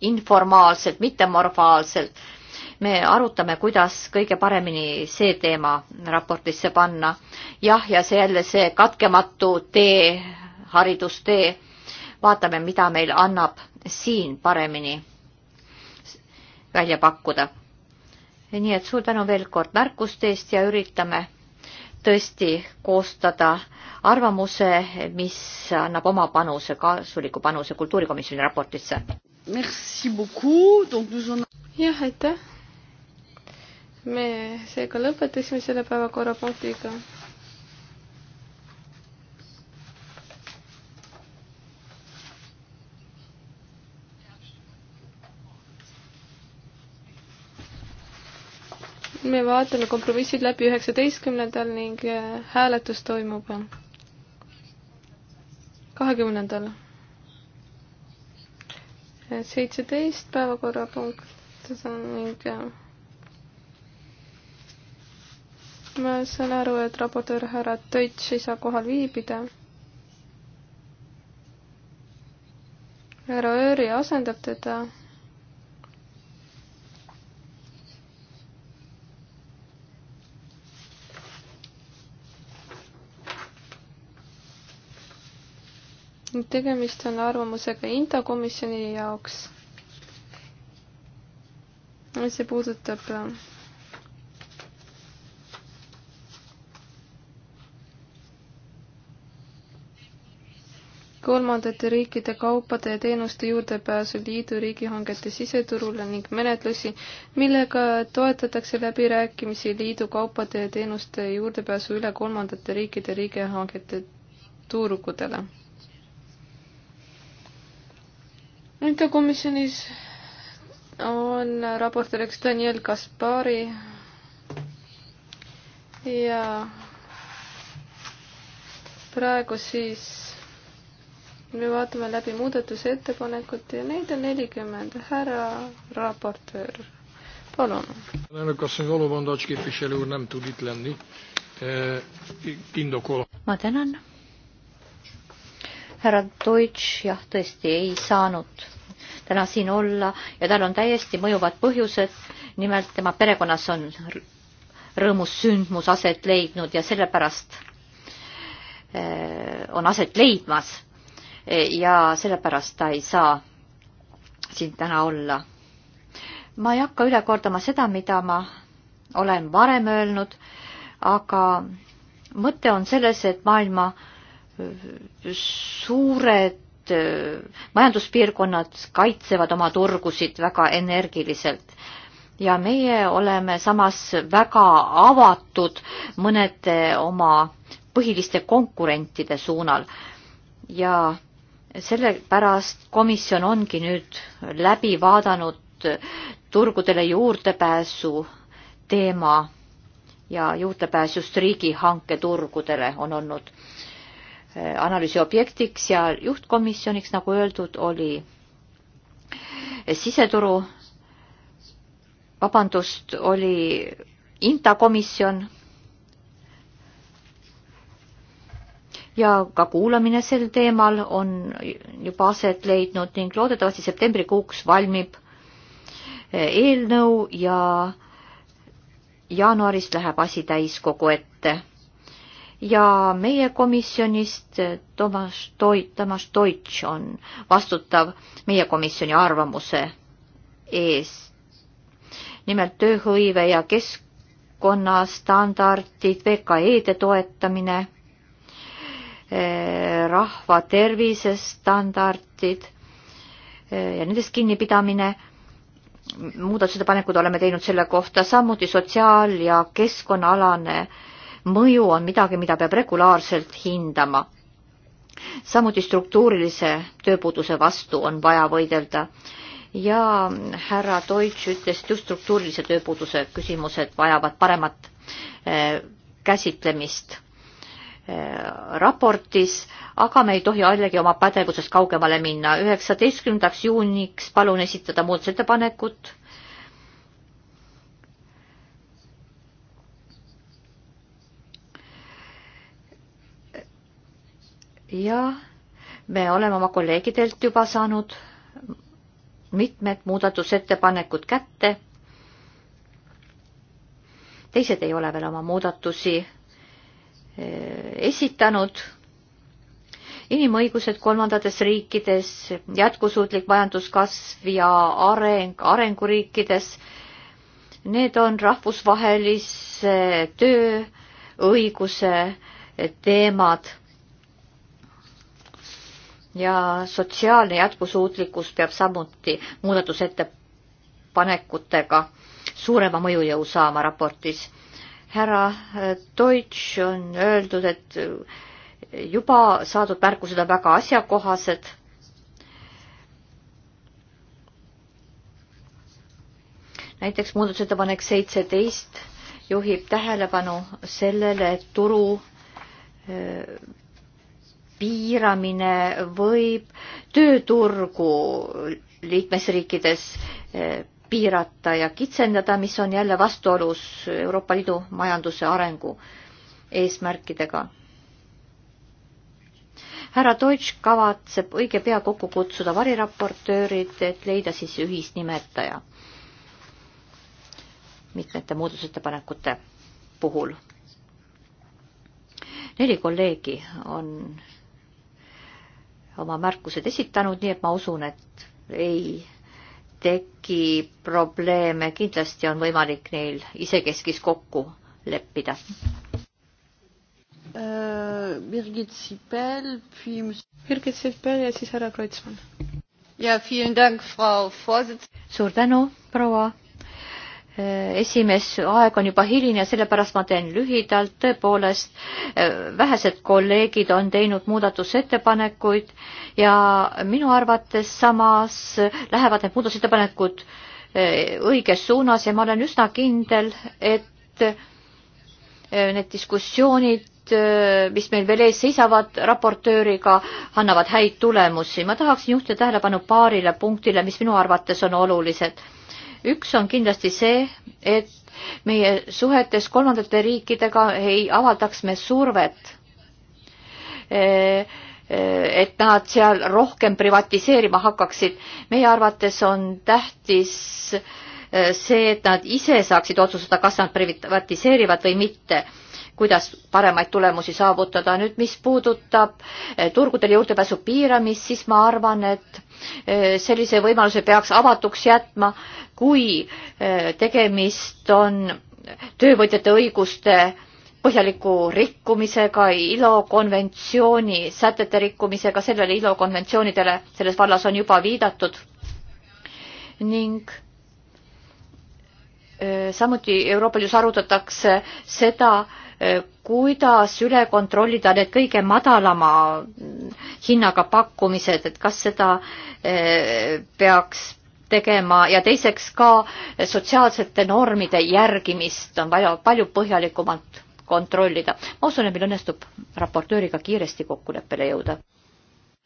informaalselt, mitte morfaalselt me arutame, kuidas kõige paremini see teema raportisse panna. jah, ja see jälle see katkematu tee, haridustee. vaatame, mida meil annab siin paremini välja pakkuda. nii et suur tänu veel kord märkuste eest ja üritame tõesti koostada arvamuse, mis annab oma panuse, kasuliku panuse kultuurikomisjoni raportisse. jah, aitäh me seega lõpetasime selle päevakorrapunktiga. me vaatame kompromissid läbi üheksateistkümnendal ning äh, hääletus toimub kahekümnendal. Äh, seitseteist päevakorrapunkt ning äh, ma saan aru, et raportöör härra Töits ei saa kohal viibida. härra Ööri asendab teda. tegemist on arvamusega Inta komisjoni jaoks. see puudutab kolmandate riikide kaupade ja teenuste juurdepääsu liidu riigihangete siseturule ning menetlusi, millega toetatakse läbirääkimisi liidu kaupade ja teenuste juurdepääsu üle kolmandate riikide riigihangete turgudele. infokomisjonis on raportööriks Daniel Kaspari ja praegu siis me vaatame läbi muudatusettepanekut ja neid on nelikümmend. härra raportöör, palun. E, ma tänan. härra Deutsch, jah, tõesti ei saanud täna siin olla ja tal on täiesti mõjuvad põhjused. nimelt tema perekonnas on rõõmus sündmus aset leidnud ja sellepärast e, on aset leidmas ja sellepärast ta ei saa siin täna olla. ma ei hakka üle kordama seda, mida ma olen varem öelnud, aga mõte on selles, et maailma äh, suured äh, majanduspiirkonnad kaitsevad oma turgusid väga energiliselt ja meie oleme samas väga avatud mõnede oma põhiliste konkurentide suunal ja sellepärast komisjon ongi nüüd läbi vaadanud turgudele juurdepääsu teema ja juurdepääs just riigihanke turgudele on olnud eh, analüüsi objektiks ja juhtkomisjoniks, nagu öeldud, oli siseturu, vabandust, oli Inta komisjon ja ka kuulamine sel teemal on juba aset leidnud ning loodetavasti septembrikuuks valmib eh, eelnõu ja jaanuarist läheb asi täiskogu ette. ja meie komisjonist eh, Tomas Toit, Tomas Deutsch on vastutav meie komisjoni arvamuse eest. nimelt tööhõive ja keskkonnastandardid, VKE-de toetamine Eh, rahva tervisestandardid eh, ja nendest kinnipidamine. muudatusettepanekud oleme teinud selle kohta, samuti sotsiaal- ja keskkonnaalane mõju on midagi, mida peab regulaarselt hindama. samuti struktuurilise tööpuuduse vastu on vaja võidelda ja härra Deutsch ütles, et just struktuurilise tööpuuduse küsimused vajavad paremat eh, käsitlemist Äh, raportis, aga me ei tohi jällegi oma pädevusest kaugemale minna. üheksateistkümnendaks juuniks palun esitada muudatusettepanekut. ja me oleme oma kolleegidelt juba saanud mitmed muudatusettepanekud kätte. teised ei ole veel oma muudatusi Eh, esitanud. inimõigused kolmandates riikides, jätkusuutlik majanduskasv ja areng arenguriikides, need on rahvusvahelise tööõiguse teemad. ja sotsiaalne jätkusuutlikkus peab samuti muudatusettepanekutega suurema mõjujõu saama raportis härra äh, Deutsch on öeldud, et äh, juba saadud märkused on väga asjakohased. näiteks muudatusettepanek seitseteist juhib tähelepanu sellele, et turu äh, piiramine võib tööturgu liikmesriikides piirata ja kitsendada, mis on jälle vastuolus Euroopa Liidu majanduse arengu eesmärkidega. härra Deutsch kavatseb õige pea kokku kutsuda variraportöörid, et leida siis ühisnimetaja mitmete muudusettepanekute puhul. neli kolleegi on oma märkused esitanud, nii et ma usun, et ei teki probleeme, kindlasti on võimalik neil isekeskis kokku leppida. Äh, Birgit Sipel, puis... Birgit Sipel ja siis härra Kreutzmann. ja, suur tänu, proua Äh, esimees, aeg on juba hiline ja sellepärast ma teen lühidalt, tõepoolest äh, vähesed kolleegid on teinud muudatusettepanekuid ja minu arvates samas lähevad need muudatusettepanekud äh, õiges suunas ja ma olen üsna kindel, et need diskussioonid, mis meil veel ees seisavad raportööriga, annavad häid tulemusi. ma tahaksin juhtida tähelepanu paarile punktile, mis minu arvates on olulised üks on kindlasti see, et meie suhetes kolmandate riikidega ei avaldaks me survet, e, e, et nad seal rohkem privatiseerima hakkaksid. meie arvates on tähtis e, see, et nad ise saaksid otsustada, kas nad privatiseerivad või mitte kuidas paremaid tulemusi saavutada. nüüd, mis puudutab eh, turgudele juurdepääsu piiramist, siis ma arvan, et eh, sellise võimaluse peaks avatuks jätma, kui eh, tegemist on töövõtjate õiguste põhjaliku rikkumisega, ILO konventsiooni sätete rikkumisega, sellele ILO konventsioonidele selles vallas on juba viidatud ning Äh, samuti Euroopa Liidus arutatakse seda, äh, kuidas üle kontrollida need kõige madalama mm, hinnaga pakkumised, et kas seda äh, peaks tegema ja teiseks ka sotsiaalsete normide järgimist on vaja palju põhjalikumalt kontrollida. ma usun, et meil õnnestub raportööriga kiiresti kokkuleppele jõuda.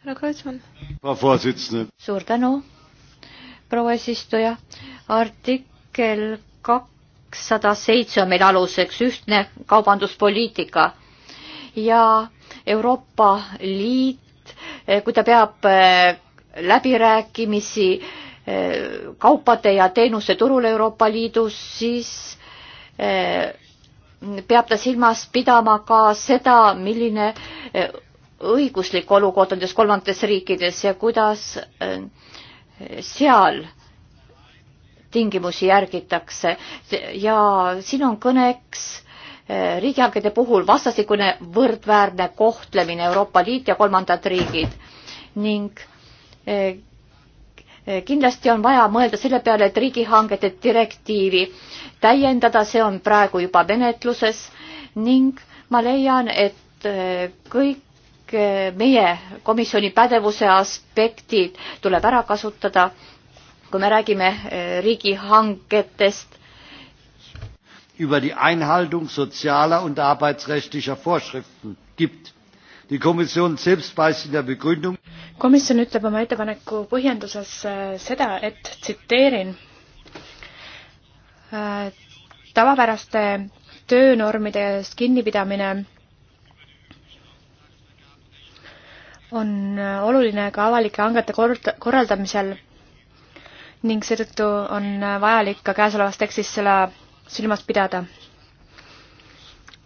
härra Kreutzmann. suur tänu, proua eesistuja. artikkel kakssada seitse on meil aluseks ühtne kaubanduspoliitika ja Euroopa Liit, eh, kui ta peab eh, läbirääkimisi eh, kaupade ja teenuste turul Euroopa Liidus, siis peab ta silmas pidama ka seda, milline õiguslik olukord on nendes kolmandates riikides ja kuidas seal tingimusi järgitakse ja siin on kõneks eh, riigihangete puhul vastastikune võrdväärne kohtlemine Euroopa Liit ja kolmandad riigid ning eh, eh, kindlasti on vaja mõelda selle peale, et riigihangete direktiivi täiendada, see on praegu juba menetluses ning ma leian, et kõik meie komisjoni pädevuse aspektid tuleb ära kasutada kui me räägime eh, riigihangetest. über die Einhaltung sozialer und arbeitsrechtlicher Vorschriften gibt. Die Kommission selbst weist in der Begründung komisjon ütleb oma ettepaneku põhjenduses eh, seda, et tsiteerin eh, tavapäraste töönormidest kinnipidamine on oluline ka avalike hangete korraldamisel ning seetõttu on vajalik ka käesolevas tekstis seda silmas pidada.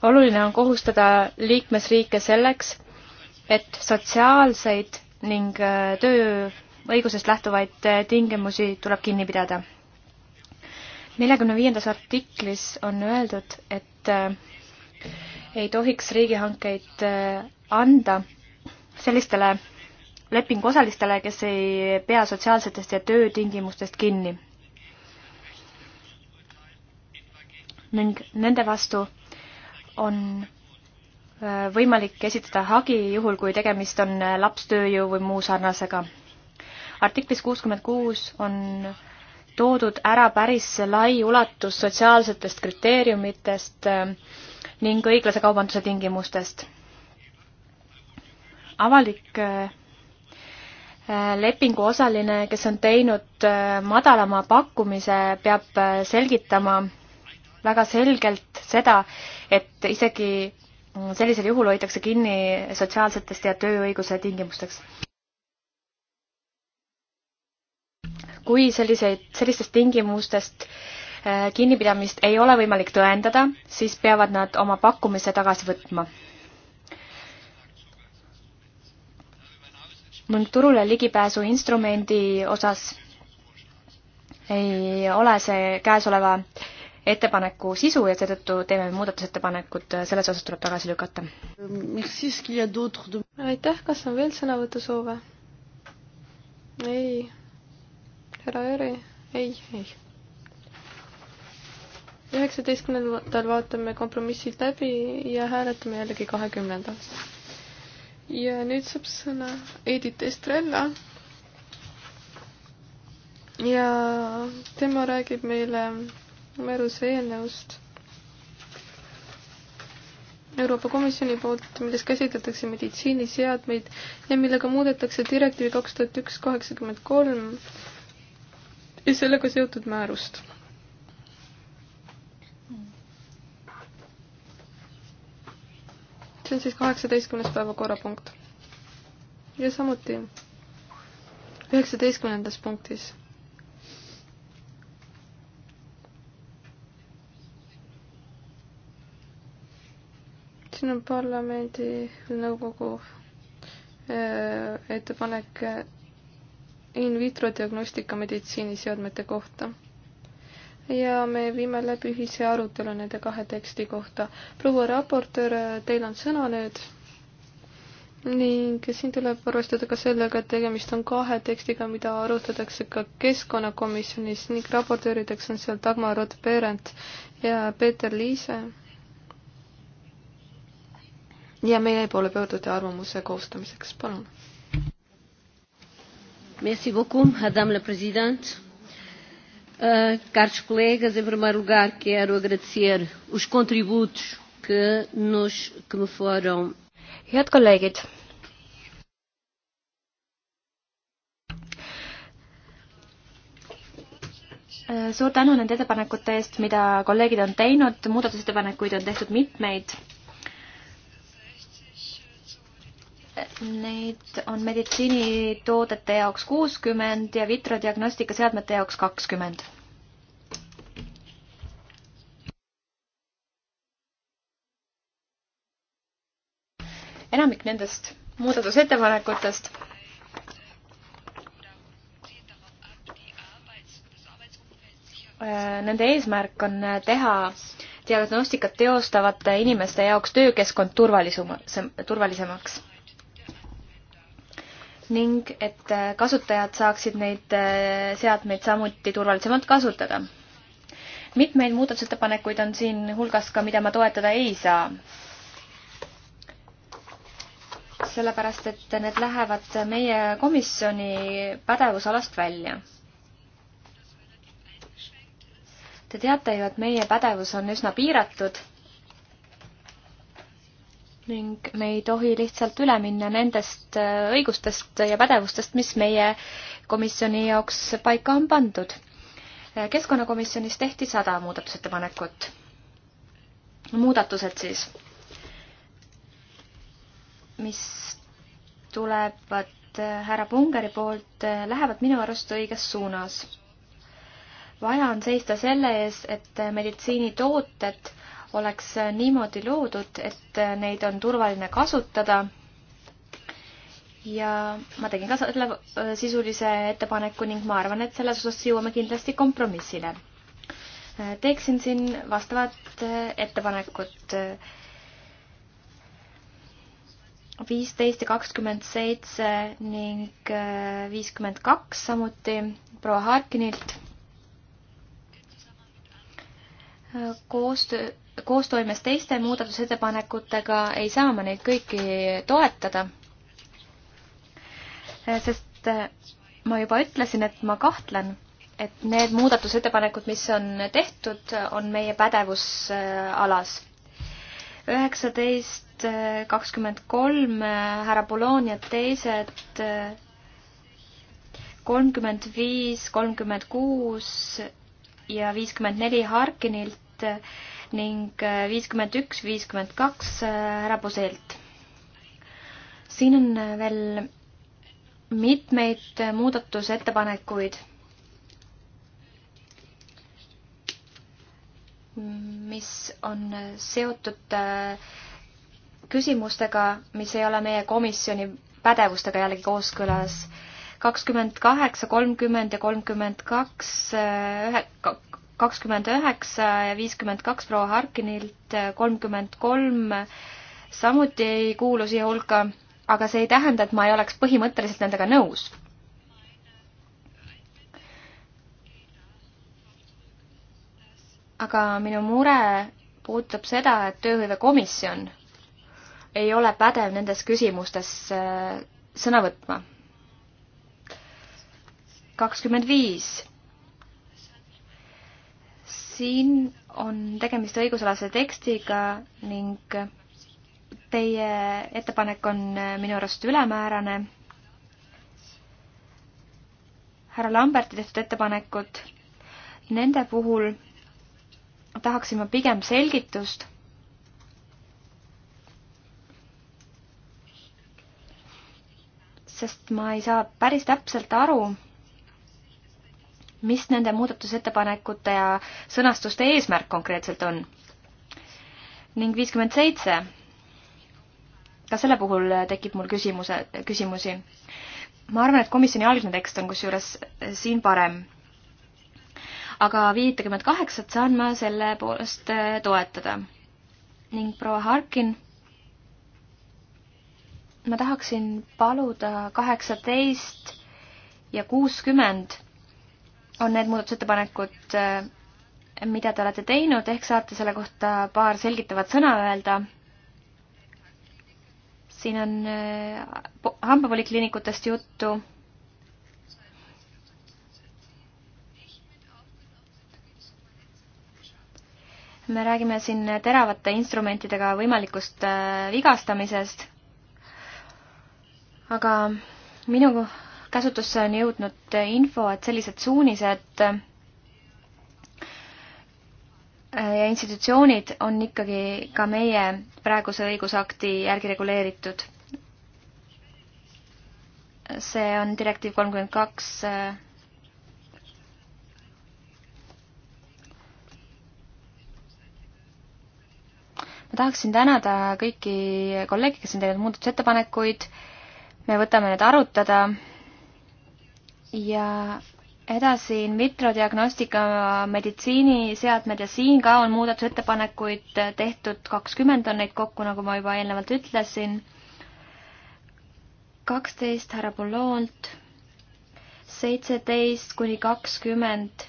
oluline on kohustada liikmesriike selleks, et sotsiaalseid ning äh, tööõigusest lähtuvaid äh, tingimusi tuleb kinni pidada. neljakümne viiendas artiklis on öeldud, et äh, ei tohiks riigihankeid anda sellistele lepinguosalistele, kes ei pea sotsiaalsetest ja töötingimustest kinni. ning nende vastu on äh, võimalik esitada hagi juhul, kui tegemist on äh, lapstööjõu või muu sarnasega. artiklis kuuskümmend kuus on toodud ära päris lai ulatus sotsiaalsetest kriteeriumitest äh, ning õiglase kaubanduse tingimustest. avalik Äh, lepinguosaline, kes on teinud äh, madalama pakkumise, peab äh, selgitama väga selgelt seda, et isegi mm, sellisel juhul hoitakse kinni sotsiaalsetest ja tööõiguse tingimusteks. kui selliseid, sellistest tingimustest kinnipidamist ei ole võimalik tõendada, siis peavad nad oma pakkumise tagasi võtma ning turule ligipääsu instrumendi osas ei ole see käesoleva ettepaneku sisu ja seetõttu teeme muudatusettepanekud, selles osas tuleb tagasi lükata. aitäh, kas on veel sõnavõtusoove? ei, härra Jüri, ei, ei. üheksateistkümnendal vaatame kompromissid läbi ja hääletame jällegi kahekümnendal ja nüüd saab sõna Edith Estrella. ja tema räägib meile määruse eelnõust Euroopa Komisjoni poolt, milles käsitletakse meditsiiniseadmeid ja millega muudetakse direktiivi kaks tuhat üks kaheksakümmend kolm ja sellega seotud määrust see on siis kaheksateistkümnes päevakorrapunkt. ja samuti üheksateistkümnendas punktis. siin on parlamendi nõukogu äh, ettepanek äh, in vitro diagnostika meditsiiniseadmete kohta ja me viime läbi ühise arutelu nende kahe teksti kohta. proua raportöör, teil on sõna nüüd ning siin tuleb arvestada ka sellega, et tegemist on kahe tekstiga, mida arutatakse ka keskkonnakomisjonis ning raportöörideks on seal Dagmar Rott-Berend ja Peeter Liise. ja meie poole pöörduti arvamuse koostamiseks, palun. Merci beaucoup, madame la president Uh, caros colegas, em primeiro lugar quero agradecer os contributos que, nos, que me foram. Head kolleegid. Ah, suur tänu nende ettepanekute eest, mida kolleegid on teinud, muudatusettepanekuid on tehtud mitmeid. Neid on meditsiinitoodete jaoks kuuskümmend ja vitrodiagnostikaseadmete jaoks kakskümmend enamik nendest muudatusettepanekutest äh, Nende eesmärk on äh, teha diagnostikat teostavate inimeste jaoks töökeskkond turvalisemaks ning et äh, kasutajad saaksid neid seadmeid samuti turvalisemalt kasutada. mitmeid muudatusettepanekuid on siin hulgas ka, mida ma toetada ei saa sellepärast et need lähevad meie komisjoni pädevusalast välja. Te teate ju, et meie pädevus on üsna piiratud ning me ei tohi lihtsalt üle minna nendest õigustest ja pädevustest, mis meie komisjoni jaoks paika on pandud. keskkonnakomisjonis tehti sada muudatusettepanekut. muudatused siis mis tulevad äh, härra Pungeri poolt, äh, lähevad minu arust õiges suunas. vaja on seista selle ees, et äh, meditsiinitooted oleks niimoodi loodud, et neid on turvaline kasutada. ja ma tegin ka selle sisulise ettepaneku ning ma arvan, et selles osas jõuame kindlasti kompromissile. teeksin siin vastavat ettepanekut viisteist ja kakskümmend seitse ning äh, viiskümmend kaks samuti proua Harkinilt. koostöö, koostoimes teiste muudatusettepanekutega ei saa ma neid kõiki toetada, äh, sest äh, ma juba ütlesin, et ma kahtlen, et need muudatusettepanekud, mis on tehtud, on meie pädevusalas. üheksateist Eh, kakskümmend kolm, eh, härra Boulogne ja teised eh, kolmkümmend viis, kolmkümmend kuus ja viiskümmend neli Harkinilt ning viiskümmend üks, viiskümmend kaks härra Boselt. siin on veel mitmeid muudatusettepanekuid, mis on seotud äh, küsimustega, mis ei ole meie komisjoni pädevustega jällegi kooskõlas. kakskümmend kaheksa, kolmkümmend ja kolmkümmend kaks, ühe, kakskümmend üheksa ja viiskümmend kaks proua Harkinilt, kolmkümmend kolm samuti ei kuulu siia hulka, aga see ei tähenda, et ma ei oleks põhimõtteliselt nendega nõus aga minu mure puudutab seda, et tööhõivekomisjon ei ole pädev nendes küsimustes äh, sõna võtma. kakskümmend viis. siin on tegemist õigusalase tekstiga ning teie ettepanek on äh, minu arust ülemäärane. härra Lamberti tehtud ettepanekud, nende puhul tahaksin ma pigem selgitust sest ma ei saa päris täpselt aru, mis nende muudatusettepanekute ja sõnastuste eesmärk konkreetselt on. ning viiskümmend seitse, ka selle puhul tekib mul küsimuse, küsimusi. ma arvan, et komisjoni algne tekst on kusjuures siin parem. aga viitekümmet kaheksat saan ma selle poolest toetada. ning proua Harkin ma tahaksin paluda kaheksateist ja kuuskümmend on need muudatusettepanekud, äh, mida te olete teinud, ehk saate selle kohta paar selgitavat sõna öelda. siin on äh, hambapolikliinikutest juttu. me räägime siin teravate instrumentidega võimalikust äh, vigastamisest aga minu käsutusse on jõudnud info, et sellised suunised äh, ja institutsioonid on ikkagi ka meie praeguse õigusakti järgi reguleeritud. see on direktiiv kolmkümmend kaks äh. ma tahaksin tänada kõiki kolleege, kes on teinud muudatusettepanekuid äh, me võtame need arutada ja edasi in vitro diagnostika meditsiiniseadmed ja siin ka on muudatusettepanekuid tehtud, kakskümmend on neid kokku, nagu ma juba eelnevalt ütlesin. kaksteist härra Bulloolt, seitseteist kuni kakskümmend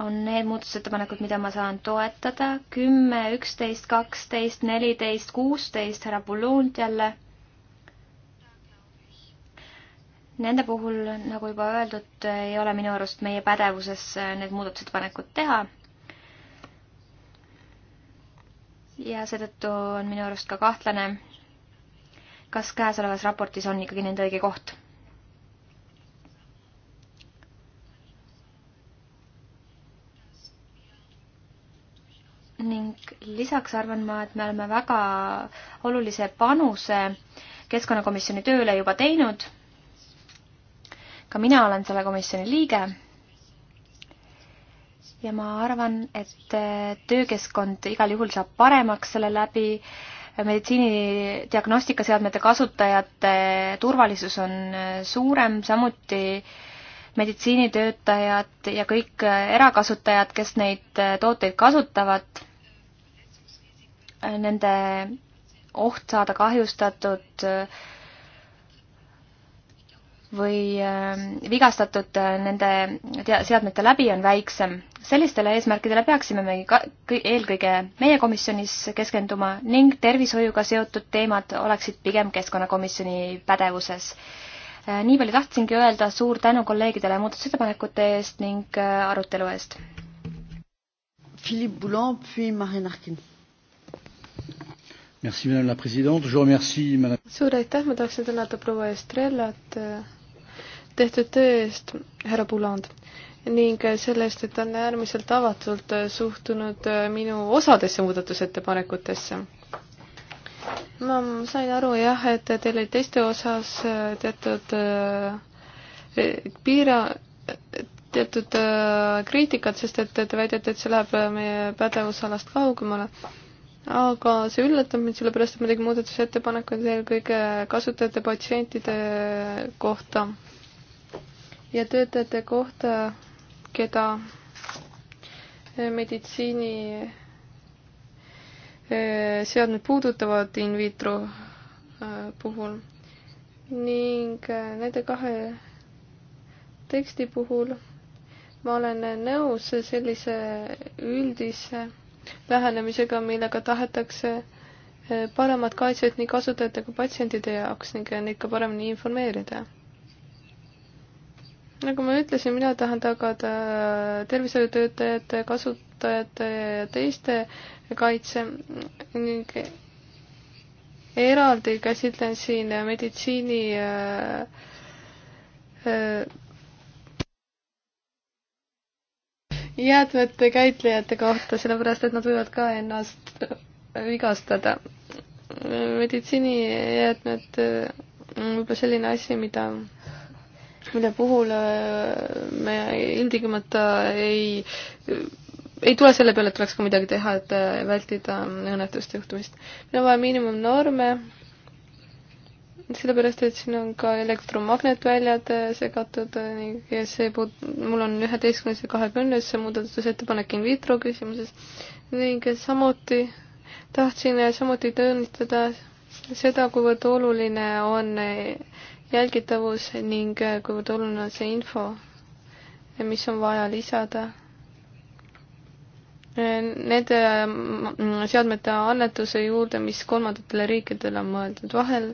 on need muudatusettepanekud, mida ma saan toetada. kümme, üksteist, kaksteist, neliteist, kuusteist, härra Bullund jälle. Nende puhul, nagu juba öeldud, ei ole minu arust meie pädevuses need muudatusettepanekud teha. ja seetõttu on minu arust ka kahtlane, kas käesolevas raportis on ikkagi nende õige koht ning lisaks arvan ma, et me oleme väga olulise panuse keskkonnakomisjoni tööle juba teinud. ka mina olen selle komisjoni liige. ja ma arvan, et äh, töökeskkond igal juhul saab paremaks selle läbi. meditsiinidiagnostikaseadmete kasutajate turvalisus on äh, suurem, samuti meditsiinitöötajad ja kõik äh, erakasutajad, kes neid tooteid kasutavad nende oht saada kahjustatud või ähm, vigastatud äh, nende seadmete läbi on väiksem. sellistele eesmärkidele peaksime me eelkõige meie komisjonis keskenduma ning tervishoiuga seotud teemad oleksid pigem Keskkonnakomisjoni pädevuses. Äh, nii palju tahtsingi öelda, suur tänu kolleegidele muudatusettepanekute eest ning äh, arutelu eest. Philippe Boulan, puis Marine Harkin suur aitäh, ma tahaksin tänada proua Estrellat eh, tehtud töö eest, härra Puland, ning eh, selle eest, et ta on äärmiselt avatult eh, suhtunud minu osadesse muudatusettepanekutesse. ma sain aru jah, et teil oli teiste osas teatud piira, teatud kriitikat, sest et te väidate, et see läheb meie pädevusalast kaugemale aga see üllatab mind, sellepärast et ma tegin muudatusettepanekuid eelkõige kasutajate, patsientide kohta ja töötajate kohta, keda meditsiini eh, seadmed puudutavad in vitro eh, puhul ning eh, nende kahe teksti puhul ma olen nõus sellise üldise lähenemisega, millega tahetakse eh, paremat kaitset nii kasutajate kui patsientide jaoks ning eh, neid ka paremini informeerida. nagu ma ütlesin, mina tahan tagada eh, tervishoiutöötajate, kasutajate ja teiste kaitse ning eraldi käsitlen siin meditsiini äh, äh, jäätmete käitlejate kohta, sellepärast et nad võivad ka ennast vigastada. meditsiinijäätmed on võib-olla selline asi, mida, mille puhul äh, me ilmtingimata ei, ei tule selle peale, et tuleks ka midagi teha, et äh, vältida õnnetuste juhtumist. meil on vaja miinimumnorme sellepärast, et siin on ka elektromagnetväljad äh, segatud äh, ning see puut-, mul on üheteistkümnes ja kahekümnes muudatusettepanek in vitro küsimuses ning samuti tahtsin äh, samuti tõendada seda, kuivõrd oluline on jälgitavus ning kuivõrd oluline on see info, mis on vaja lisada. Nende mm, mm, seadmete annetuse juurde, mis kolmandatele riikidele on mõeldud vahel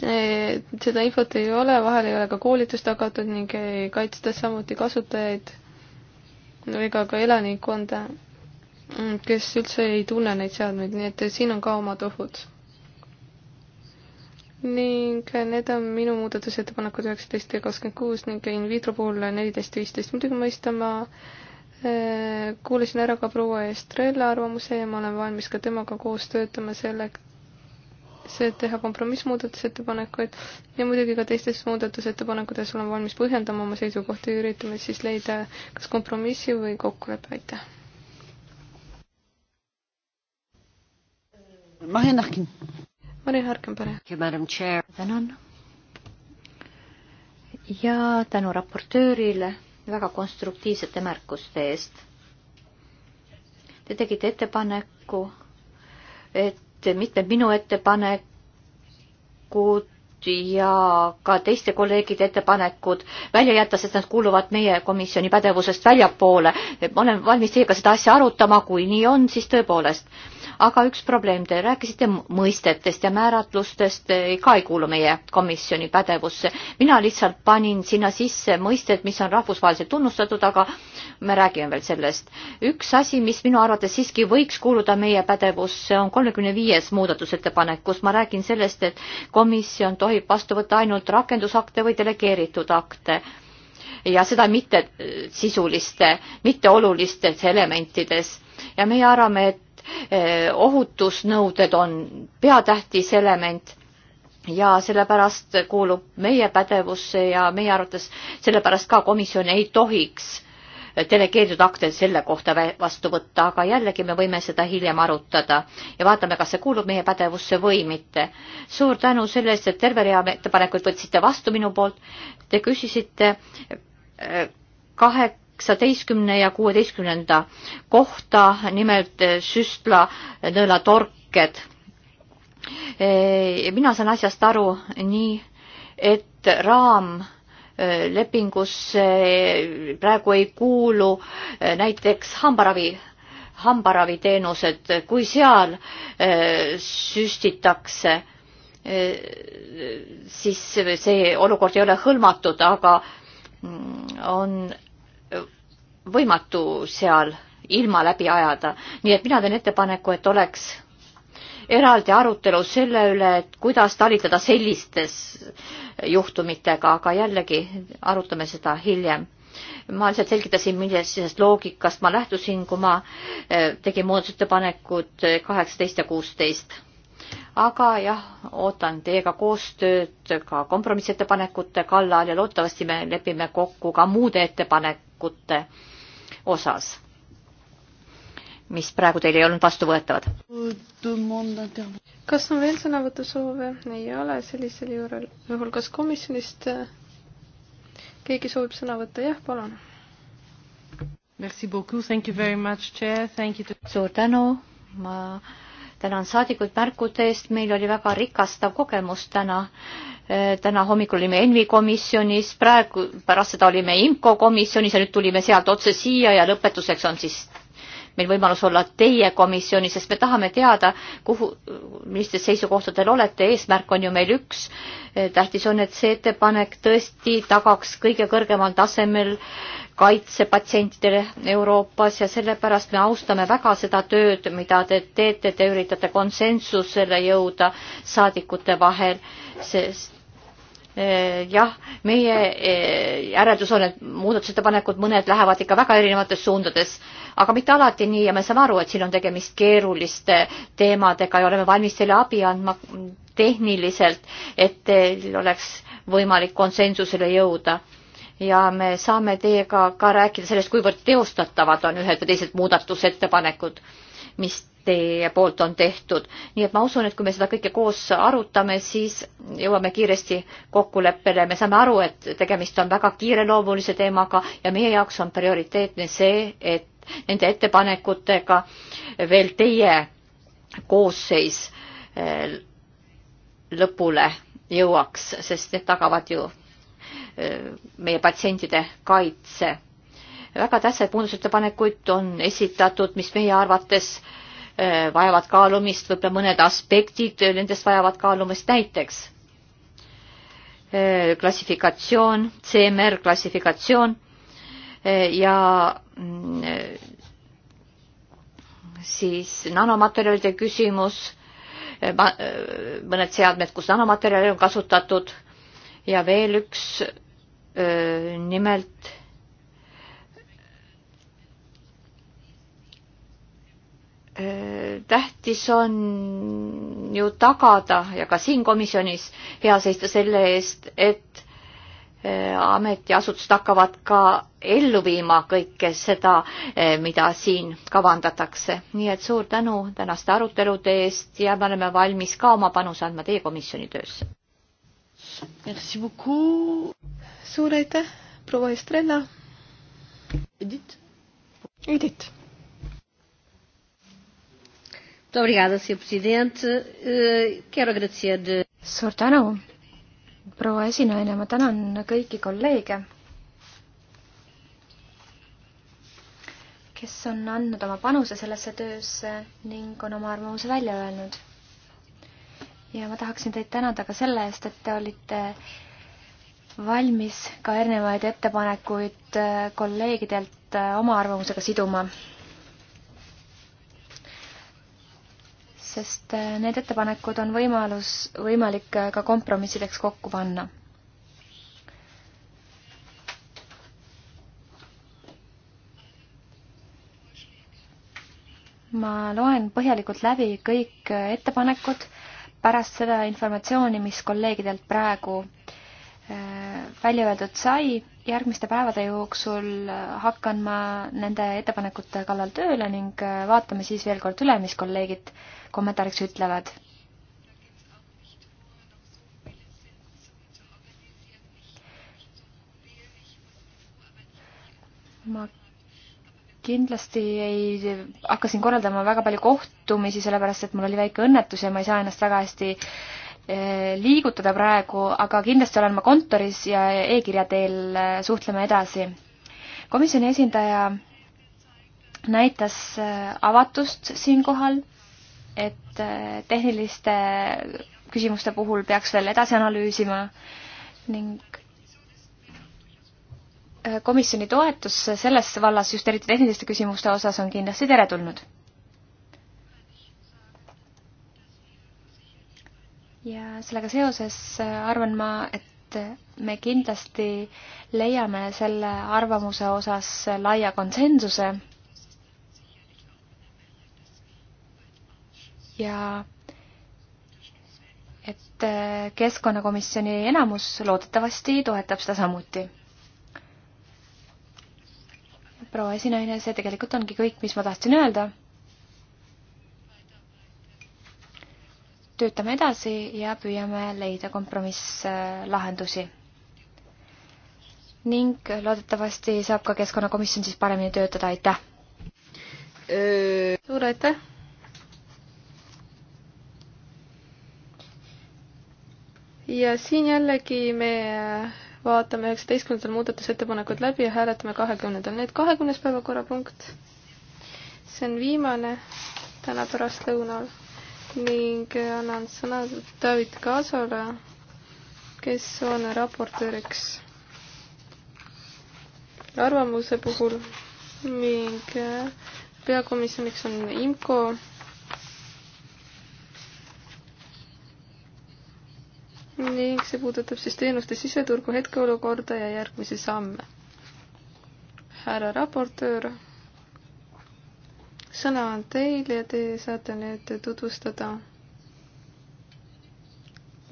Eh, seda infot ei ole, vahel ei ole ka koolitust tagatud ning ei kaitsta samuti kasutajaid ega ka elanikkonda, kes üldse ei tunne neid seadmeid, nii et siin on ka omad ohud. ning need on minu muudatusettepanekud üheksateist ja kakskümmend kuus ning in vitro puhul neliteist, viisteist, muidugi mõista ma eh, kuulasin ära ka proua Estrella arvamuse ja ma olen valmis ka temaga koos töötama selleks, see teha kompromissmuudatusettepanekuid ja muidugi ka teistes muudatusettepanekutes olen valmis põhjendama oma seisukohti ja üritame siis leida kas kompromissi või kokkuleppe, aitäh. Mariann Harkin. Mariann Harkin, palun. tänan. ja tänu raportöörile väga konstruktiivsete märkuste eest. Te tegite ettepaneku, et mitmed minu ettepanekud ja ka teiste kolleegide ettepanekud välja jätta, sest nad kuuluvad meie komisjoni pädevusest väljapoole. ma olen valmis teiega seda asja arutama, kui nii on, siis tõepoolest aga üks probleem, te rääkisite mõistetest ja määratlustest, ka ei kuulu meie komisjoni pädevusse. mina lihtsalt panin sinna sisse mõisted, mis on rahvusvaheliselt tunnustatud, aga me räägime veel sellest. üks asi, mis minu arvates siiski võiks kuuluda meie pädevusse, on kolmekümne viies muudatusettepanek, kus ma räägin sellest, et komisjon tohib vastu võtta ainult rakendusakte või delegeeritud akte ja seda mitte sisuliste, mitteolulistes elementides ja meie arvame, et Eh, ohutusnõuded on peatähtis element ja sellepärast kuulub meie pädevusse ja meie arvates sellepärast ka komisjon ei tohiks delegeeritud akte selle kohta vastu võtta, aga jällegi me võime seda hiljem arutada ja vaatame, kas see kuulub meie pädevusse või mitte. suur tänu selle eest, et terve rea ettepanekuid võtsite vastu minu poolt. Te küsisite eh, kahe kaheksateistkümne ja kuueteistkümnenda kohta, nimelt süstla nõelatorked. mina saan asjast aru nii, et raam äh, lepingus praegu ei kuulu äh, näiteks hambaravi, hambaraviteenused, kui seal äh, süstitakse, siis see olukord ei ole hõlmatud, aga mm, on võimatu seal ilma läbi ajada. nii et mina teen ettepaneku, et oleks eraldi arutelu selle üle, et kuidas talitada sellistes juhtumitega, aga jällegi arutame seda hiljem. ma lihtsalt selgitasin, millisest loogikast ma lähtusin, kui ma eh, tegin muudatusettepanekud eh, kaheksateist ja kuusteist. aga jah, ootan teiega koostööd ka kompromissettepanekute kallal ja loodetavasti me lepime kokku ka muude ettepanekute osas, mis praegu teil ei olnud vastuvõetavad. kas on veel sõnavõtusoove? ei ole, sellisel juurel, juhul kas komisjonist äh, keegi soovib sõna võtta? jah, palun. suur tänu, ma tänan saadikuid märkude eest, meil oli väga rikastav kogemus täna. Äh, täna hommikul olime ENVI komisjonis, praegu pärast seda olime IMCO komisjonis ja nüüd tulime sealt otse siia ja lõpetuseks on siis meil võimalus olla teie komisjonis, sest me tahame teada, kuhu, millistel seisukohtadel olete, eesmärk on ju meil üks. tähtis on, et see ettepanek tõesti tagaks kõige kõrgemal tasemel kaitse patsientidele Euroopas ja sellepärast me austame väga seda tööd, mida te teete, te üritate konsensusele jõuda saadikute vahel, sest Eh, jah, meie eh, järeldus on, et muudatusettepanekud, mõned lähevad ikka väga erinevates suundades, aga mitte alati nii ja me saame aru, et siin on tegemist keeruliste teemadega ja oleme valmis teile abi andma tehniliselt, et teil oleks võimalik konsensusele jõuda. ja me saame teiega ka rääkida sellest, kuivõrd teostatavad on ühed või teised muudatusettepanekud, mis teie poolt on tehtud. nii et ma usun, et kui me seda kõike koos arutame, siis jõuame kiiresti kokkuleppele. me saame aru, et tegemist on väga kiireloomulise teemaga ja meie jaoks on prioriteetne see, et nende ettepanekutega veel teie koosseis eh, lõpule jõuaks, sest need tagavad ju eh, meie patsientide kaitse. väga tähtsaid muudatusettepanekuid on esitatud, mis meie arvates äh, Äh, vajavad kaalumist, võib-olla mõned aspektid äh, nendest vajavad kaalumist, näiteks äh, klassifikatsioon, CMR klassifikatsioon ja mm, siis nanomaterjalide küsimus, mõned seadmed, kus nanomaterjali on kasutatud ja veel üks nimelt tähtis on ju tagada ja ka siin komisjonis hea seista selle eest, et äh, ametiasutused hakkavad ka ellu viima kõike seda, äh, mida siin kavandatakse. nii et suur tänu tänaste arutelude eest ja me oleme valmis ka oma panuse andma teie komisjoni töösse. suur aitäh, proua Estrella. Edith. Edith Obrigada, senhor president. Eh, quero agradecer. suur tänu, proua esinaine, ma tänan kõiki kolleege, kes on andnud oma panuse sellesse töösse ning on oma arvamuse välja öelnud. ja ma tahaksin teid tänada ka selle eest, et te olite valmis ka erinevaid ettepanekuid kolleegidelt oma arvamusega siduma sest äh, need ettepanekud on võimalus, võimalik äh, ka kompromissideks kokku panna. ma loen põhjalikult läbi kõik äh, ettepanekud pärast seda informatsiooni, mis kolleegidelt praegu välja öeldud sai. järgmiste päevade jooksul hakkan ma nende ettepanekute kallal tööle ning äh, vaatame siis veel kord üle, mis kolleegid kommentaariks ütlevad. ma kindlasti ei hakka siin korraldama väga palju kohtumisi, sellepärast et mul oli väike õnnetus ja ma ei saa ennast väga hästi äh, Eh, liigutada praegu, aga kindlasti olen ma kontoris ja e-kirja teel eh, suhtleme edasi. komisjoni esindaja näitas eh, avatust siinkohal, et tehniliste küsimuste puhul peaks veel edasi analüüsima ning komisjoni toetus selles vallas just eriti tehniliste küsimuste osas on kindlasti teretulnud ja sellega seoses äh, arvan ma, et me kindlasti leiame selle arvamuse osas laia konsensuse. ja et äh, keskkonnakomisjoni enamus loodetavasti toetab seda samuti. proua esinaine, see tegelikult ongi kõik, mis ma tahtsin öelda töötame edasi ja püüame leida kompromisslahendusi. ning loodetavasti saab ka Keskkonnakomisjon siis paremini töötada, aitäh! suur aitäh! ja siin jällegi me vaatame üheksateistkümnendal muudatusettepanekud läbi ja hääletame kahekümnendal. nüüd kahekümnes päevakorrapunkt. see on viimane täna pärastlõunal ning annan sõna David Kaasole, kes on raportööriks arvamuse puhul ning äh, peakomisjoniks on IMCO. ning see puudutab siis teenuste siseturgu hetkeolukorda ja järgmisi samme. härra raportöör sõna on teil ja te saate nüüd tutvustada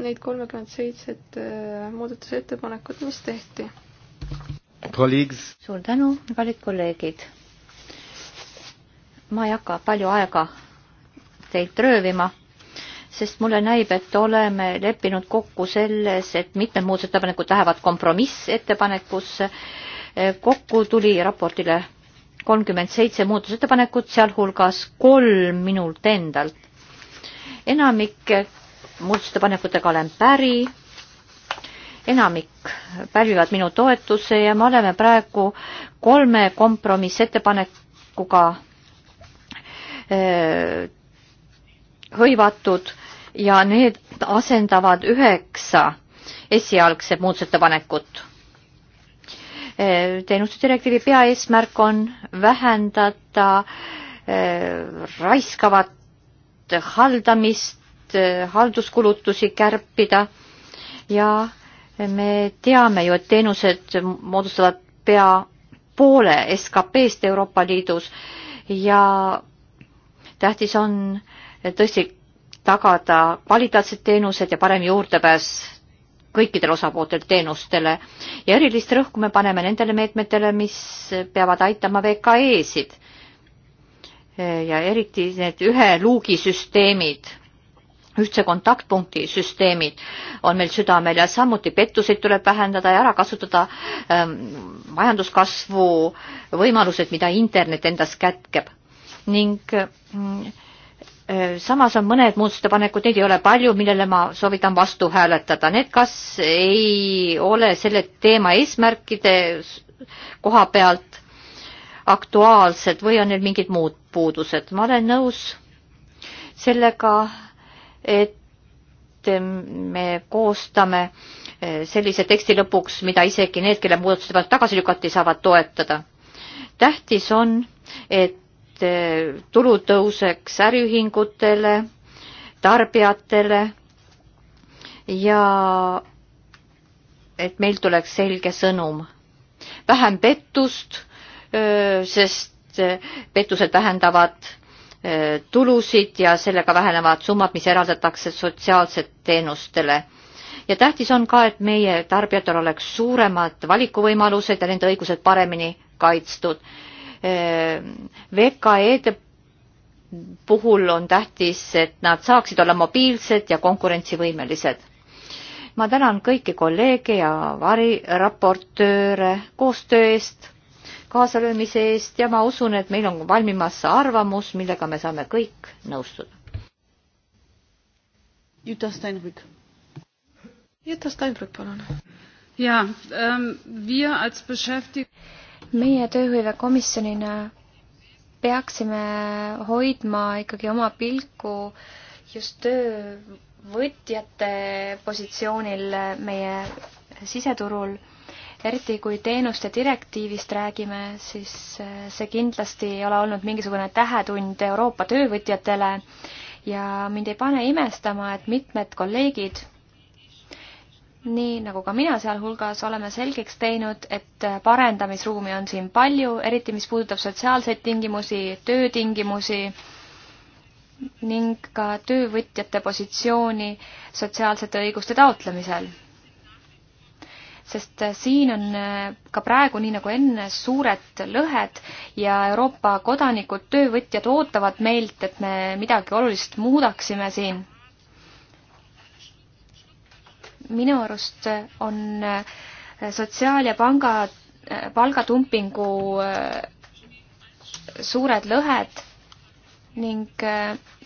neid kolmekümmend seitset äh, muudatusettepanekut, mis tehti. suur tänu, kallid kolleegid. ma ei hakka palju aega teilt röövima, sest mulle näib, et oleme leppinud kokku selles, et mitmed muudatusettepanekud lähevad kompromissettepanekusse. Äh, kokku tuli raportile kolmkümmend seitse muutusettepanekut, sealhulgas kolm minult endalt. enamik muudatusettepanekutega olen päri, enamik pälvivad minu toetuse ja me oleme praegu kolme kompromissettepanekuga hõivatud ja need asendavad üheksa esialgset muudatusettepanekut Eh, teenuste direktiivi peaeesmärk on vähendada eh, raiskavat haldamist, eh, halduskulutusi kärpida ja me teame ju, et teenused moodustavad pea poole SKP-st Euroopa Liidus ja tähtis on tõesti tagada kvaliteetsed teenused ja parem juurdepääs kõikidel osapooltel teenustele ja erilist rõhku me paneme nendele meetmetele, mis peavad aitama VKE-sid ja eriti need ühe luugi süsteemid, ühtse kontaktpunkti süsteemid on meil südamel ja samuti pettuseid tuleb vähendada ja ära kasutada ähm, majanduskasvu võimalused, mida internet endas kätkeb ning mm, Äh, samas on mõned muudatusettepanekud, neid ei ole palju, millele ma soovitan vastu hääletada. Need kas ei ole selle teema eesmärkide koha pealt aktuaalsed või on neil mingid muud puudused. ma olen nõus sellega, et me koostame äh, sellise teksti lõpuks, mida isegi need, kelle muudatusettepanek tagasi lükati, saavad toetada. tähtis on, et et tulu tõuseks äriühingutele, tarbijatele ja et meil tuleks selge sõnum. vähem pettust, sest pettused vähendavad tulusid ja sellega vähenevad summad, mis eraldatakse sotsiaalsetele teenustele. ja tähtis on ka, et meie tarbijatel oleks suuremad valikuvõimalused ja nende õigused paremini kaitstud Äh, VKE-de puhul on tähtis, et nad saaksid olla mobiilsed ja konkurentsivõimelised. ma tänan kõiki kolleege ja variraportööre koostöö eest, kaasalöömise eest ja ma usun, et meil on valmimas arvamus, millega me saame kõik nõustuda. Jutta Steinrück. Jutta Steinrück, palun. jaa ähm,, wir als beschäftigt- meie tööhõivekomisjonina peaksime hoidma ikkagi oma pilku just töövõtjate positsioonil meie siseturul. eriti kui teenuste direktiivist räägime, siis see kindlasti ei ole olnud mingisugune tähetund Euroopa töövõtjatele ja mind ei pane imestama, et mitmed kolleegid nii nagu ka mina sealhulgas, oleme selgeks teinud, et parendamisruumi on siin palju, eriti mis puudutab sotsiaalseid tingimusi, töötingimusi ning ka töövõtjate positsiooni sotsiaalsete õiguste taotlemisel. sest siin on ka praegu, nii nagu enne, suured lõhed ja Euroopa kodanikud, töövõtjad ootavad meilt, et me midagi olulist muudaksime siin minu arust on äh, sotsiaal- ja panga, äh, palgatumpingu äh, suured lõhed ning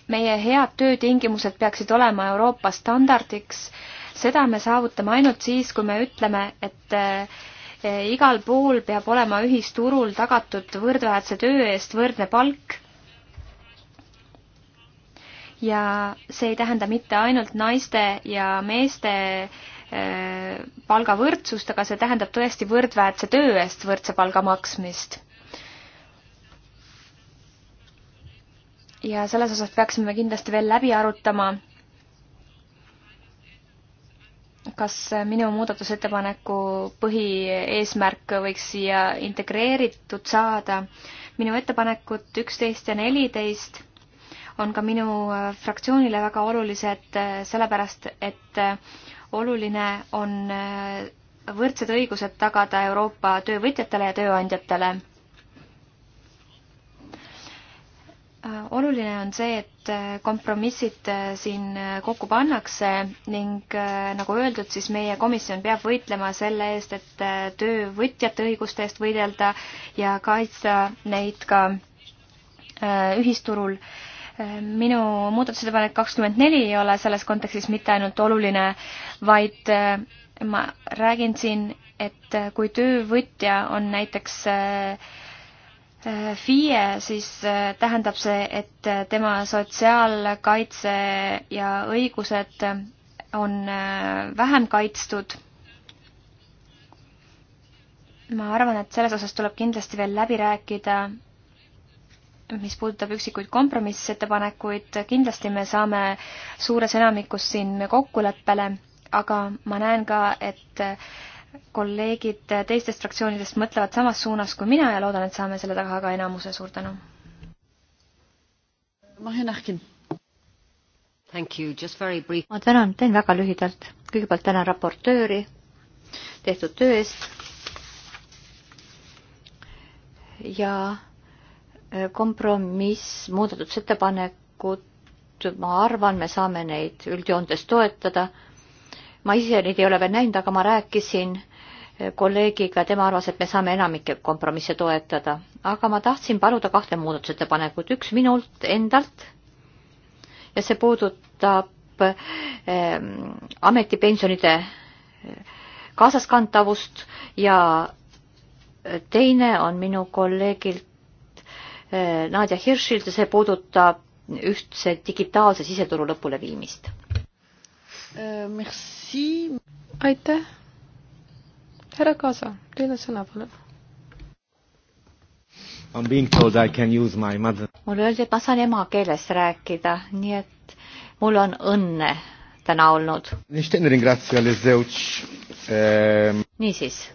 meie head töötingimused peaksid olema Euroopa standardiks. seda me saavutame ainult siis, kui me ütleme, et igal pool peab olema ühisturul tagatud võrdväärse töö eest võrdne palk ja see ei tähenda mitte ainult naiste ja meeste äh, palgavõrdsust, aga see tähendab tõesti võrdväärse töö eest võrdse palga maksmist. ja selles osas peaksime kindlasti veel läbi arutama, kas minu muudatusettepaneku põhieesmärk võiks siia integreeritud saada. minu ettepanekud üksteist ja neliteist on ka minu äh, fraktsioonile väga olulised, äh, sellepärast et äh, oluline on võrdsed õigused tagada Euroopa töövõtjatele ja tööandjatele. oluline on see, et kompromissid siin kokku pannakse ning nagu öeldud, siis meie komisjon peab võitlema selle eest, et töövõtjate õiguste eest võidelda ja kaitsta neid ka ühisturul äh, minu muudatusettepanek kakskümmend neli ei ole selles kontekstis mitte ainult oluline, vaid äh, ma räägin siin, et äh, kui töövõtja on näiteks äh, FIE, siis tähendab see, et tema sotsiaalkaitse ja õigused on vähem kaitstud ma arvan, et selles osas tuleb kindlasti veel läbi rääkida mis puudutab üksikuid kompromissettepanekuid, kindlasti me saame suures enamikus siin kokkuleppele, aga ma näen ka, et kolleegid teistest fraktsioonidest mõtlevad samas suunas kui mina ja loodan, et saame selle taga ka enamuse, suur tänu. ma tänan, teen väga lühidalt. kõigepealt tänan raportööri tehtud töö eest ja kompromiss, muudatusettepanekud, ma arvan, me saame neid üldjoontes toetada. ma ise neid ei ole veel näinud, aga ma rääkisin kolleegiga, tema arvas, et me saame enamikke kompromisse toetada, aga ma tahtsin paluda kahte muudatusettepanekut, üks minult endalt ja see puudutab ähm, ametipensionide kaasaskantavust ja teine on minu kolleegilt Eh, Nadja Hirschilt ja see puudutab ühtse digitaalse siseturu lõpuleviimist. Eh, merci. aitäh. härra Kaasa, teil on sõna, palun. I am being told I can use my mother. mulle öeldi, et ma saan emakeeles rääkida, nii et mul on õnne täna olnud. Ehm- niisiis.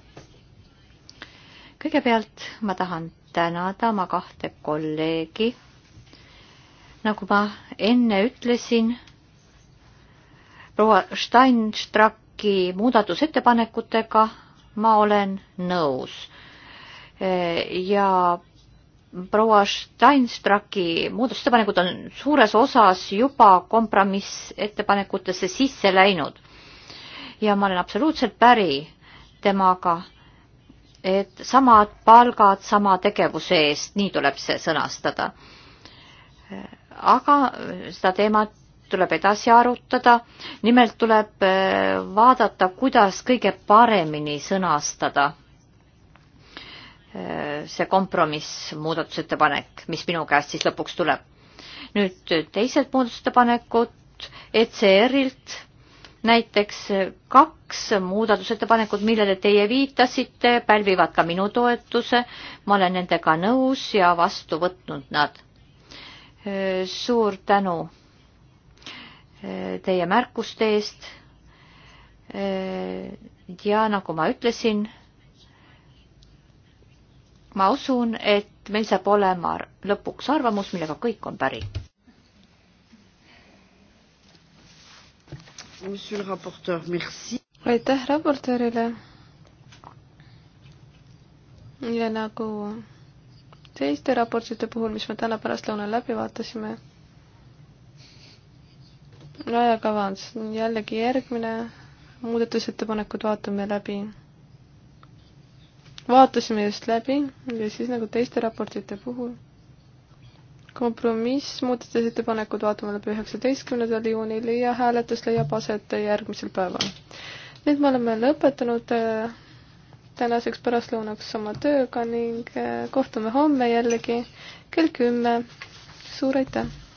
kõigepealt ma tahan tänada oma kahte kolleegi. nagu ma enne ütlesin, proua Steinstracki muudatusettepanekutega ma olen nõus. ja proua Steinstracki muudatusettepanekud on suures osas juba kompromissettepanekutesse sisse läinud. ja ma olen absoluutselt päri temaga et samad palgad sama tegevuse eest, nii tuleb see sõnastada. aga seda teemat tuleb edasi arutada, nimelt tuleb äh, vaadata, kuidas kõige paremini sõnastada äh, see kompromiss, muudatusettepanek, mis minu käest siis lõpuks tuleb. nüüd teised muudatusettepanekud ECR-ilt näiteks kaks muudatusettepanekut, millele teie viitasite, pälvivad ka minu toetuse, ma olen nendega nõus ja vastu võtnud nad. suur tänu teie märkuste eest. ja nagu ma ütlesin, ma usun, et meil saab olema lõpuks arvamus, millega kõik on päri aitäh raportöörile. ja nagu teiste raportite puhul, mis me täna pärastlõunal läbi vaatasime, ajakava on jällegi järgmine, muudatusettepanekud vaatame läbi. vaatasime just läbi ja siis nagu teiste raportite puhul kompromiss, muudatusettepanekud vaatame läbi üheksateistkümnendal juunil ja hääletus leiab aset järgmisel päeval. nüüd me oleme lõpetanud äh, tänaseks pärastlõunaks oma tööga ning äh, kohtume homme jällegi kell kümme. suur aitäh!